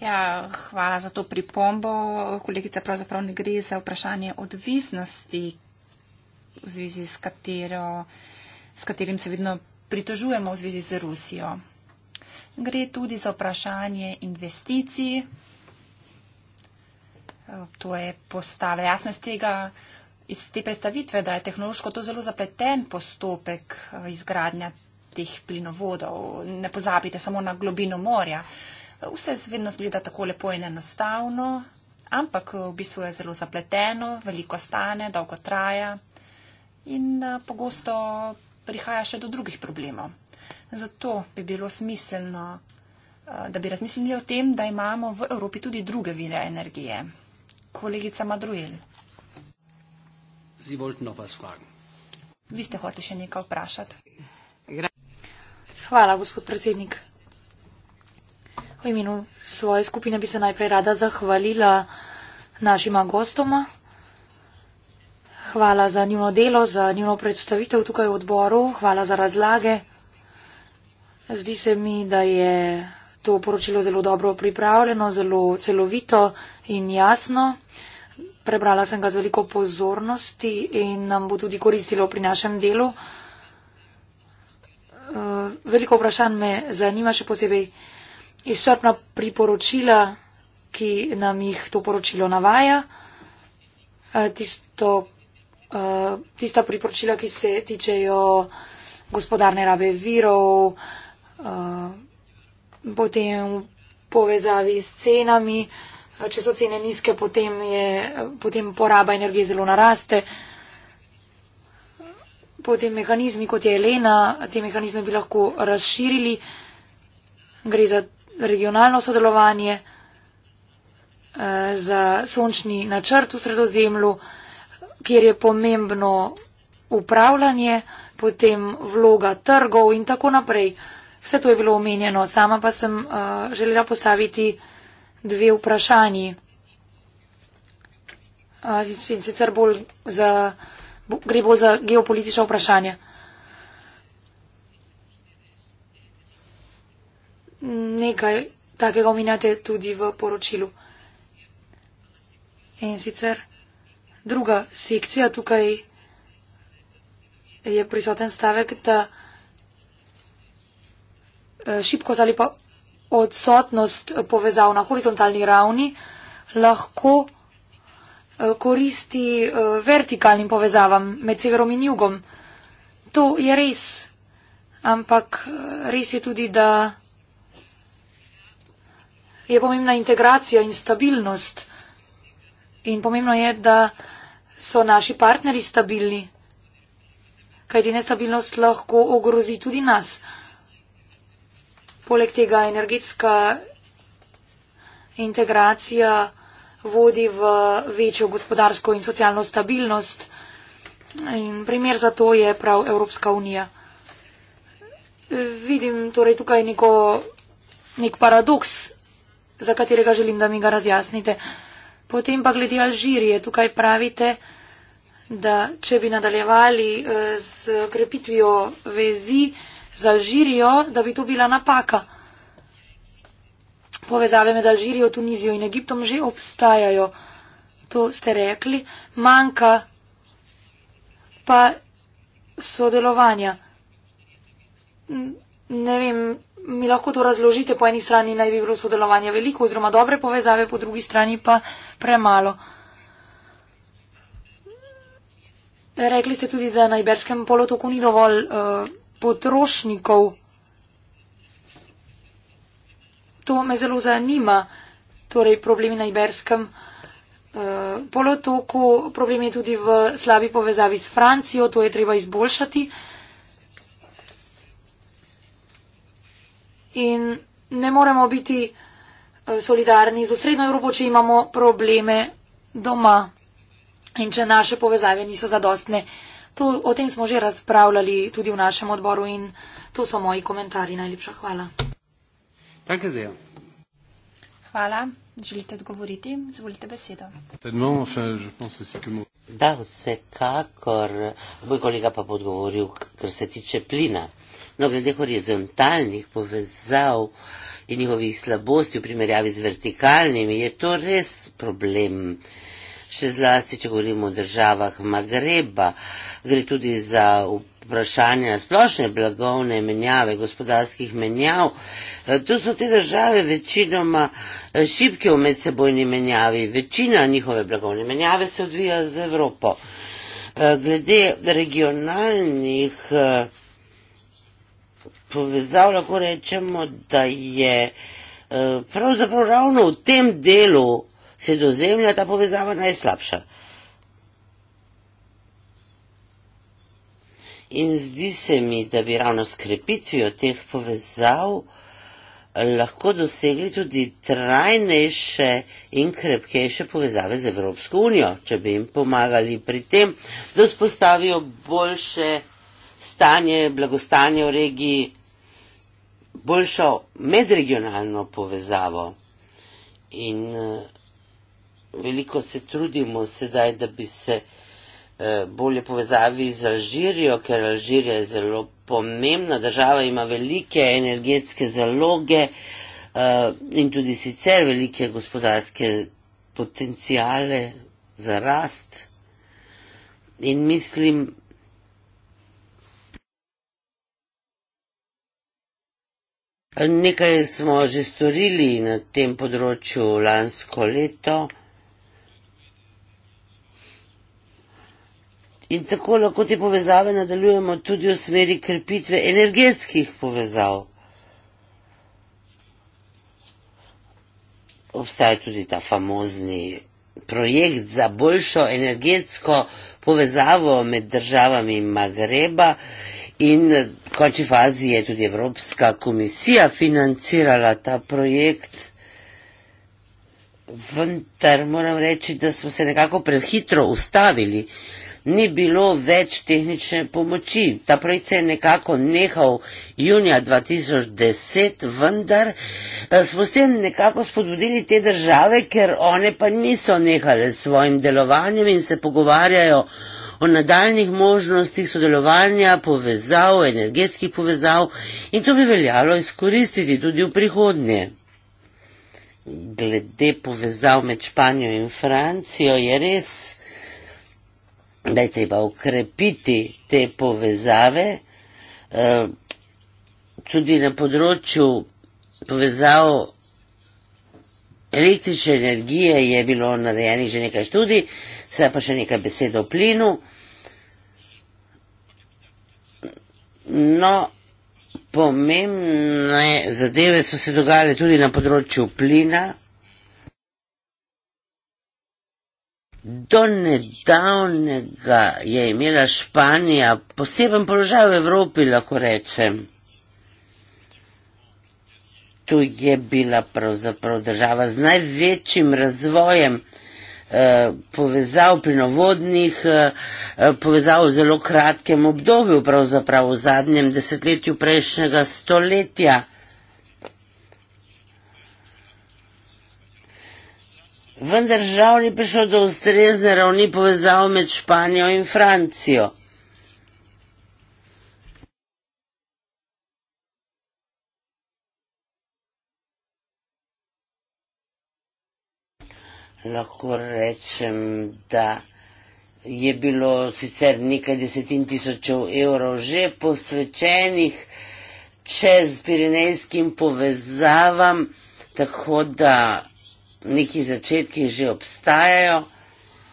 Ja, hvala za to pripombo. Kolegica, pravzaprav ne gre za vprašanje odvisnosti, v zvezi s, katero, s katerim se vedno pritožujemo v zvezi z Rusijo. Gre tudi za vprašanje investicij. To je postalo jasno iz tega iz te predstavitve, da je tehnološko to zelo zapleten postopek eh, izgradnja teh plinovodov. Ne pozabite samo na globino morja. Vse vedno zgleda tako lepo in enostavno, ampak eh, v bistvu je zelo zapleteno, veliko stane, dolgo traja in eh, pogosto prihaja še do drugih problemov. Zato bi bilo smiselno, da bi razmislili o tem, da imamo v Evropi tudi druge vire energije. Kolegica Madruel. Sie wollten noch was fragen. Vi ste hoteli še nekaj vprašati? Hvala, gospod predsednik. V imenu svoje skupine bi se najprej rada zahvalila našima gostoma. Hvala za njuno delo, za njuno predstavitev tukaj v odboru, hvala za razlage. Zdi se mi, da je to poročilo zelo dobro pripravljeno, zelo celovito in jasno prebrala sem ga z veliko pozornosti in nam bo tudi koristilo pri našem delu. Eh, veliko vprašanj me zanima, še posebej izčrpna priporočila, ki nam jih to poročilo navaja. Eh, tisto, eh, tista priporočila, ki se tičejo gospodarne rabe virov, potem povezavi s cenami če so cene nizke, potem, je, potem poraba energije zelo naraste. Potem mehanizmi, kot je Elena, te mehanizme bi lahko razširili. Gre za regionalno sodelovanje, eh, za sončni načrt v sredozemlju, kjer je pomembno upravljanje, potem vloga trgov in tako naprej. Vse to je bilo omenjeno. Sama pa sem uh, želela postaviti uh, dve vprašanji. In sicer bolj za, gre bolj za geopolitična vprašanja. Nekaj takega omenjate tudi v poročilu. In sicer druga sekcija tukaj je prisoten stavek, da e, šipkost ali pa odsotnost povezav na horizontalni ravni lahko eh, koristi eh, vertikalnim povezavam med severom in jugom. To je res, ampak eh, res je tudi, da je pomembna integracija in stabilnost in pomembno je, da so naši partneri stabilni, kajti nestabilnost lahko ogrozi tudi nas. Poleg tega energetska integracija vodi v večjo gospodarsko in socialno stabilnost. In primer za to je prav Evropska unija. Vidim torej tukaj neko, nek paradoks, za katerega želim, da mi ga razjasnite. Potem pa glede Alžirije, tukaj pravite, da če bi nadaljevali z eh, krepitvijo vezi, z Alžirijo, da bi to bila napaka. Povezave med Alžirijo, Tunizijo in Egiptom že obstajajo. To ste rekli. Manjka pa sodelovanja. Ne vem, mi lahko to razložite. Po eni strani naj bi bilo sodelovanja veliko oziroma dobre povezave, po drugi strani pa premalo. Rekli ste tudi, da na Iberskem polotoku ni dovolj. Uh, potrošnikov. To me zelo zanima, torej problemi na Iberskem eh, polotoku, problemi tudi v slabi povezavi s Francijo, to je treba izboljšati. In ne moremo biti eh, solidarni z osrednjo Evropo, če imamo probleme doma in če naše povezave niso zadostne. To, o tem smo že razpravljali tudi v našem odboru in to so moji komentarji. Najlepša hvala. Tako je zdaj. Hvala. Želite odgovoriti? Zvolite besedo. Da, vsekakor. Moj kolega pa bo odgovoril, kar se tiče plina. No, glede horizontalnih povezav in njihovih slabosti v primerjavi z vertikalnimi, je to res problem. Uh, še zlasti, če govorimo o državah Magreba, gre tudi za vprašanje splošne blagovne menjave, gospodarskih menjav. E, to so te države večinoma e, šibke v medsebojni menjavi. Večina njihove blagovne menjave se odvija z Evropo. E, glede regionalnih povezav lahko rečemo, da je pravzaprav ravno v tem delu Sredozemlja ta povezava najslabša. In zdi se mi, da bi ravno s krepitvijo teh povezav lahko dosegli tudi trajnejše in krepkejše povezave z Evropsko unijo, če bi jim pomagali pri tem, da spostavijo boljše stanje, blagostanje v regiji, boljšo medregionalno povezavo. In eh, veliko se trudimo sedaj, da bi se eh, bolje povezali z Alžirijo, ker Alžirija je zelo pomembna država, ima velike energetske zaloge eh, in tudi sicer velike gospodarske potencijale za rast. In mislim, Nekaj smo že storili na tem področju lansko leto. In tako lahko te povezave nadaljujemo tudi v smeri krepitve energetskih povezav. Obstaja tudi ta famozni projekt za boljšo energetsko povezavo med državami Magreba in v končni fazi je tudi Evropska komisija financirala ta projekt. Vendar moram reči, da smo se nekako prehitro ustavili ni bilo več tehnične pomoči. Ta projekt se je nekako nehal junija 2010, vendar eh, smo s tem nekako spodbudili te države, ker one pa niso nehale s svojim delovanjem in se pogovarjajo o nadaljnih možnostih sodelovanja, povezav, energetskih povezav in to bi veljalo izkoristiti tudi v prihodnje. Glede povezav med Španijo in Francijo je res, da da je treba ukrepiti te povezave, eh, tudi na področju povezav električne energije je bilo narejenih že nekaj študij, sedaj pa še nekaj besed o plinu. No, pomembne zadeve so se dogajale tudi na področju plina, Do nedavnega je imela Španija poseben položaj v Evropi, lahko rečem. Tu je bila pravzaprav država z največjim razvojem eh, povezav plinovodnih, eh, povezav v zelo kratkem obdobju, pravzaprav v zadnjem desetletju prejšnjega stoletja. vendar žal ni prišel do ustrezne ravni povezav med Španijo in Francijo. Lahko rečem, da je bilo sicer nekaj desetin tisočev evrov že posvečenih čez pirinejskim povezavam, tako da neki začetki že obstajajo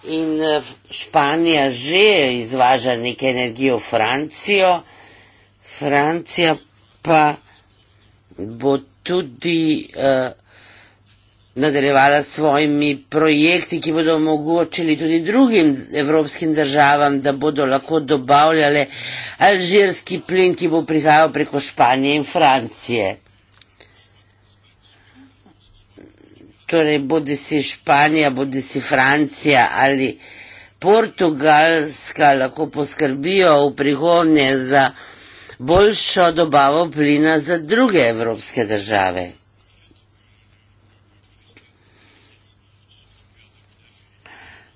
in eh, Španija že izvaža nekaj energije v Francijo, Francija pa bo tudi eh, nadaljevala s svojimi projekti, ki bodo omogočili tudi drugim evropskim državam, da bodo lahko dobavljale alžirski plin, ki bo prihajal preko Španije in Francije. torej bodi si Španija, bodi si Francija ali Portugalska, lahko poskrbijo v prihodnje za boljšo dobavo plina za druge evropske države.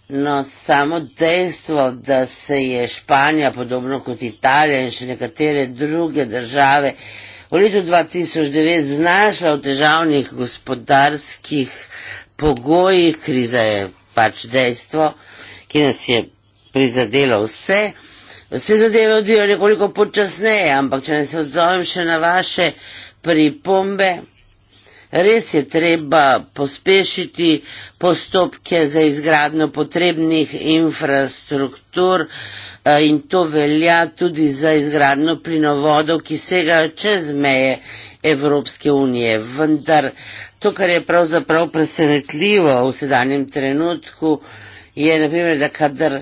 No, samo dejstvo, da se je Španija, podobno kot Italija in še nekatere druge države, v letu 2009 znašla v težavnih gospodarskih pogojih, kriza je pač dejstvo, ki nas je prizadelo vse. Vse zadeve odvijajo nekoliko počasneje, ampak če ne se odzovem še na vaše pripombe, Res je treba pospešiti postopke za izgradno potrebnih infrastruktur eh, in to velja tudi za izgradno plinovodov, ki sega čez meje Evropske unije. Vendar to, kar je pravzaprav presenetljivo v sedanjem trenutku, je, naprimer, da kadar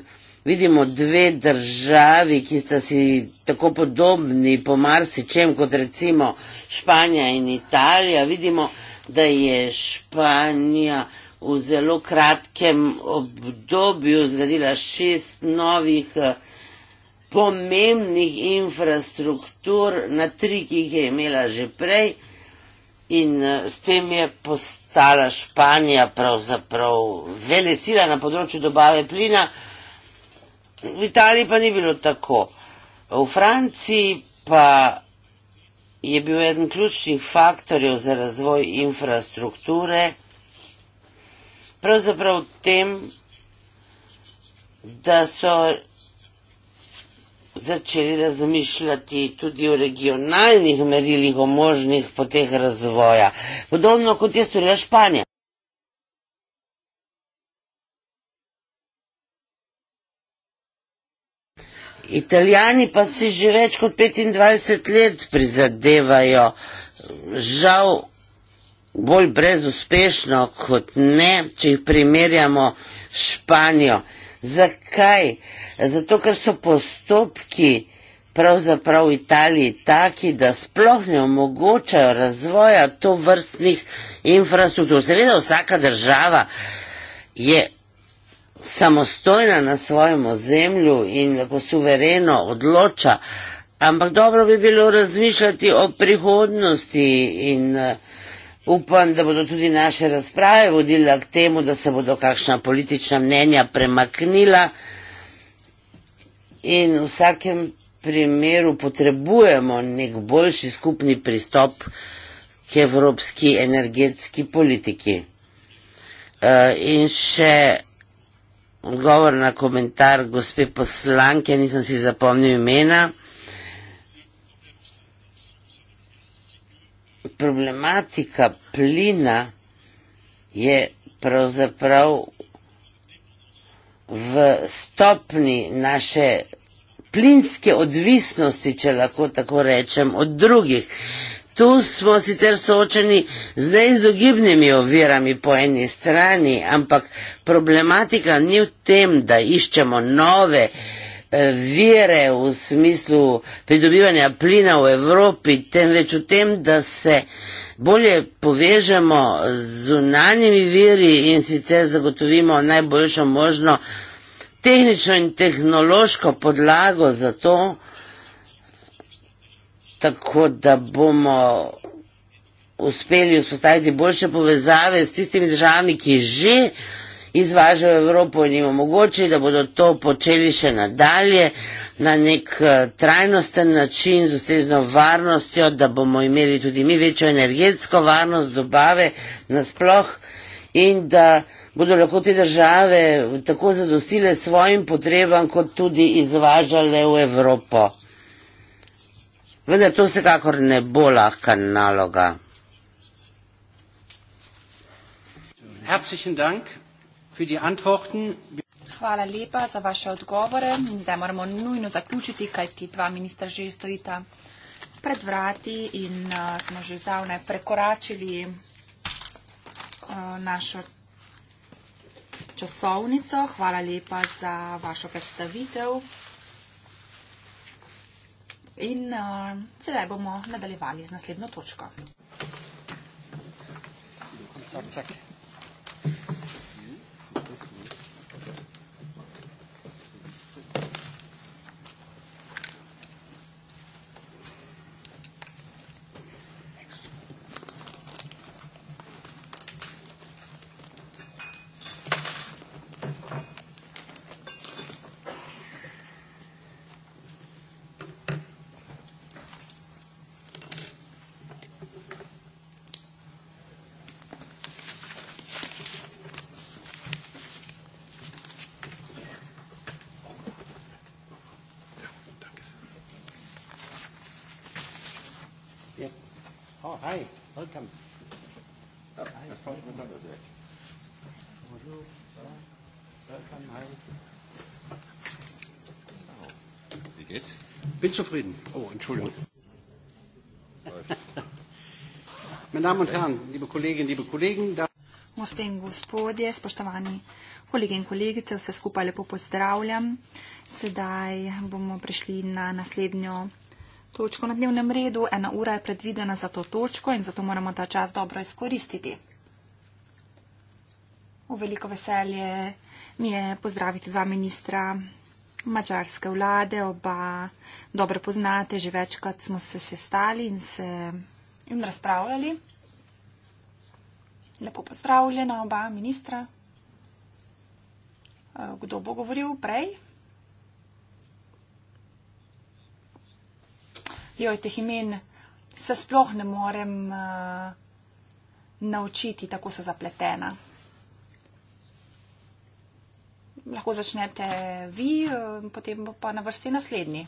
vidimo dve državi, ki sta si tako podobni po marsičem, kot recimo Španija in Italija, vidimo, da je Španija v zelo kratkem obdobju zgradila šest novih eh, pomembnih infrastruktur na tri, ki jih je imela že prej in eh, s tem je postala Španija pravzaprav velesila na področju dobave plina. V Italiji pa ni bilo tako. V Franciji pa je bil eden ključnih faktorjev za razvoj infrastrukture, pravzaprav tem, da so začeli razmišljati tudi o regionalnih merilih, o možnih poteh razvoja, podobno kot je storila Španija. Italijani pa si že več kot 25 let prizadevajo, žal bolj brezuspešno kot ne, če jih primerjamo s Španijo. Zakaj? Zato, ker so postopki pravzaprav v Italiji taki, da sploh ne omogočajo razvoja to vrstnih infrastruktur. Seveda vsaka država je samostojna na svojem ozemlju in lahko suvereno odloča, ampak dobro bi bilo razmišljati o prihodnosti in eh, upam, da bodo tudi naše razprave vodila k temu, da se bodo kakšna politična mnenja premaknila in v vsakem primeru potrebujemo nek boljši skupni pristop k evropski energetski politiki. Eh, in še odgovor na komentar gospe poslanke, nisem si zapomnil imena. Problematika plina je pravzaprav v stopni naše plinske odvisnosti, če lahko tako rečem, od drugih. Tu smo sicer soočeni z neizogibnimi ovirami po eni strani, ampak problematika ni v tem, da iščemo nove eh, vire v smislu pridobivanja plina v Evropi, temveč v tem, da se bolje povežemo z zunanjimi viri in sicer zagotovimo najboljšo možno tehnično in tehnološko podlago za to, tako da bomo uspeli vzpostaviti boljše povezave s tistimi državami, ki že izvažajo Evropo in jim omogočili, da bodo to počeli še nadalje na nek eh, trajnosten način z ustrezno varnostjo, da bomo imeli tudi mi večjo energetsko varnost dobave nasploh in da bodo lahko te države tako zadostile svojim potrebam, kot tudi izvažale v Evropo. Vendar to vsekakor ne bo lahka naloga. Hvala lepa za vaše odgovore. Zdaj moramo nujno zaključiti, kaj ti dva ministra že stojita pred vrati in uh, smo že zdavne prekoračili uh, našo časovnico. Hvala lepa za vašo predstavitev. In uh, sedaj bomo nadaljevali z naslednjo točko. Zdaj. nicht zufrieden. Oh, Entschuldigung. Meine Damen und Herren, liebe Kolleginnen, liebe Kollegen, da Gospe in gospodje, spoštovani kolege in kolegice, vse skupaj lepo pozdravljam. Sedaj bomo prišli na naslednjo točko na dnevnem redu. Ena ura je predvidena za to točko in zato moramo ta čas dobro izkoristiti. V veliko veselje mi je pozdraviti dva ministra mačarske vlade, oba dobro poznate, že večkrat smo se sestali in se in razpravljali. Lepo pozdravljena oba ministra. Eh, kdo bo govoril prej? Joj, teh imen se sploh ne morem uh, naučiti, tako so zapletena lahko začnete vi, eh, potem bo pa na vrsti naslednji.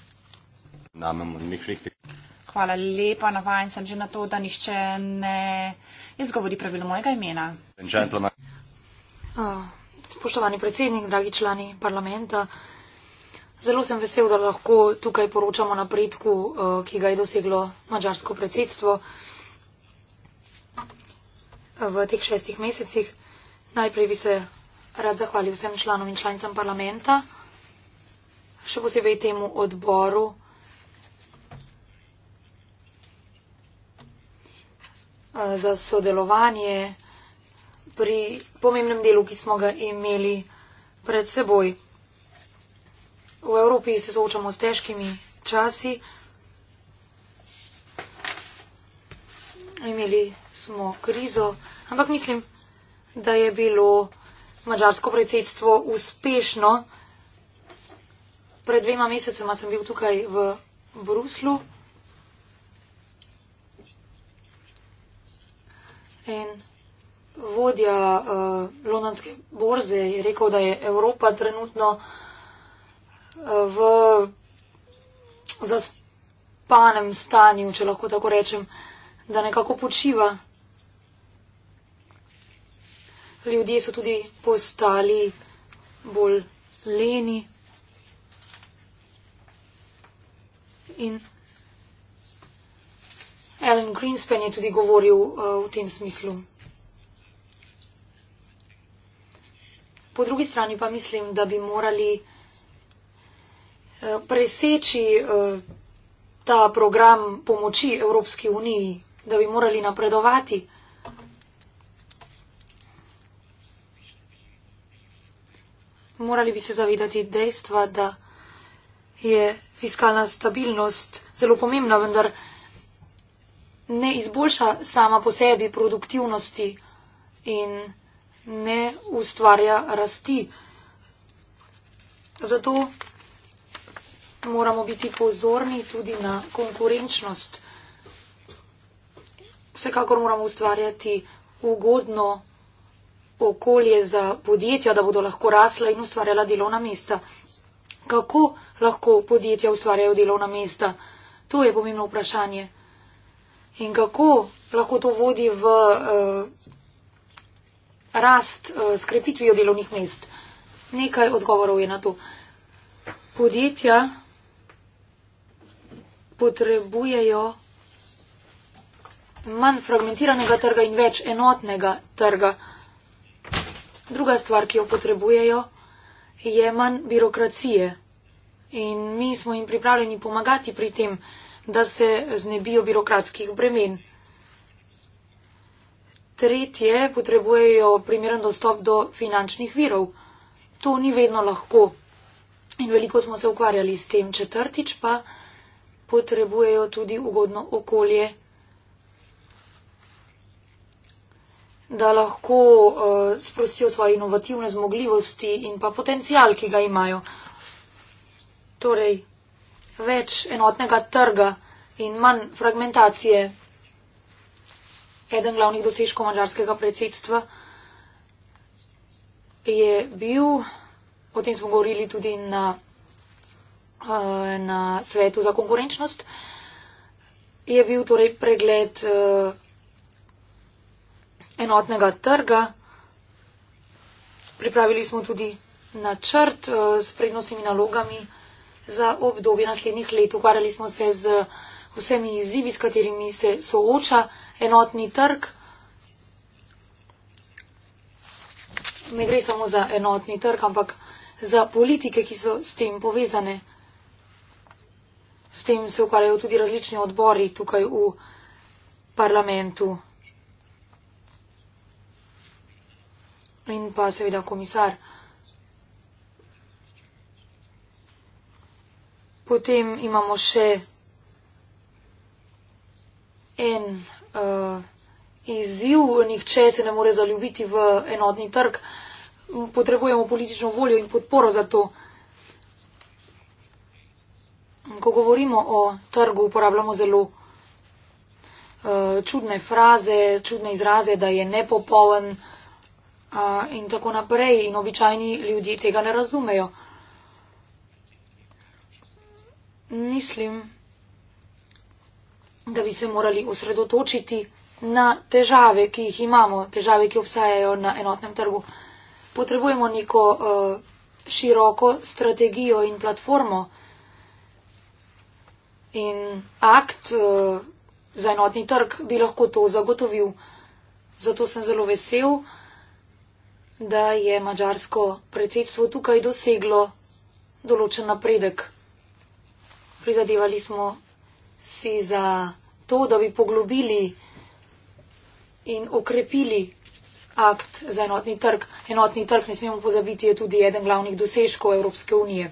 Hvala lepa, navajen sem že na to, da nihče ne izgovori pravilo mojega imena. Uh, spoštovani predsednik, dragi člani parlamenta, zelo sem vesel, da lahko tukaj poročamo napredku, uh, ki ga je doseglo mađarsko predsedstvo v teh šestih mesecih. Najprej bi se rad zahvalil vsem članom in članicam parlamenta, še posebej temu odboru. Eh, za sodelovanje pri pomembnem delu, ki smo ga imeli pred seboj. V Evropi se soočamo s težkimi časi. Imeli smo krizo, ampak mislim, da je bilo mađarsko predsedstvo uspešno. Pred dvema mesecema sem bil tukaj v Bruslu. In vodja uh, londonske borze je rekel, da je Evropa trenutno eh, v zaspanem stanju, če lahko tako rečem, da nekako počiva ljudje so tudi postali bolj leni in Alan Greenspan je tudi govoril uh, v tem smislu. Po drugi strani pa mislim, da bi morali uh, preseči uh, ta program pomoči Evropski uniji, da bi morali napredovati. Morali bi se zavedati dejstva, da je fiskalna stabilnost zelo pomembna, vendar ne izboljša sama po sebi produktivnosti in ne ustvarja rasti. Zato moramo biti pozorni tudi na konkurenčnost. Vsekakor moramo ustvarjati ugodno konkurenčnost okolje za podjetja, da bodo lahko rasla in ustvarjala delovna mesta. Kako lahko podjetja ustvarjajo delovna mesta? To je pomembno vprašanje. In kako lahko to vodi v uh, rast uh, eh, skrepitvijo delovnih mest? Nekaj odgovorov je na to. Podjetja potrebujejo manj fragmentiranega trga in več enotnega trga. Druga stvar, ki jo potrebujejo, je manj birokracije. In mi smo jim pripravljeni pomagati pri tem, da se znebijo birokratskih bremen. Tretje, potrebujejo primeren dostop do finančnih virov. To ni vedno lahko. In veliko smo se ukvarjali s tem. Četrtič pa potrebujejo tudi ugodno okolje. da lahko uh, sprostijo svoje inovativne zmogljivosti in pa potencial, ki ga imajo. Torej, več enotnega trga in manj fragmentacije. Eden glavnih dosežkov mađarskega predsedstva je bil, o tem smo govorili tudi na, uh, na svetu za konkurenčnost, je bil torej pregled. Uh, enotnega trga. Pripravili smo tudi načrt eh, s prednostnimi nalogami za obdobje naslednjih let. Ukvarjali smo se z vsemi izzivi, s katerimi se sooča enotni trg. Ne gre samo za enotni trg, ampak za politike, ki so s tem povezane. S tem se ukvarjajo tudi različni odbori tukaj v parlamentu. in pa seveda komisar. Potem imamo še en uh, izziv, nihče se ne more zaljubiti v enotni trg. Potrebujemo politično voljo in podporo za to. Ko govorimo o trgu, uporabljamo zelo uh, čudne fraze, čudne izraze, da je nepopoln uh, in tako naprej. In običajni ljudje tega ne razumejo. Mislim, da bi se morali osredotočiti na težave, ki jih imamo, težave, ki obstajajo na enotnem trgu. Potrebujemo neko uh, široko strategijo in platformo in akt uh, za enotni trg bi lahko to zagotovil. Zato sem zelo vesel da je mađarsko predsedstvo tukaj doseglo določen napredek. Prizadevali smo si za to, da bi poglobili in okrepili akt za enotni trg. Enotni trg, ne smemo pozabiti, je tudi eden glavnih dosežkov Evropske unije.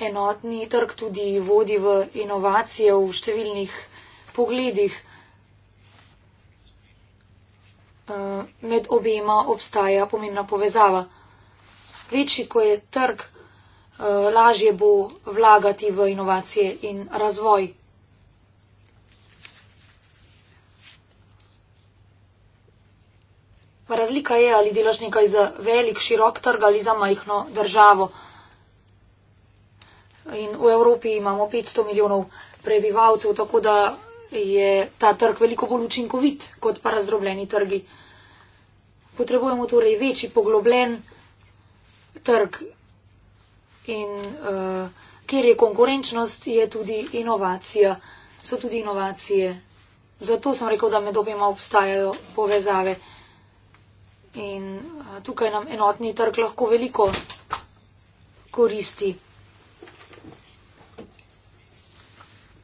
Enotni trg tudi vodi v inovacije v številnih pogledih. Eh, med obema obstaja pomembna povezava. Večji, ko je trg, eh, lažje bo vlagati v inovacije in razvoj. Razlika je, ali delaš nekaj za velik, širok trg ali za majhno državo. In v Evropi imamo 500 milijonov prebivalcev, tako da je ta trg veliko bolj učinkovit kot pa razdrobljeni trgi. Potrebujemo torej večji, poglobljen trg, in uh, kjer je konkurenčnost, je tudi inovacija, so tudi inovacije. Zato sem rekel, da med obima obstajajo povezave. In uh, tukaj nam enotni trg lahko veliko koristi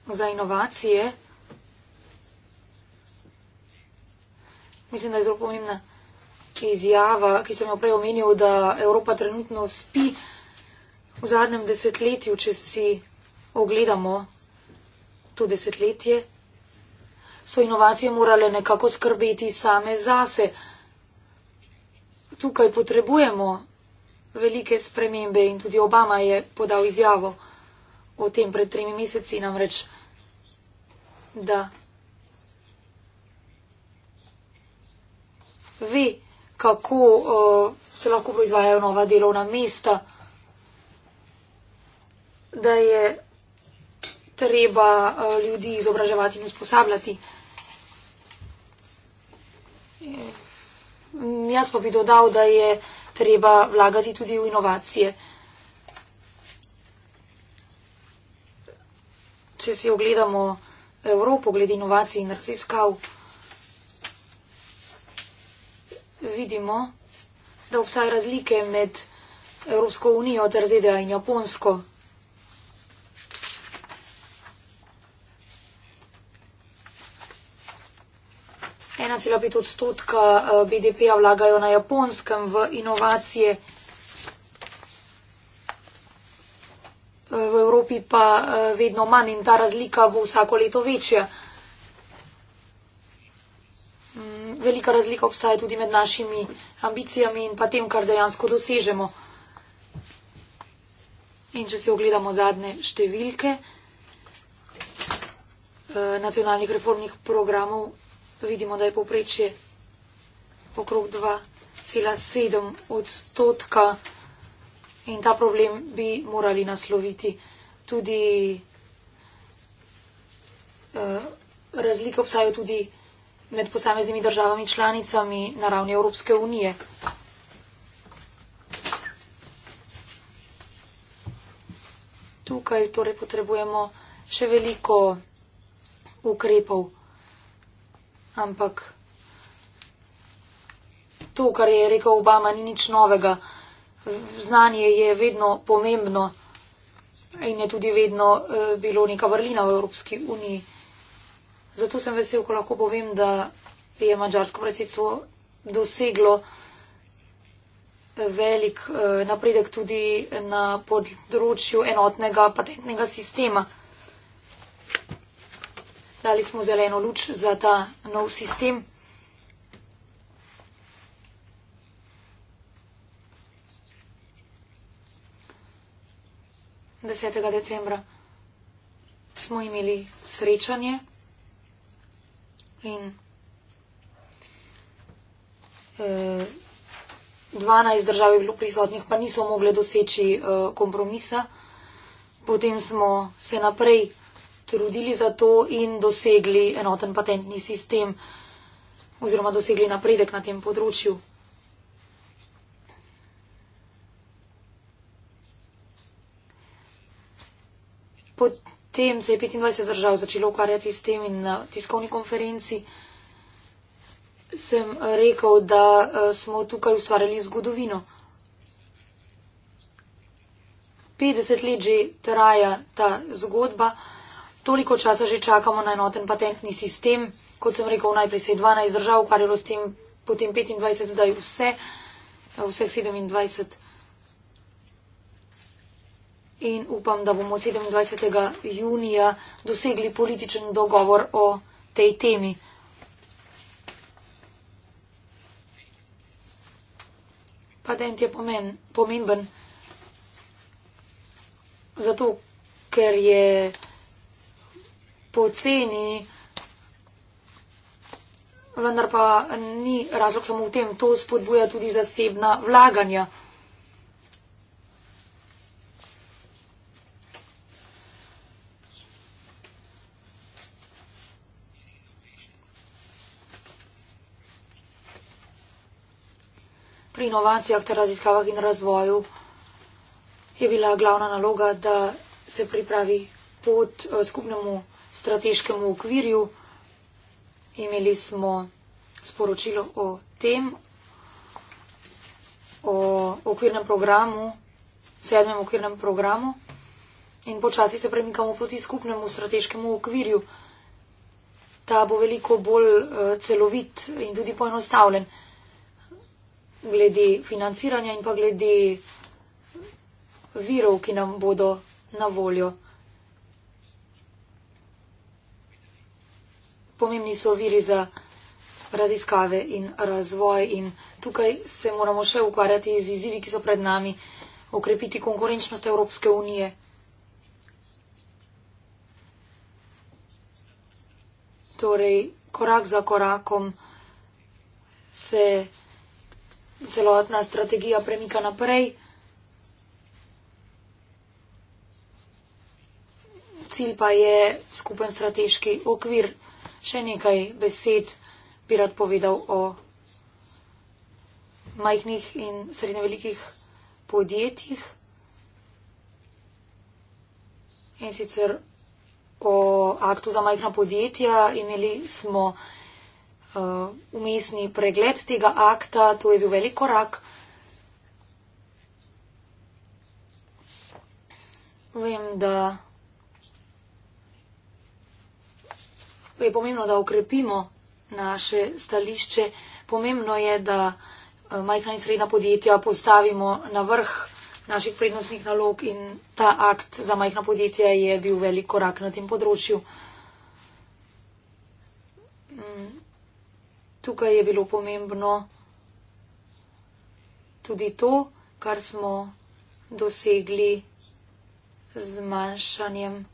za inovacije. mislim, da je zelo pomembna izjava, ki sem jo prej omenil, da Evropa trenutno spi v zadnjem desetletju, če si ogledamo to desetletje, so inovacije morale nekako skrbeti same zase. Tukaj potrebujemo velike spremembe in tudi Obama je podal izjavo o tem pred tremi meseci, namreč da ve, kako uh, se lahko proizvajajo nova delovna mesta, da je treba uh, ljudi izobraževati in usposabljati. Jaz pa bi dodal, da je treba vlagati tudi v inovacije. Če si ogledamo Evropo glede inovacij in raziskav, vidimo, da obstajajo razlike med Evropsko unijo ter ZDA in Japonsko. Ena cela pet odstotka eh, BDP-ja vlagajo na japonskem v inovacije, eh, v Evropi pa eh, vedno manj in ta razlika bo vsako leto večja. velika razlika obstaja tudi med našimi ambicijami in pa tem, kar dejansko dosežemo. In če si ogledamo zadnje številke eh, nacionalnih reformnih programov, vidimo, da je poprečje okrog 2,7 odstotka in ta problem bi morali nasloviti. Tudi eh, razlike obstajajo tudi med posameznimi državami članicami na ravni Evropske unije. Tukaj torej potrebujemo še veliko ukrepov, ampak to, kar je rekel Obama, ni nič novega. Znanje je vedno pomembno in je tudi vedno eh, bilo neka vrlina v Evropski uniji. Zato sem vesel, ko lahko povem, da je mađarsko predsedstvo doseglo eh, velik eh, napredek tudi na področju enotnega patentnega sistema. Dali smo zeleno luč za ta nov sistem. Desetega decembra smo imeli srečanje. In eh, 12 držav je bilo prisotnih, pa niso mogli doseči eh, kompromisa. Potem smo se naprej trudili za to in dosegli enoten patentni sistem oziroma dosegli napredek na tem področju. Potem potem se je 25 držav začelo ukvarjati s tem in na tiskovni konferenci sem rekel, da eh, smo tukaj ustvarjali zgodovino. 50 let že traja ta zgodba, toliko časa že čakamo na enoten patentni sistem, kot sem rekel, najprej se je 12 držav ukvarjalo s tem, potem 25, zdaj vse, vseh 27 in upam, da bomo 27. junija dosegli političen dogovor o tej temi. Patent je pomen, pomemben zato, ker je poceni, vendar pa ni razlog samo v tem, to spodbuja tudi zasebna vlaganja. pri inovacijah ter raziskavah in razvoju je bila glavna naloga, da se pripravi pot eh, skupnemu strateškemu okvirju. Imeli smo sporočilo o tem, o okvirnem programu, sedmem okvirnem programu in počasi se premikamo proti skupnemu strateškemu okvirju. Ta bo veliko bolj eh, celovit in tudi poenostavljen glede financiranja in pa glede virov, ki nam bodo na voljo. Pomembni so viri za raziskave in razvoj in tukaj se moramo še ukvarjati z izzivi, ki so pred nami, okrepiti konkurenčnost Evropske unije. Torej, korak za korakom se celotna strategija premika naprej. Cilj pa je skupen strateški okvir. Še nekaj besed bi rad povedal o majhnih in srednje velikih podjetjih. In sicer o aktu za majhna podjetja imeli smo Eh, umestni pregled tega akta, to je bil velik korak. Vem, da je pomembno, da okrepimo naše stališče. Pomembno je, da eh, majhna in srednja podjetja postavimo na vrh naših prednostnih nalog in ta akt za majhna podjetja je bil velik korak na tem področju. tukaj je bilo pomembno tudi to, kar smo dosegli z manjšanjem.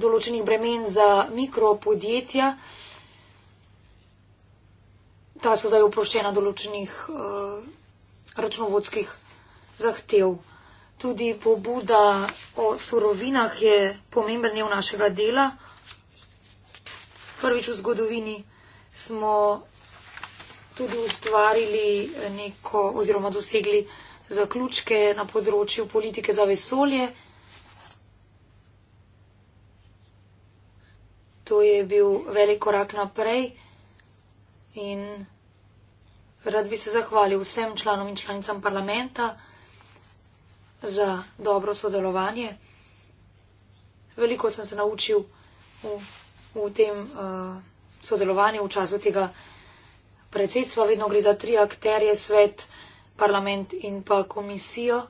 določenih bremen za mikropodjetja. Ta so zdaj oproščena določenih uh, računovodskih zahtev. Tudi pobuda o surovinah je pomemben del našega dela. Prvič v zgodovini smo tudi ustvarili neko oziroma dosegli zaključke na področju politike za vesolje. To je bil velik korak naprej in rad bi se zahvalil vsem članom in članicam parlamenta za dobro sodelovanje. Veliko sem se naučil v, v tem uh, sodelovanju v času tega predsedstva. Vedno gre za tri akterje, svet, parlament in pa komisijo.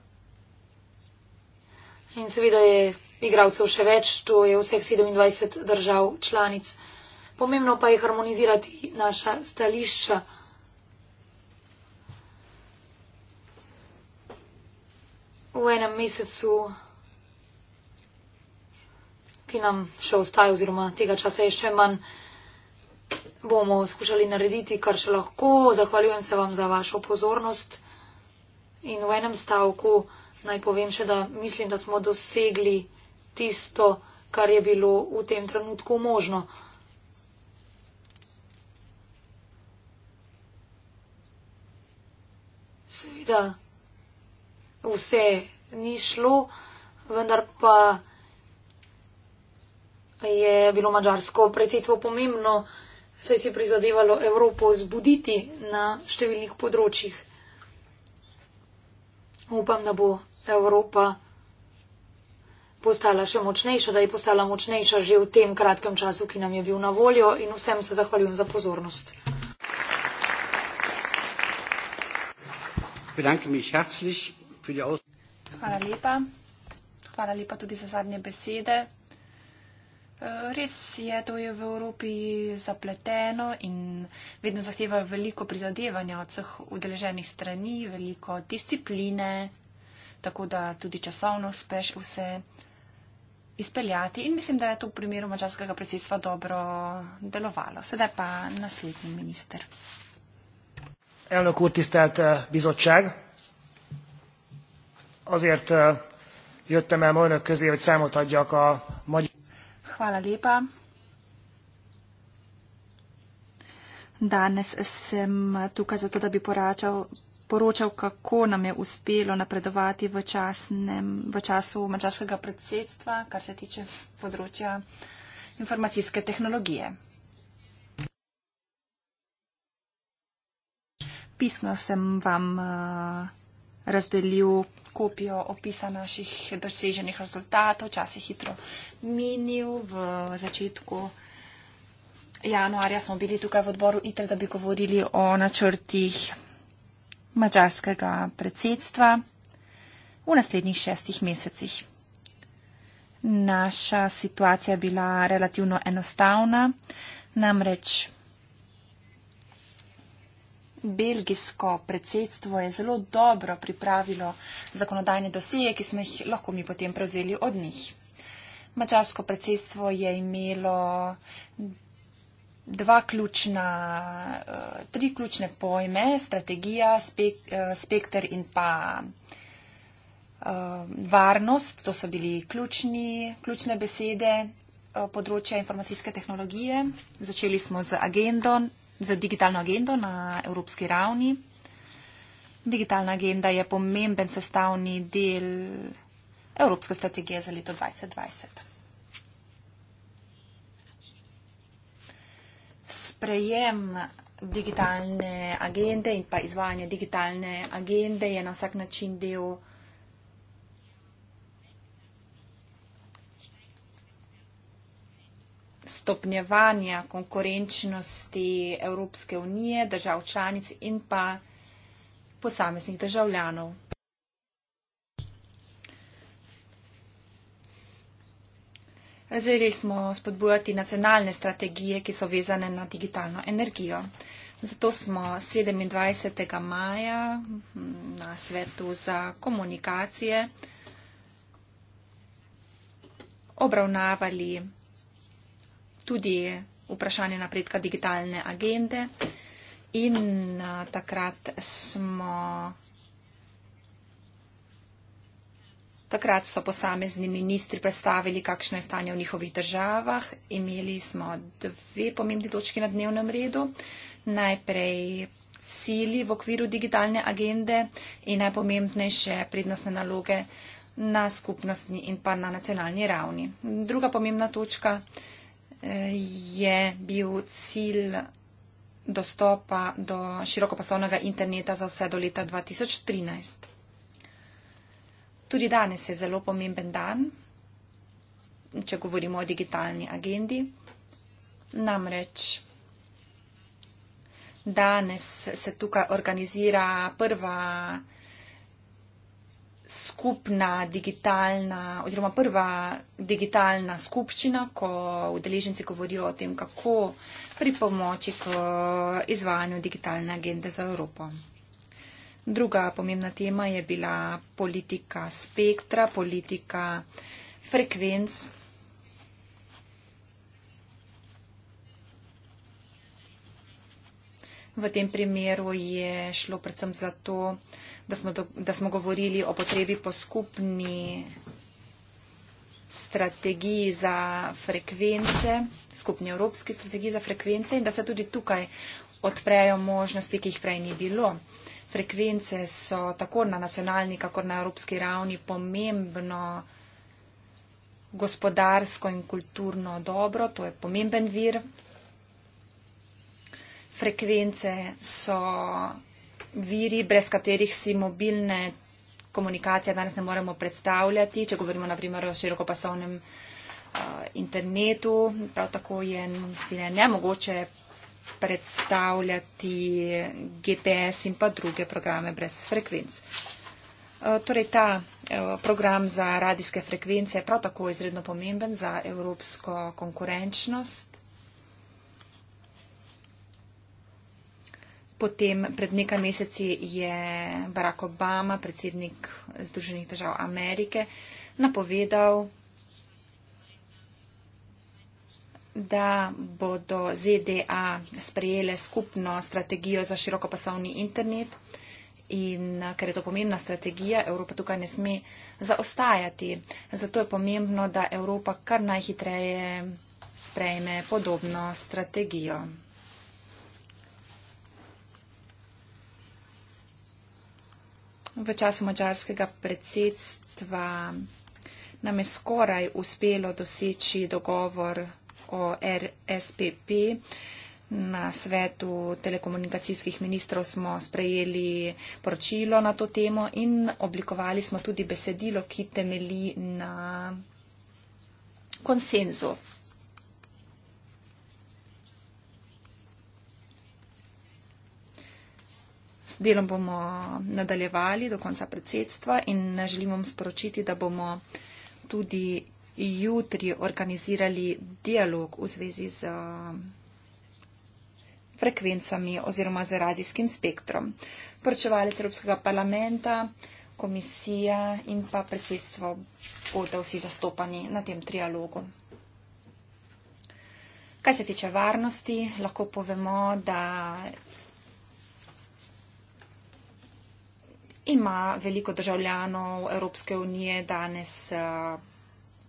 In seveda je igralcev še več, to je vseh 27 držav članic. Pomembno pa je harmonizirati naša stališča. v enem mesecu, ki nam še ostaje, oziroma tega časa je še manj, bomo skušali narediti, kar še lahko. Zahvaljujem se vam za vašo pozornost. In v enem stavku naj povem še, da mislim, da smo dosegli tisto, kar je bilo v tem trenutku možno. Seveda vse ni šlo, vendar pa je bilo mađarsko predsedstvo pomembno, saj si prizadevalo Evropo zbuditi na številnih področjih. Upam, da bo Evropa postala še močnejša, da je postala močnejša že v tem kratkem času, ki nam je bil na voljo in vsem se zahvaljujem za pozornost. Bedanke mich herzlich tudi avstrijske. Hvala lepa. Hvala lepa tudi za zadnje besede. Eh, res je, to je v Evropi zapleteno in vedno zahteva veliko prizadevanja od vseh udeleženih strani, veliko discipline, tako da tudi časovno uspeš vse izpeljati. In mislim, da je to v primeru mačarskega predsedstva dobro delovalo. Sedaj pa naslednji minister. Eno kurti ste eh, bizočeg. Azért eh, jöttem el ma önök közé, hogy számot adjak a magyar... Hvala lepa. Danes sem tukaj zato, da bi poračal, poročal, kako nam je uspelo napredovati v, časnem, v času mačarskega predsedstva, kar se tiče področja informacijske tehnologije. Pisno sem vam uh, razdelil kopijo opisa naših doseženih rezultatov, čas je hitro minil. V začetku januarja smo bili tukaj v odboru ITER, da bi govorili o načrtih mačarskega predsedstva v naslednjih šestih mesecih. Naša situacija je bila relativno enostavna, namreč belgijsko predsedstvo je zelo dobro pripravilo zakonodajne dosije, ki smo jih lahko mi potem prevzeli od njih. Mačarsko predsedstvo je imelo dva ključna, eh, tri ključne pojme, strategija, spek, eh, spekter in pa eh, varnost, to so bili ključni, ključne besede področja informacijske tehnologije. Začeli smo z agendom, za digitalno agendo na evropski ravni. Digitalna agenda je pomemben sestavni del Evropske strategije za leto 2020. Sprejem digitalne agende in pa izvajanje digitalne agende je na vsak način del stopnjevanja konkurenčnosti Evropske unije, držav članic in pa posameznih državljanov. Želeli smo spodbujati nacionalne strategije, ki so vezane na digitalno energijo. Zato smo 27. maja hm, na svetu za komunikacije obravnavali tudi vprašanje napredka digitalne agende. In takrat smo. Takrat so posamezni ministri predstavili, kakšno je stanje v njihovih državah. Imeli smo dve pomembni točki na dnevnem redu. Najprej cili v okviru digitalne agende in najpomembnejše prednostne naloge na skupnostni in pa na nacionalni ravni. Druga pomembna točka je bil cilj dostopa do širokopasovnega interneta za vse do leta 2013. Tudi danes je zelo pomemben dan, če govorimo o digitalni agendi. Namreč danes se tukaj organizira prva skupna digitalna oziroma prva digitalna skupščina, ko udeleženci govorijo o tem, kako pripomoči k izvajanju digitalne agende za Evropo. Druga pomembna tema je bila politika spektra, politika frekvenc V tem primeru je šlo predvsem za to, da smo, do, da smo govorili o potrebi po skupni strategiji za frekvence, skupni evropski strategiji za frekvence in da se tudi tukaj odprejo možnosti, ki jih prej ni bilo. Frekvence so tako na nacionalni, kako na evropski ravni pomembno gospodarsko in kulturno dobro, to je pomemben vir frekvence so viri, brez katerih si mobilne komunikacije danes ne moremo predstavljati. Če govorimo naprimer o širokopasovnem eh, internetu, prav tako je si ne, ne mogoče predstavljati GPS in pa druge programe brez frekvenc. Eh, torej, ta eh, program za radijske frekvence je prav tako izredno pomemben za evropsko konkurenčnost Potem pred nekaj meseci je Barack Obama, predsednik Združenih držav Amerike, napovedal, da bodo ZDA sprejele skupno strategijo za širokopasovni internet in ker je to pomembna strategija, Evropa tukaj ne sme zaostajati. Zato je pomembno, da Evropa kar najhitreje sprejme podobno strategijo. v času mačarskega predsedstva nam je skoraj uspelo doseči dogovor o RSPP. Na svetu telekomunikacijskih ministrov smo sprejeli poročilo na to temo in oblikovali smo tudi besedilo, ki temeli na konsenzu. delom bomo nadaljevali do konca predsedstva in želim vam sporočiti, da bomo tudi jutri organizirali dialog v zvezi z eh, frekvencami oziroma z radijskim spektrom. Poročevalec Evropskega parlamenta, komisija in pa predsedstvo bodo vsi zastopani na tem trialogu. Kaj se tiče varnosti, lahko povemo, da ima veliko državljanov Evropske unije danes uh,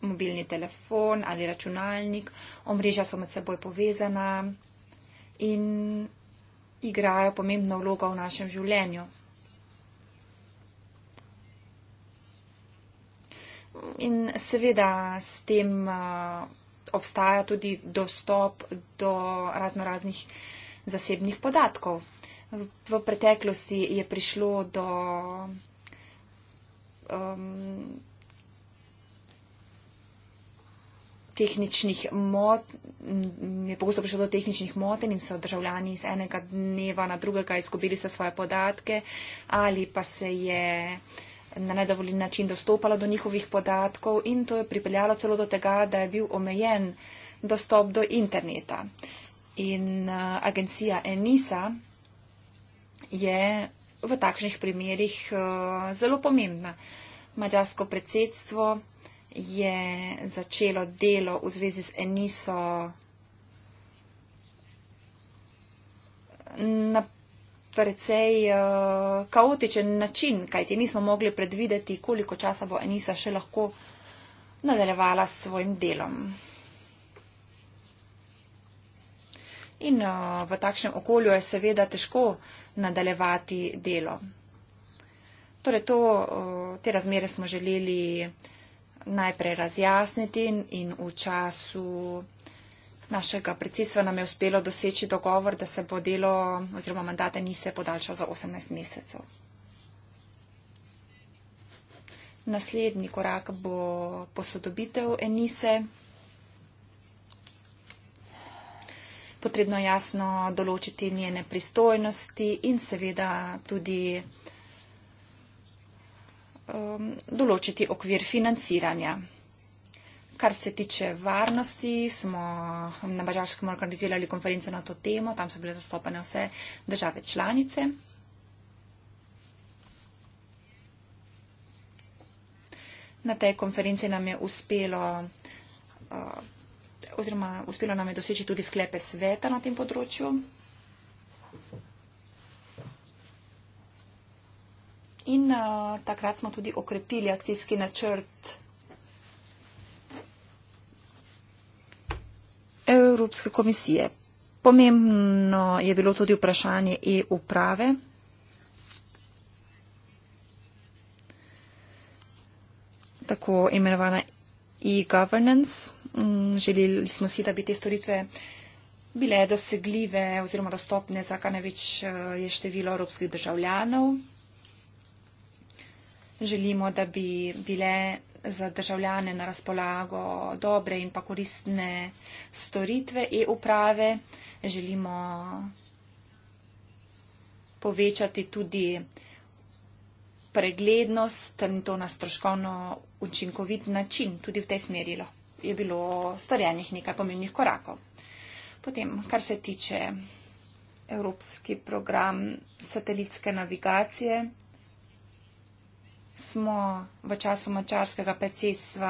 mobilni telefon ali računalnik, omrežja so med seboj povezana in igrajo pomembno vlogo v našem življenju. In seveda s tem uh, obstaja tudi dostop do raznoraznih zasebnih podatkov v preteklosti je prišlo do um, tehničnih mot, je pogosto prišlo do tehničnih moten in so državljani iz enega dneva na drugega izgubili vse svoje podatke ali pa se je na nedovoljen način dostopalo do njihovih podatkov in to je pripeljalo celo do tega, da je bil omejen dostop do interneta. In uh, agencija Enisa je v takšnih primerih eh, zelo pomembna. Mađarsko predsedstvo je začelo delo v zvezi z Eniso na precej eh, kaotičen način, kajti nismo mogli predvideti, koliko časa bo Enisa še lahko nadaljevala s svojim delom. In eh, v takšnem okolju je seveda težko uh, nadaljevati delo. Torej, to, eh, te razmere smo želeli najprej razjasniti in v času našega predsedstva nam je uspelo doseči dogovor, da se bo delo oziroma mandate ni se podaljšal za 18 mesecev. Naslednji korak bo posodobitev Enise. potrebno jasno določiti njene pristojnosti in seveda tudi um, določiti okvir financiranja. Kar se tiče varnosti, smo na Bažaškem organizirali konferenco na to temo, tam so bile zastopane vse države članice. Na tej konferenci nam je uspelo uh, oziroma uspelo nam je doseči tudi sklepe sveta na tem področju. In a, eh, takrat smo tudi okrepili akcijski načrt Evropske komisije. Pomembno je bilo tudi vprašanje e-uprave. Tako imenovana e-governance. Mm, želeli smo si, da bi te storitve bile dosegljive oziroma dostopne za kar največ eh, je število evropskih državljanov. Želimo, da bi bile za državljane na razpolago dobre in pa koristne storitve e-uprave. Želimo povečati tudi preglednost in to na stroškovno učinkovit način, tudi v tej smeri lahko je bilo storjenih nekaj pomembnih korakov. Potem, kar se tiče Evropski program satelitske navigacije, smo v času mačarskega predsedstva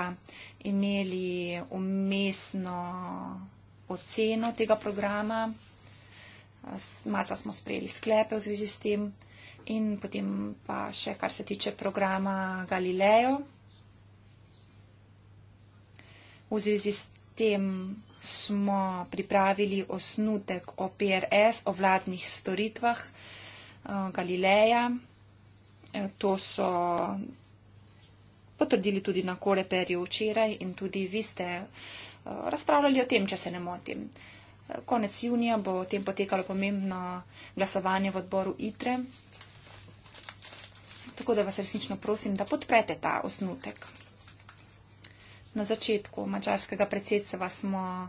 imeli umestno oceno tega programa. Maca smo sprejeli sklepe v zvezi s tem in potem pa še kar se tiče programa Galileo. V zvezi s tem smo pripravili osnutek o PRS, o vladnih storitvah eh, Galileja. Eh, to so potrdili tudi na koreperju včeraj in tudi vi ste eh, razpravljali o tem, če se ne motim. Konec junija bo o tem potekalo pomembno glasovanje v odboru ITRE. Tako da vas resnično prosim, da podprete ta osnutek na začetku mačarskega predsedstva smo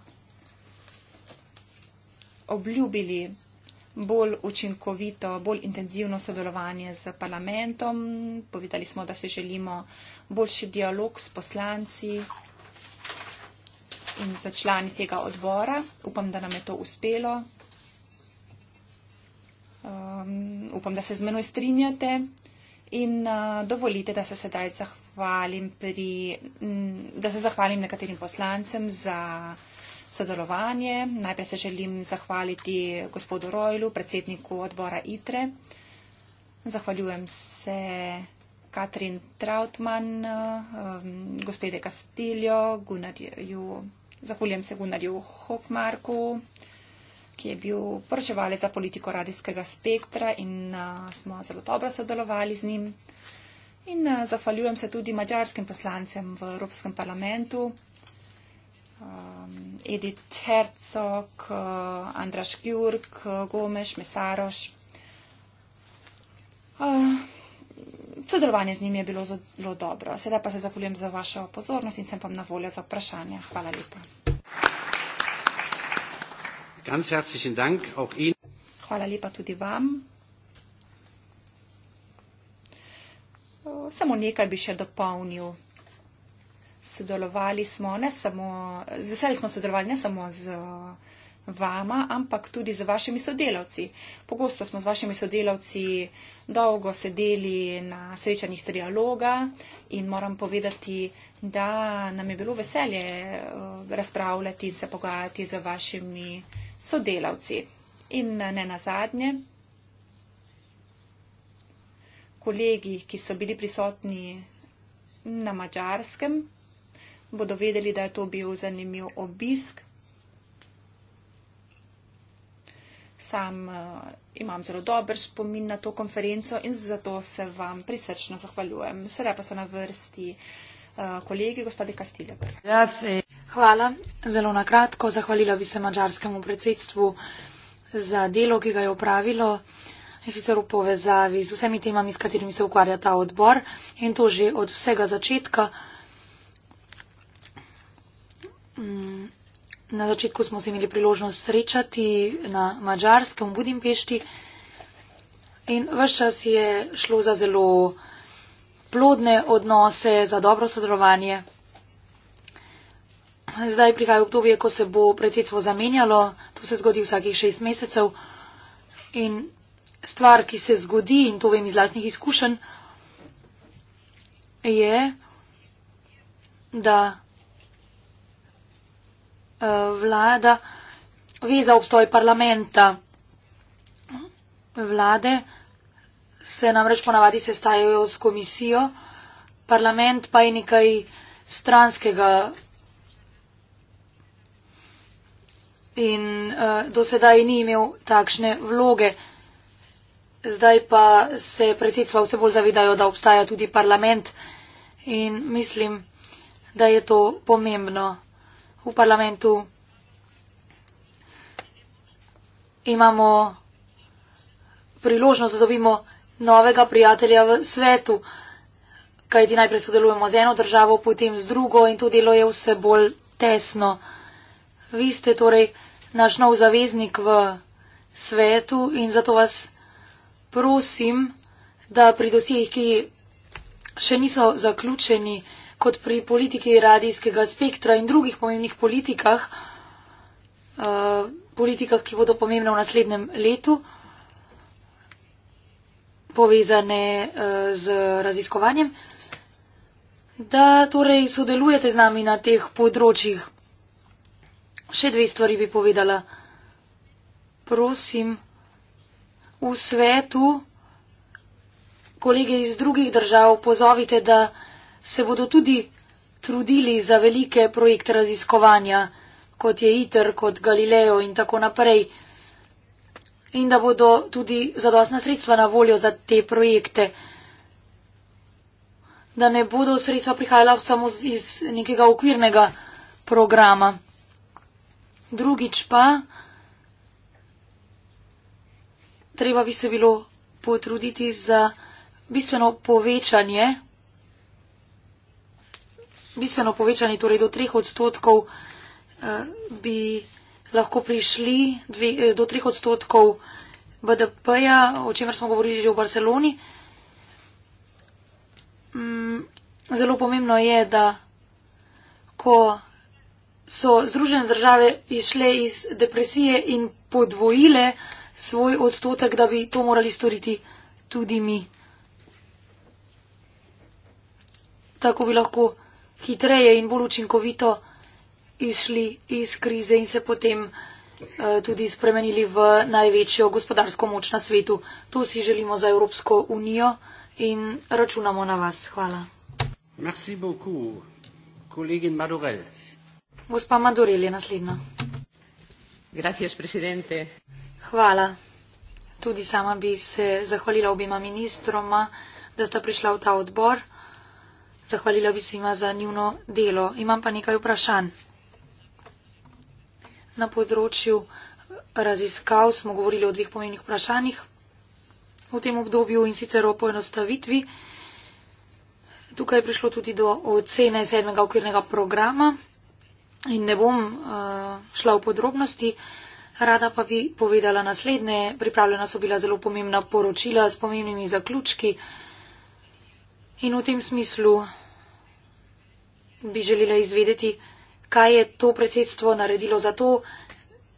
obljubili bolj učinkovito, bolj intenzivno sodelovanje z parlamentom. Povedali smo, da se želimo boljši dialog s poslanci in z člani tega odbora. Upam, da nam je to uspelo. Um, upam, da se z menoj strinjate in uh, dovolite, da se sedaj zahvalim zahvalim pri, da se zahvalim nekaterim poslancem za sodelovanje. Najprej se želim zahvaliti gospodu Rojlu, predsedniku odbora ITRE. Zahvaljujem se Katrin Trautmann, gospede Castillo, Gunarju, zahvaljujem se Gunarju Hochmarku, ki je bil poročevalec za politiko radijskega spektra in smo zelo dobro sodelovali z njim. In eh, zahvaljujem se tudi mačarskim poslancem v Evropskem parlamentu, um, Edith Herzog, uh, Andraš Kjurk, uh, Gomeš, Mesaroš. Uh, sodelovanje z njimi je bilo zelo dobro. Sedaj pa se zahvaljujem za vašo pozornost in sem vam na voljo za vprašanja. Hvala lepa. Hvala lepa tudi vam. Samo nekaj bi še dopolnil. Sodelovali smo ne samo, z veseljem smo sodelovali ne samo z vama, ampak tudi z vašimi sodelavci. Pogosto smo z vašimi sodelavci dolgo sedeli na srečanjih trialoga in moram povedati, da nam je bilo veselje eh, razpravljati in se pogajati z vašimi sodelavci. In ne nazadnje kolegi, ki so bili prisotni na mačarskem, bodo vedeli, da je to bil zanimiv obisk. Sam uh, imam zelo dober spomin na to konferenco in zato se vam prisrčno zahvaljujem. Sedaj pa so na vrsti uh, kolegi, gospodje Kastile. Hvala. Zelo na kratko. Zahvalila bi se mačarskemu predsedstvu za delo, ki ga je upravilo. Uh, in sicer v povezavi z vsemi temami, s katerimi se ukvarja ta odbor in to že od vsega začetka. Mm, na začetku smo se imeli priložnost srečati na Mačarskem v Budimpešti in vse čas je šlo za zelo plodne odnose, za dobro sodelovanje. Zdaj prihaja obdobje, ko se bo predsedstvo zamenjalo, to se zgodi vsakih šest mesecev in stvar, ki se zgodi, in to vem iz vlastnih izkušenj, je, da eh, vlada ve za obstoj parlamenta. Vlade se namreč ponavadi sestajajo s komisijo, parlament pa je nekaj stranskega. In uh, do sedaj ni imel takšne vloge. Zdaj pa se predsedstva vse bolj zavedajo, da obstaja tudi parlament in mislim, da je to pomembno. V parlamentu imamo priložnost, da dobimo novega prijatelja v svetu, kajti najprej sodelujemo z eno državo, potem z drugo in to delo je vse bolj tesno. Vi ste torej naš nov zaveznik v svetu in zato vas prosim, da pri dosjejih, ki še niso zaključeni, kot pri politiki radijskega spektra in drugih pomembnih politikah, eh, politikah, ki bodo pomembne v naslednjem letu, povezane eh, z raziskovanjem, da torej sodelujete z nami na teh področjih. Še dve stvari bi povedala. Prosim v svetu, kolege iz drugih držav, pozovite, da se bodo tudi trudili za velike projekte raziskovanja, kot je ITER, kot Galileo in tako naprej, in da bodo tudi zadostna sredstva na voljo za te projekte. Da ne bodo sredstva prihajala samo iz nekega okvirnega programa. Drugič pa, treba bi se bilo potruditi za bistveno povečanje, bistveno povečanje, torej do treh odstotkov eh, bi lahko prišli dve, eh, do treh odstotkov BDP-ja, o čemer smo govorili že v Barceloni. Mm, zelo pomembno je, da ko so Združene države išle iz depresije in podvojile, svoj odstotek, da bi to morali storiti tudi mi. Tako bi lahko hitreje in bolj učinkovito išli iz krize in se potem eh, tudi spremenili v največjo gospodarsko moč na svetu. To si želimo za Evropsko unijo in računamo na vas. Hvala. Merci beaucoup, kolegin Madurel. Gospa Madurel je naslednja. Gracias, presidente. Hvala. Tudi sama bi se zahvalila obima ministroma, da sta prišla v ta odbor. Zahvalila bi se jima za njuno delo. Imam pa nekaj vprašanj. Na področju raziskav smo govorili o dveh pomembnih vprašanjih v tem obdobju in sicer o poenostavitvi. Tukaj je prišlo tudi do ocene sedmega okvirnega programa in ne bom uh, šla v podrobnosti. Uh, Rada pa bi povedala naslednje. Pripravljena so bila zelo pomembna poročila s pomembnimi zaključki in v tem smislu bi želela izvedeti, kaj je to predsedstvo naredilo za to,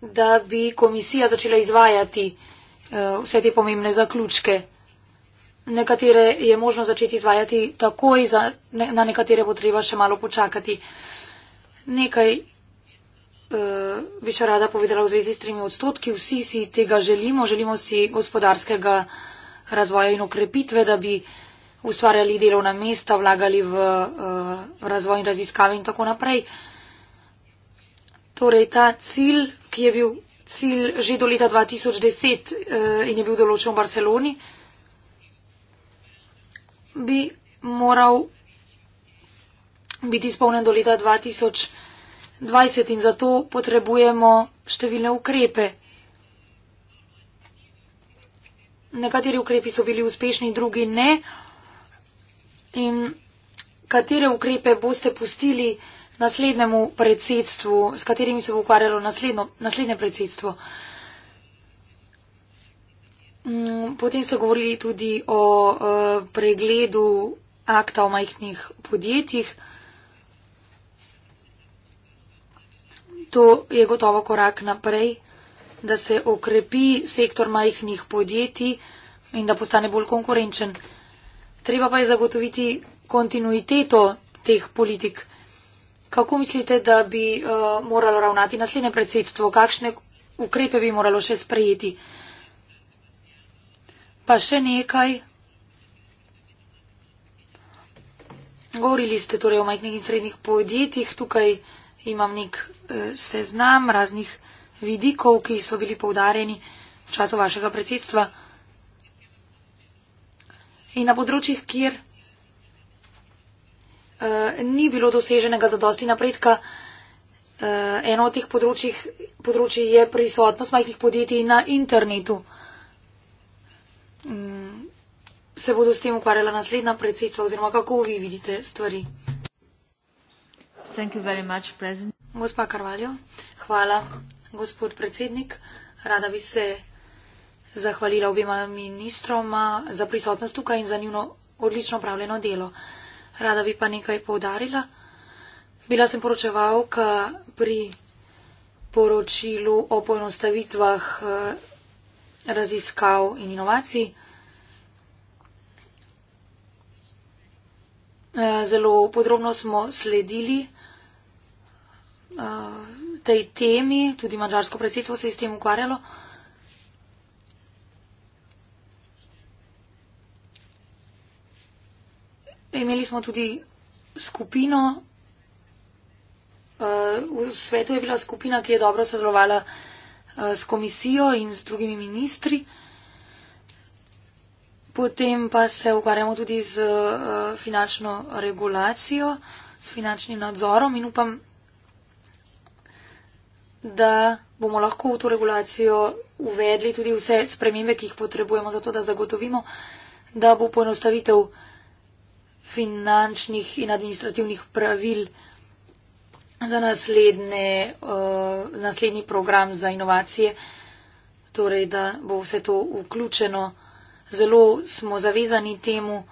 da bi komisija začela izvajati eh, vse te pomembne zaključke. Nekatere je možno začeti izvajati takoj, na nekatere bo treba še malo počakati. Nekaj bi še rada povedala v zvezi s tremi odstotki. Vsi si tega želimo, želimo si gospodarskega razvoja in okrepitve, da bi ustvarjali delovna mesta, vlagali v, v eh, razvoj in raziskave in tako naprej. Torej, ta cilj, ki je bil cilj že do leta 2010 eh, in je bil določen v Barceloni, bi moral biti izpolnen do leta 2020. 2020 in zato potrebujemo številne ukrepe. Nekateri ukrepi so bili uspešni, drugi ne. In katere ukrepe boste pustili naslednjemu predsedstvu, s katerimi se bo ukvarjalo naslednjo, naslednje predsedstvo? Mm, potem ste govorili tudi o eh, pregledu akta o majhnih podjetjih. to je gotovo korak naprej, da se okrepi sektor majhnih podjetij in da postane bolj konkurenčen. Treba pa je zagotoviti kontinuiteto teh politik. Kako mislite, da bi uh, moralo ravnati naslednje predsedstvo? Kakšne ukrepe bi moralo še sprejeti? Pa še nekaj. Govorili ste torej o majhnih in srednjih podjetjih. Tukaj imam nek e, seznam raznih vidikov, ki so bili povdarjeni v času vašega predsedstva. In na področjih, kjer e, ni bilo doseženega zadosti napredka, e, eno od teh področji je prisotnost majhnih podjetij na internetu. Mm, se bodo s tem ukvarjala naslednja predsedstva oziroma kako vi vidite stvari? Gospa Karvaljo, hvala, gospod predsednik. Rada bi se zahvalila obima ministroma za prisotnost tukaj in za njuno odlično upravljeno delo. Rada bi pa nekaj povdarila. Bila sem poročevalka pri poročilu o poenostavitvah eh, raziskav in inovacij. Eh, zelo podrobno smo sledili uh, tej temi, tudi mađarsko predsedstvo se je s tem ukvarjalo. Imeli smo tudi skupino, uh, v svetu je bila skupina, ki je dobro sodelovala uh, s komisijo in s drugimi ministri. Potem pa se ukvarjamo tudi z uh, finančno regulacijo, s finančnim nadzorom in upam, da bomo lahko v to regulacijo uvedli tudi vse spremembe, ki jih potrebujemo za to, da zagotovimo, da bo poenostavitev finančnih in administrativnih pravil za naslednje, uh, naslednji program za inovacije, torej da bo vse to vključeno. Zelo smo zavezani temu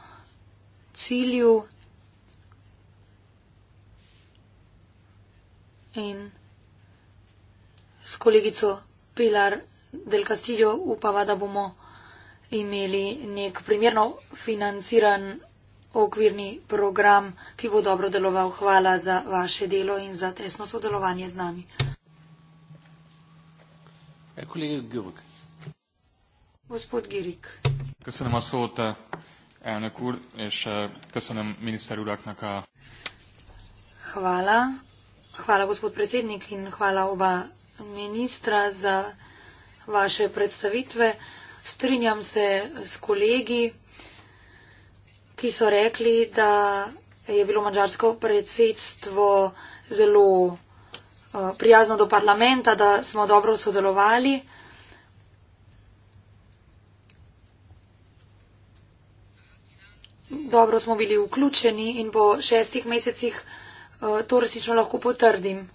cilju. In s kolegico Pilar del Castillo upava, da bomo imeli nek primerno financiran okvirni program, ki bo dobro deloval. Hvala za vaše delo in za tesno sodelovanje z nami. E, kolega Gjubek. Gospod Girik. Köszönöm a szót, elnök úr, és eh, köszönöm miniszter uraknak a... Hvala. Hvala, gospod predsednik, in hvala oba ministra za vaše predstavitve. Strinjam se s kolegi, ki so rekli, da je bilo mađarsko predsedstvo zelo eh, prijazno do parlamenta, da smo dobro sodelovali. Dobro smo bili vključeni in po šestih mesecih eh, to resnično lahko potrdim.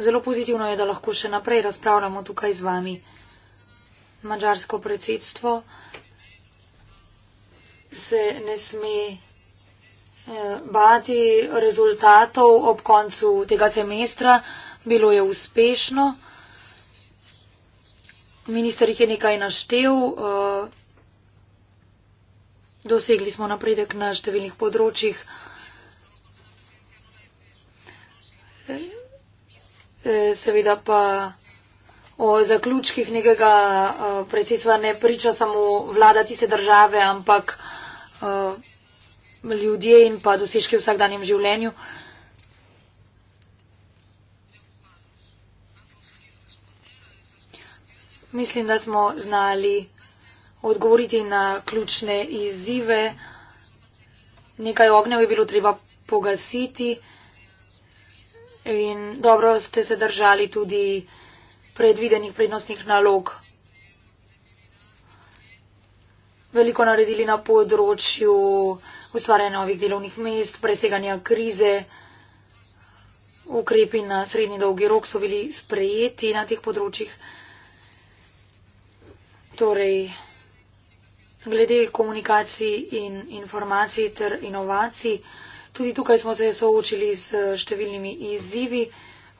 Zelo pozitivno je, da lahko še naprej razpravljamo tukaj z vami. Mačarsko predsedstvo se ne sme eh, bati rezultatov ob koncu tega semestra. Bilo je uspešno. Minister jih je nekaj naštel. Eh, dosegli smo napredek na številnih področjih. Eh, seveda pa o zaključkih nekega eh, predsedstva ne priča samo vlada tiste države, ampak eh, ljudje in pa dosežki v vsakdanjem življenju. Mislim, da smo znali odgovoriti na ključne izzive. Nekaj ognjev je bilo treba pogasiti in dobro ste se držali tudi predvidenih prednostnih nalog. Veliko naredili na področju ustvarjanja novih delovnih mest, preseganja krize. Ukrepi na srednji dolgi rok so bili sprejeti na teh področjih. Torej, glede komunikacij in informacij ter inovacij. Tudi tukaj smo se soočili s številnimi izzivi,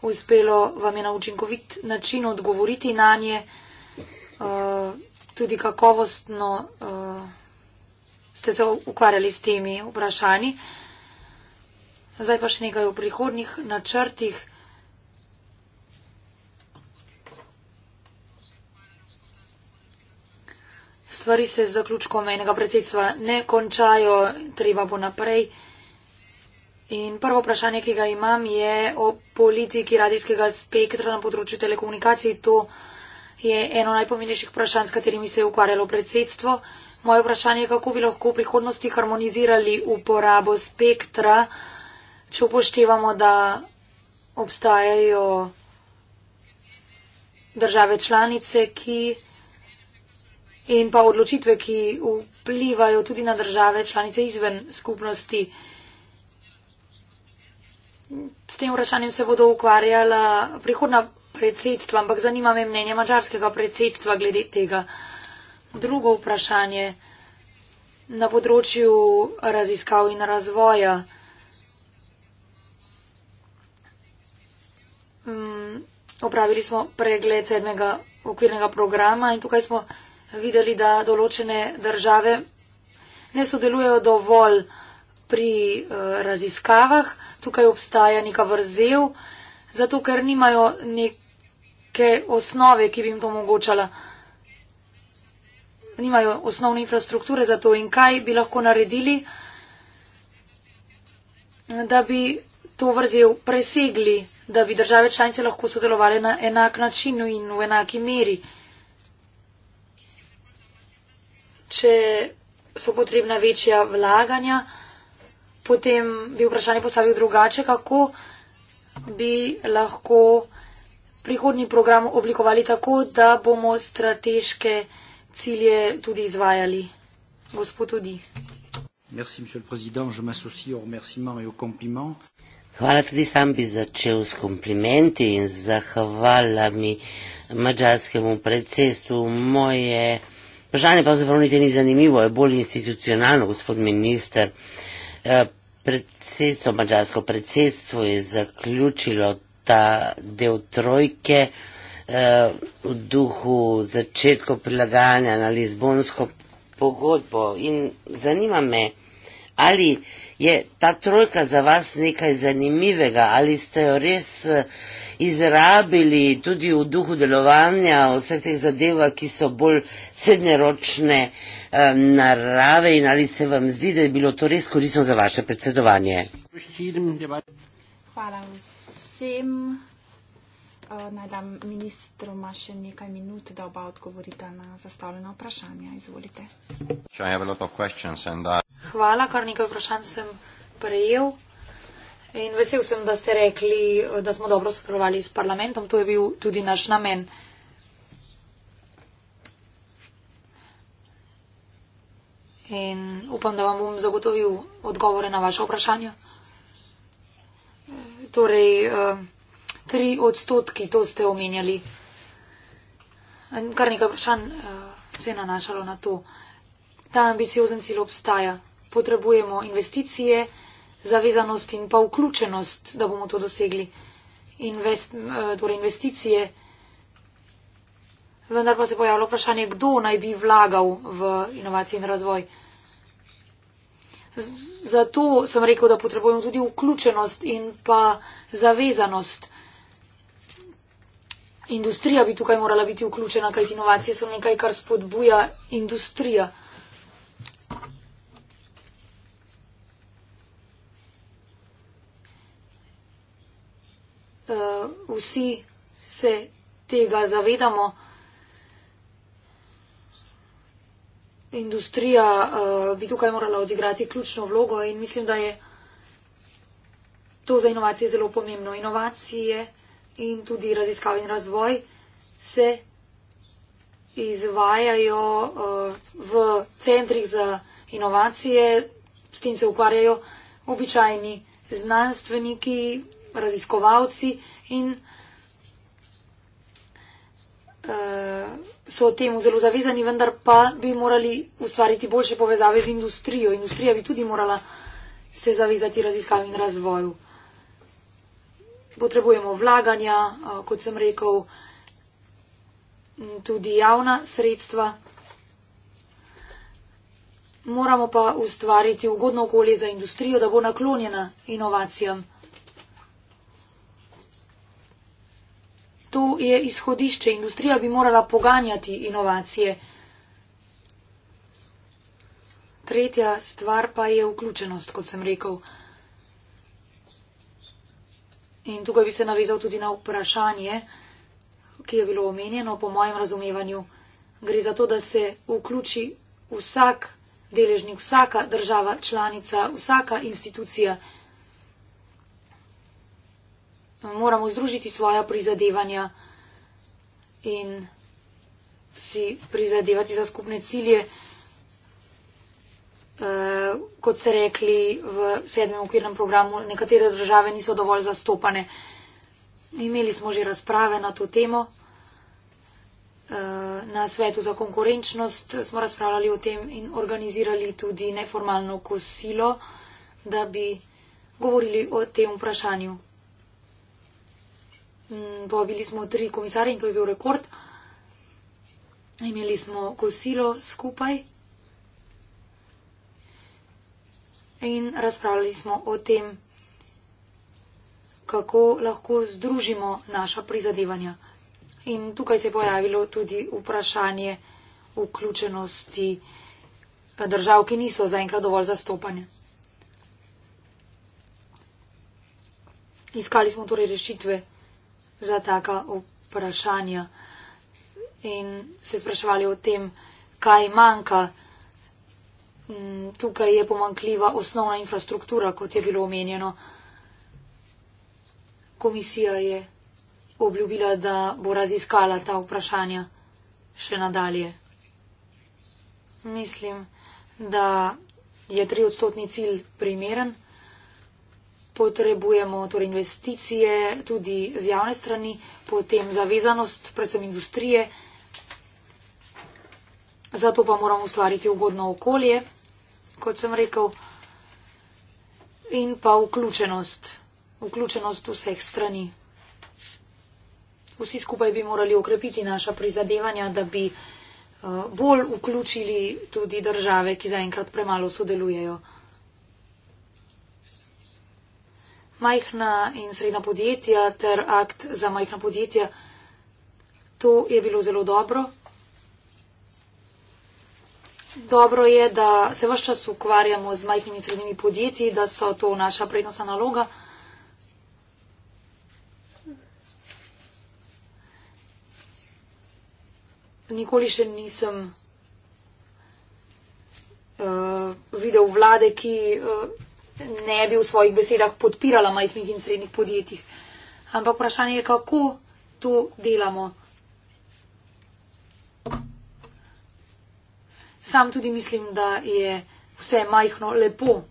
uspelo vam je na učinkovit način odgovoriti na nje, eh, tudi kakovostno eh, ste se ukvarjali s temi vprašanji. Zdaj pa še nekaj o prihodnih načrtih. Stvari se z zaključkom enega predsedstva ne končajo, treba bo naprej. In prvo vprašanje, ki ga imam, je o politiki radijskega spektra na področju telekomunikacij. To je eno najpomembnejših vprašanj, s katerimi se je ukvarjalo predsedstvo. Moje vprašanje je, kako bi lahko v prihodnosti harmonizirali uporabo spektra, če upoštevamo, da obstajajo države članice, ki in pa odločitve, ki vplivajo tudi na države članice izven skupnosti. S tem vprašanjem se bodo ukvarjala prihodna predsedstva, ampak zanima me mnenje mačarskega predsedstva glede tega. Drugo vprašanje na področju raziskav in razvoja. Mm, opravili smo pregled sedmega okvirnega programa in tukaj smo videli, da določene države ne sodelujejo dovolj pri eh, raziskavah tukaj obstaja neka vrzel, zato ker nimajo neke osnove, ki bi jim to omogočala. Nimajo osnovne infrastrukture za to in kaj bi lahko naredili, da bi to vrzel presegli, da bi države članice lahko sodelovali na enak način in v enaki meri. Če so potrebna večja vlaganja, potem bi vprašanje postavil drugače, kako bi lahko prihodni program oblikovali tako, da bomo strateške cilje tudi izvajali. Gospod tudi. Merci, monsieur le président, je m'associe au remerciement et au compliment. Hvala tudi sam bi začel s komplimenti in zahvalami mađarskemu predsestvu. Moje vprašanje pa zapravo niti ni zanimivo, je bolj institucionalno, gospod minister. Uh, Eh, predsedstvo, mađarsko predsedstvo je zaključilo ta del trojke eh, v duhu začetka prilagajanja na Lizbonsko pogodbo. In zanima me, ali je ta trojka za vas nekaj zanimivega, ali ste jo res eh, izrabili tudi v duhu delovanja vseh teh zadev, ki so bolj srednjeročne, Eh, narave in ali se vam zdi, da je bilo to res koristno za vaše predsedovanje? Hvala vsem. Eh, naj dam ministru ima še nekaj minut, da oba odgovorita na zastavljena vprašanja. Izvolite. Hvala, kar nekaj vprašanj sem prejel. In vesel sem, da ste rekli, da smo dobro sodelovali s parlamentom. To je bil tudi naš namen. in upam, da vam bom zagotovil odgovore na vaše vprašanje. Torej, eh, tri odstotki, to ste omenjali. Kar nekaj vprašanj eh, se je nanašalo na to. Ta ambiciozen cilj obstaja. Potrebujemo investicije, zavezanost in pa vključenost, da bomo to dosegli. Invest, eh, torej investicije. Vendar pa se pojavlja vprašanje, kdo naj bi vlagal v inovacije in razvoj. Zato sem rekel, da potrebujemo tudi vključenost in pa zavezanost. Industrija bi tukaj morala biti vključena, kajti inovacije so nekaj, kar spodbuja industrija. Eh, vsi se tega zavedamo. industrija uh, bi tukaj morala odigrati ključno vlogo in mislim, da je to za inovacije zelo pomembno. Inovacije in tudi raziskav in razvoj se izvajajo uh, v centrih za inovacije, s tem se ukvarjajo običajni znanstveniki, raziskovalci in uh, so temu zelo zavezani, vendar pa bi morali ustvariti boljše povezave z industrijo. Industrija bi tudi morala se zavezati raziskavi in razvoju. Potrebujemo vlaganja, kot sem rekel, tudi javna sredstva. Moramo pa ustvariti ugodno okolje za industrijo, da bo naklonjena inovacijam. to je izhodišče. Industrija bi morala poganjati inovacije. Tretja stvar pa je vključenost, kot sem rekel. In tukaj bi se navezal tudi na vprašanje, ki je bilo omenjeno po mojem razumevanju. Gre za to, da se vključi vsak deležnik, vsaka država članica, vsaka institucija moramo združiti svoja prizadevanja in si prizadevati za skupne cilje. Uh, kot ste rekli v sedmem okvirnem programu, nekatere države niso dovolj zastopane. Imeli smo že razprave na to temo. Uh, na svetu za konkurenčnost smo razpravljali o tem in organizirali tudi neformalno kosilo, da bi govorili o tem vprašanju. Pobili mm, smo tri komisarje in to je bil rekord. Imeli smo kosilo skupaj in razpravljali smo o tem, kako lahko združimo naša prizadevanja. In tukaj se je pojavilo tudi vprašanje vključenosti držav, ki niso zaenkrat dovolj zastopane. Iskali smo torej rešitve za taka vprašanja in se spraševali o tem, kaj manjka. Mm, tukaj je pomankljiva osnovna infrastruktura, kot je bilo omenjeno. Komisija je obljubila, da bo raziskala ta vprašanja še nadalje. Mislim, da je triodstotni cilj primeren potrebujemo torej investicije tudi z javne strani, potem zavezanost predvsem industrije. Zato pa moramo ustvariti ugodno okolje, kot sem rekel, in pa vključenost, vključenost vseh strani. Vsi skupaj bi morali okrepiti naša prizadevanja, da bi eh, bolj vključili tudi države, ki zaenkrat premalo sodelujejo. majhna in srednja podjetja ter akt za majhna podjetja. To je bilo zelo dobro. Dobro je, da se vse čas ukvarjamo z majhnimi in srednjimi podjetji, da so to naša prednostna naloga. Nikoli še nisem uh, videl vlade, ki uh, ne bi v svojih besedah podpirala majhnih in srednjih podjetij. Ampak vprašanje je, kako to delamo. Sam tudi mislim, da je vse majhno lepo.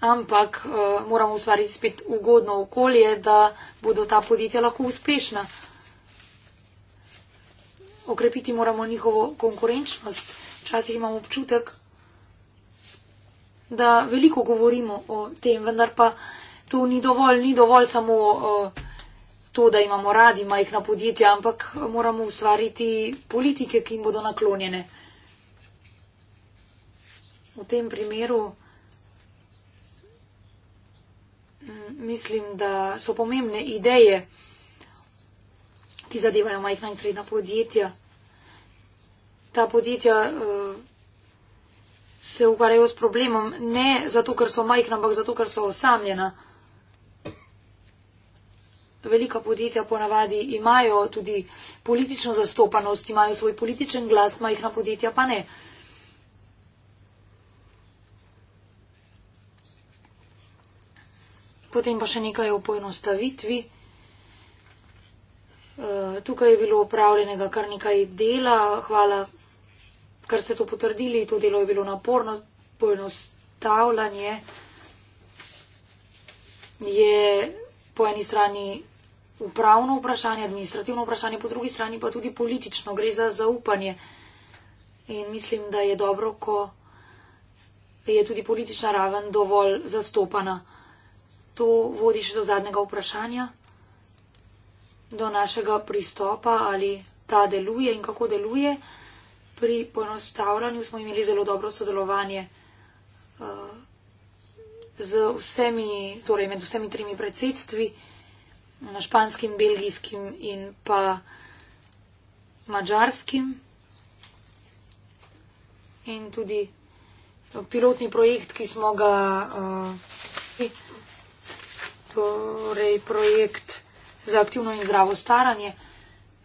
Ampak uh, moramo ustvariti spet ugodno okolje, da bodo ta podjetja lahko uspešna. Okrepiti moramo njihovo konkurenčnost. Včasih imamo občutek, da veliko govorimo o tem, vendar pa to ni dovolj, ni dovolj samo to, da imamo radi majhna podjetja, ampak moramo ustvariti politike, ki jim bodo naklonjene. V tem primeru mm, mislim, da so pomembne ideje, ki zadevajo majhna in srednja podjetja. Ta podjetja uh, se ukvarjajo s problemom, ne zato, ker so majhna, ampak zato, ker so osamljena. Velika podjetja ponavadi imajo tudi politično zastopanost, imajo svoj političen glas, majhna podjetja pa ne. Potem pa še nekaj o poenostavitvi. Eh, tukaj je bilo upravljenega kar nekaj dela. Hvala ker ste to potrdili, to delo je bilo naporno, poenostavljanje je po eni strani upravno vprašanje, administrativno vprašanje, po drugi strani pa tudi politično, gre za zaupanje. In mislim, da je dobro, ko je tudi politična raven dovolj zastopana. To vodi še do zadnjega vprašanja, do našega pristopa, ali ta deluje in kako deluje pri ponostavljanju smo imeli zelo dobro sodelovanje uh, z vsemi, torej med vsemi tremi predsedstvi, španskim, belgijskim in pa mačarskim. In tudi pilotni projekt, ki smo ga. Uh, torej projekt za aktivno in zdravo staranje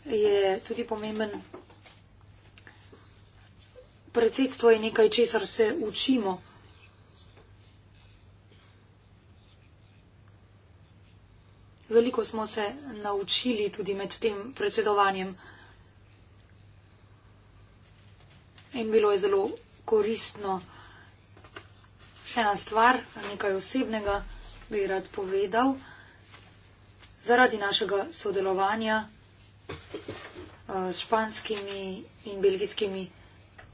je tudi pomemben predsedstvo je nekaj, česar se učimo. Veliko smo se naučili tudi med tem predsedovanjem in bilo je zelo koristno. Še ena stvar, nekaj osebnega bi rad povedal. Zaradi našega sodelovanja eh, s španskimi in belgijskimi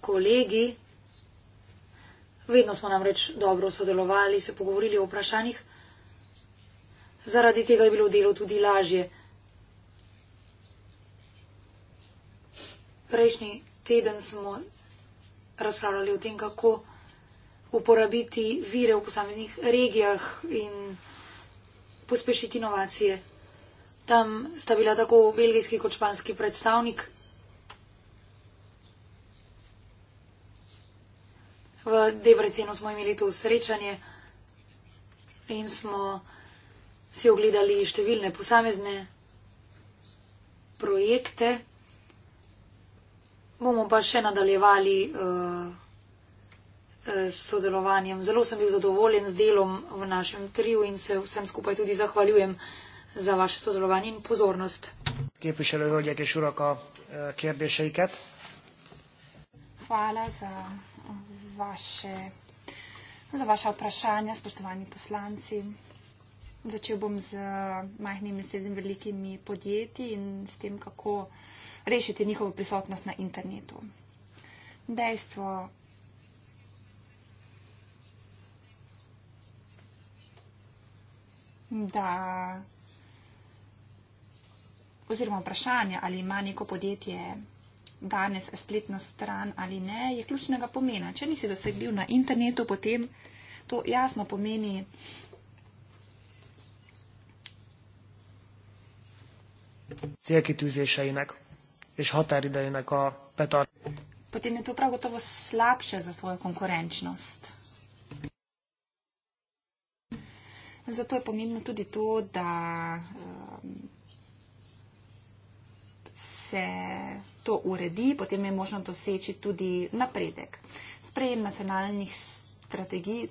kolegi. Vedno smo namreč dobro sodelovali, se pogovorili o vprašanjih. Zaradi tega je bilo delo tudi lažje. Prejšnji teden smo razpravljali o tem, kako uporabiti vire v posameznih regijah in pospešiti inovacije. Tam sta bila tako belgijski kot španski predstavnik V Debrecenu smo imeli to srečanje in smo si ogledali številne posamezne projekte. Bomo pa še nadaljevali eh, eh, s uh, uh, sodelovanjem. Zelo sem bil zadovoljen z delom v našem triju in se vsem skupaj tudi zahvaljujem za vaše sodelovanje in pozornost. Képviselő hölgyek és urak a eh, kérdéseiket. Fála, vaše, za vaše vprašanja, spoštovani poslanci. Začel bom z majhnimi in srednjimi velikimi podjetji in s tem, kako rešiti njihovo prisotnost na internetu. Dejstvo. Da, oziroma vprašanje, ali ima neko podjetje danes spletno stran ali ne, je ključnega pomena. Če nisi dosegljiv na internetu, potem to jasno pomeni. Cirkitus je še enako, je še hotar, da je enako petor. Potem je to prav gotovo slabše za tvojo konkurenčnost. Zato je pomembno tudi to, da um, se to uredi, potem je možno doseči tudi napredek. Sprejem nacionalnih strategij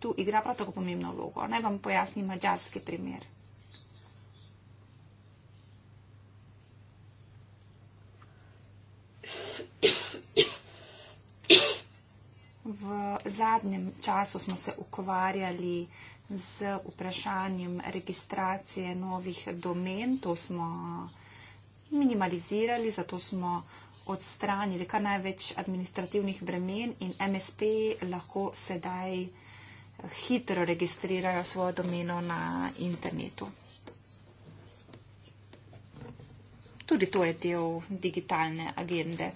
tu igra prav tako pomembno vlogo. Naj vam pojasnim mađarski primer. V zadnjem času smo se ukvarjali z vprašanjem registracije novih domen. To smo minimalizirali, zato smo odstranili kar največ administrativnih bremen in MSP lahko sedaj eh, hitro registrirajo svojo domeno na internetu. Tudi to je del digitalne agende.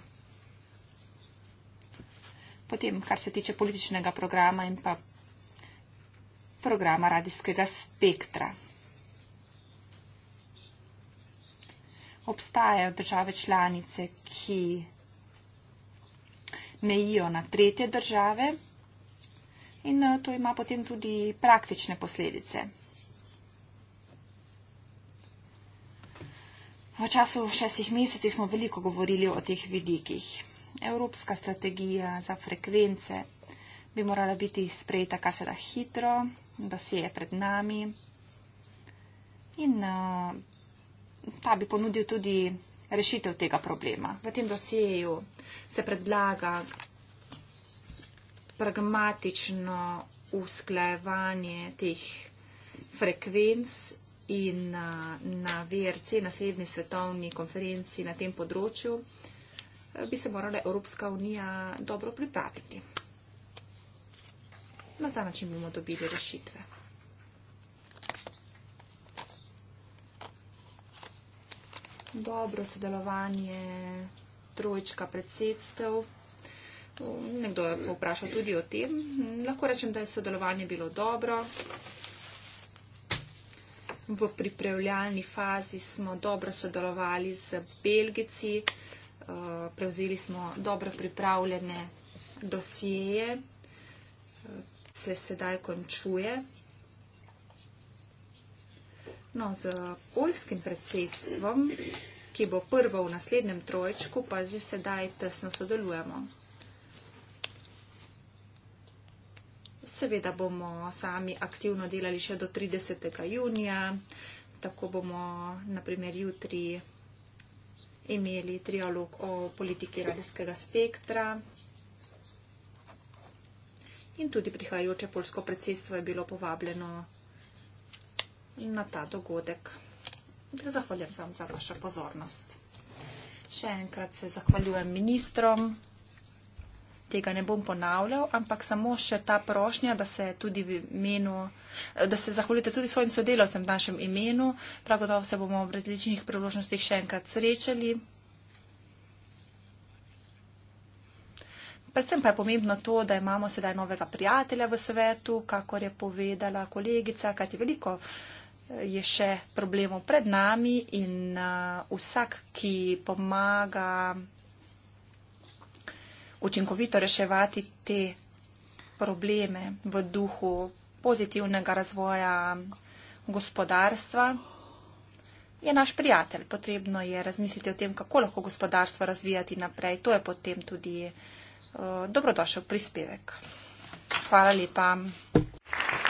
Potem, kar se tiče političnega programa in pa programa radijskega spektra. obstajajo države članice, ki mejijo na tretje države in eh, to ima potem tudi praktične posledice. V času šestih mesecih smo veliko govorili o teh vidikih. Evropska strategija za frekvence bi morala biti sprejeta kar se da hitro, dosje je pred nami in uh, ta bi ponudil tudi rešitev tega problema. V tem dosjeju se predlaga pragmatično usklajevanje teh frekvenc in uh, na VRC, naslednji svetovni konferenci na tem področju, uh, bi se morala Evropska unija dobro pripraviti. Na ta način bomo dobili rešitve. dobro sodelovanje trojčka predsedstev. Nekdo je vprašal tudi o tem. Lahko rečem, da je sodelovanje bilo dobro. V pripravljalni fazi smo dobro sodelovali z Belgici, eh, prevzeli smo dobro pripravljene dosjeje, eh, se sedaj končuje. No, z polskim predsedstvom, ki bo prvo v naslednjem trojčku, pa že sedaj tesno sodelujemo. Seveda bomo sami aktivno delali še do 30. junija, tako bomo naprimer jutri imeli trialog o politiki radijskega spektra. In tudi prihajajoče polsko predsedstvo je bilo povabljeno na ta dogodek. Zahvaljujem se vam za vašo pozornost. Še enkrat se zahvaljujem ministrom. Tega ne bom ponavljal, ampak samo še ta prošnja, da se, tudi v imenu, da se zahvalite tudi svojim sodelovcem v našem imenu. Prav gotovo se bomo v različnih priložnostih še enkrat srečali. Predvsem pa je pomembno to, da imamo sedaj novega prijatelja v svetu, kakor je povedala kolegica, kajti veliko. Uh, je še problemov pred nami in uh, vsak, ki pomaga učinkovito reševati te probleme v duhu pozitivnega razvoja gospodarstva, je naš prijatelj. Potrebno je razmisliti o tem, kako lahko gospodarstvo razvijati naprej. To je potem tudi uh, dobrodošel prispevek. Hvala lepa.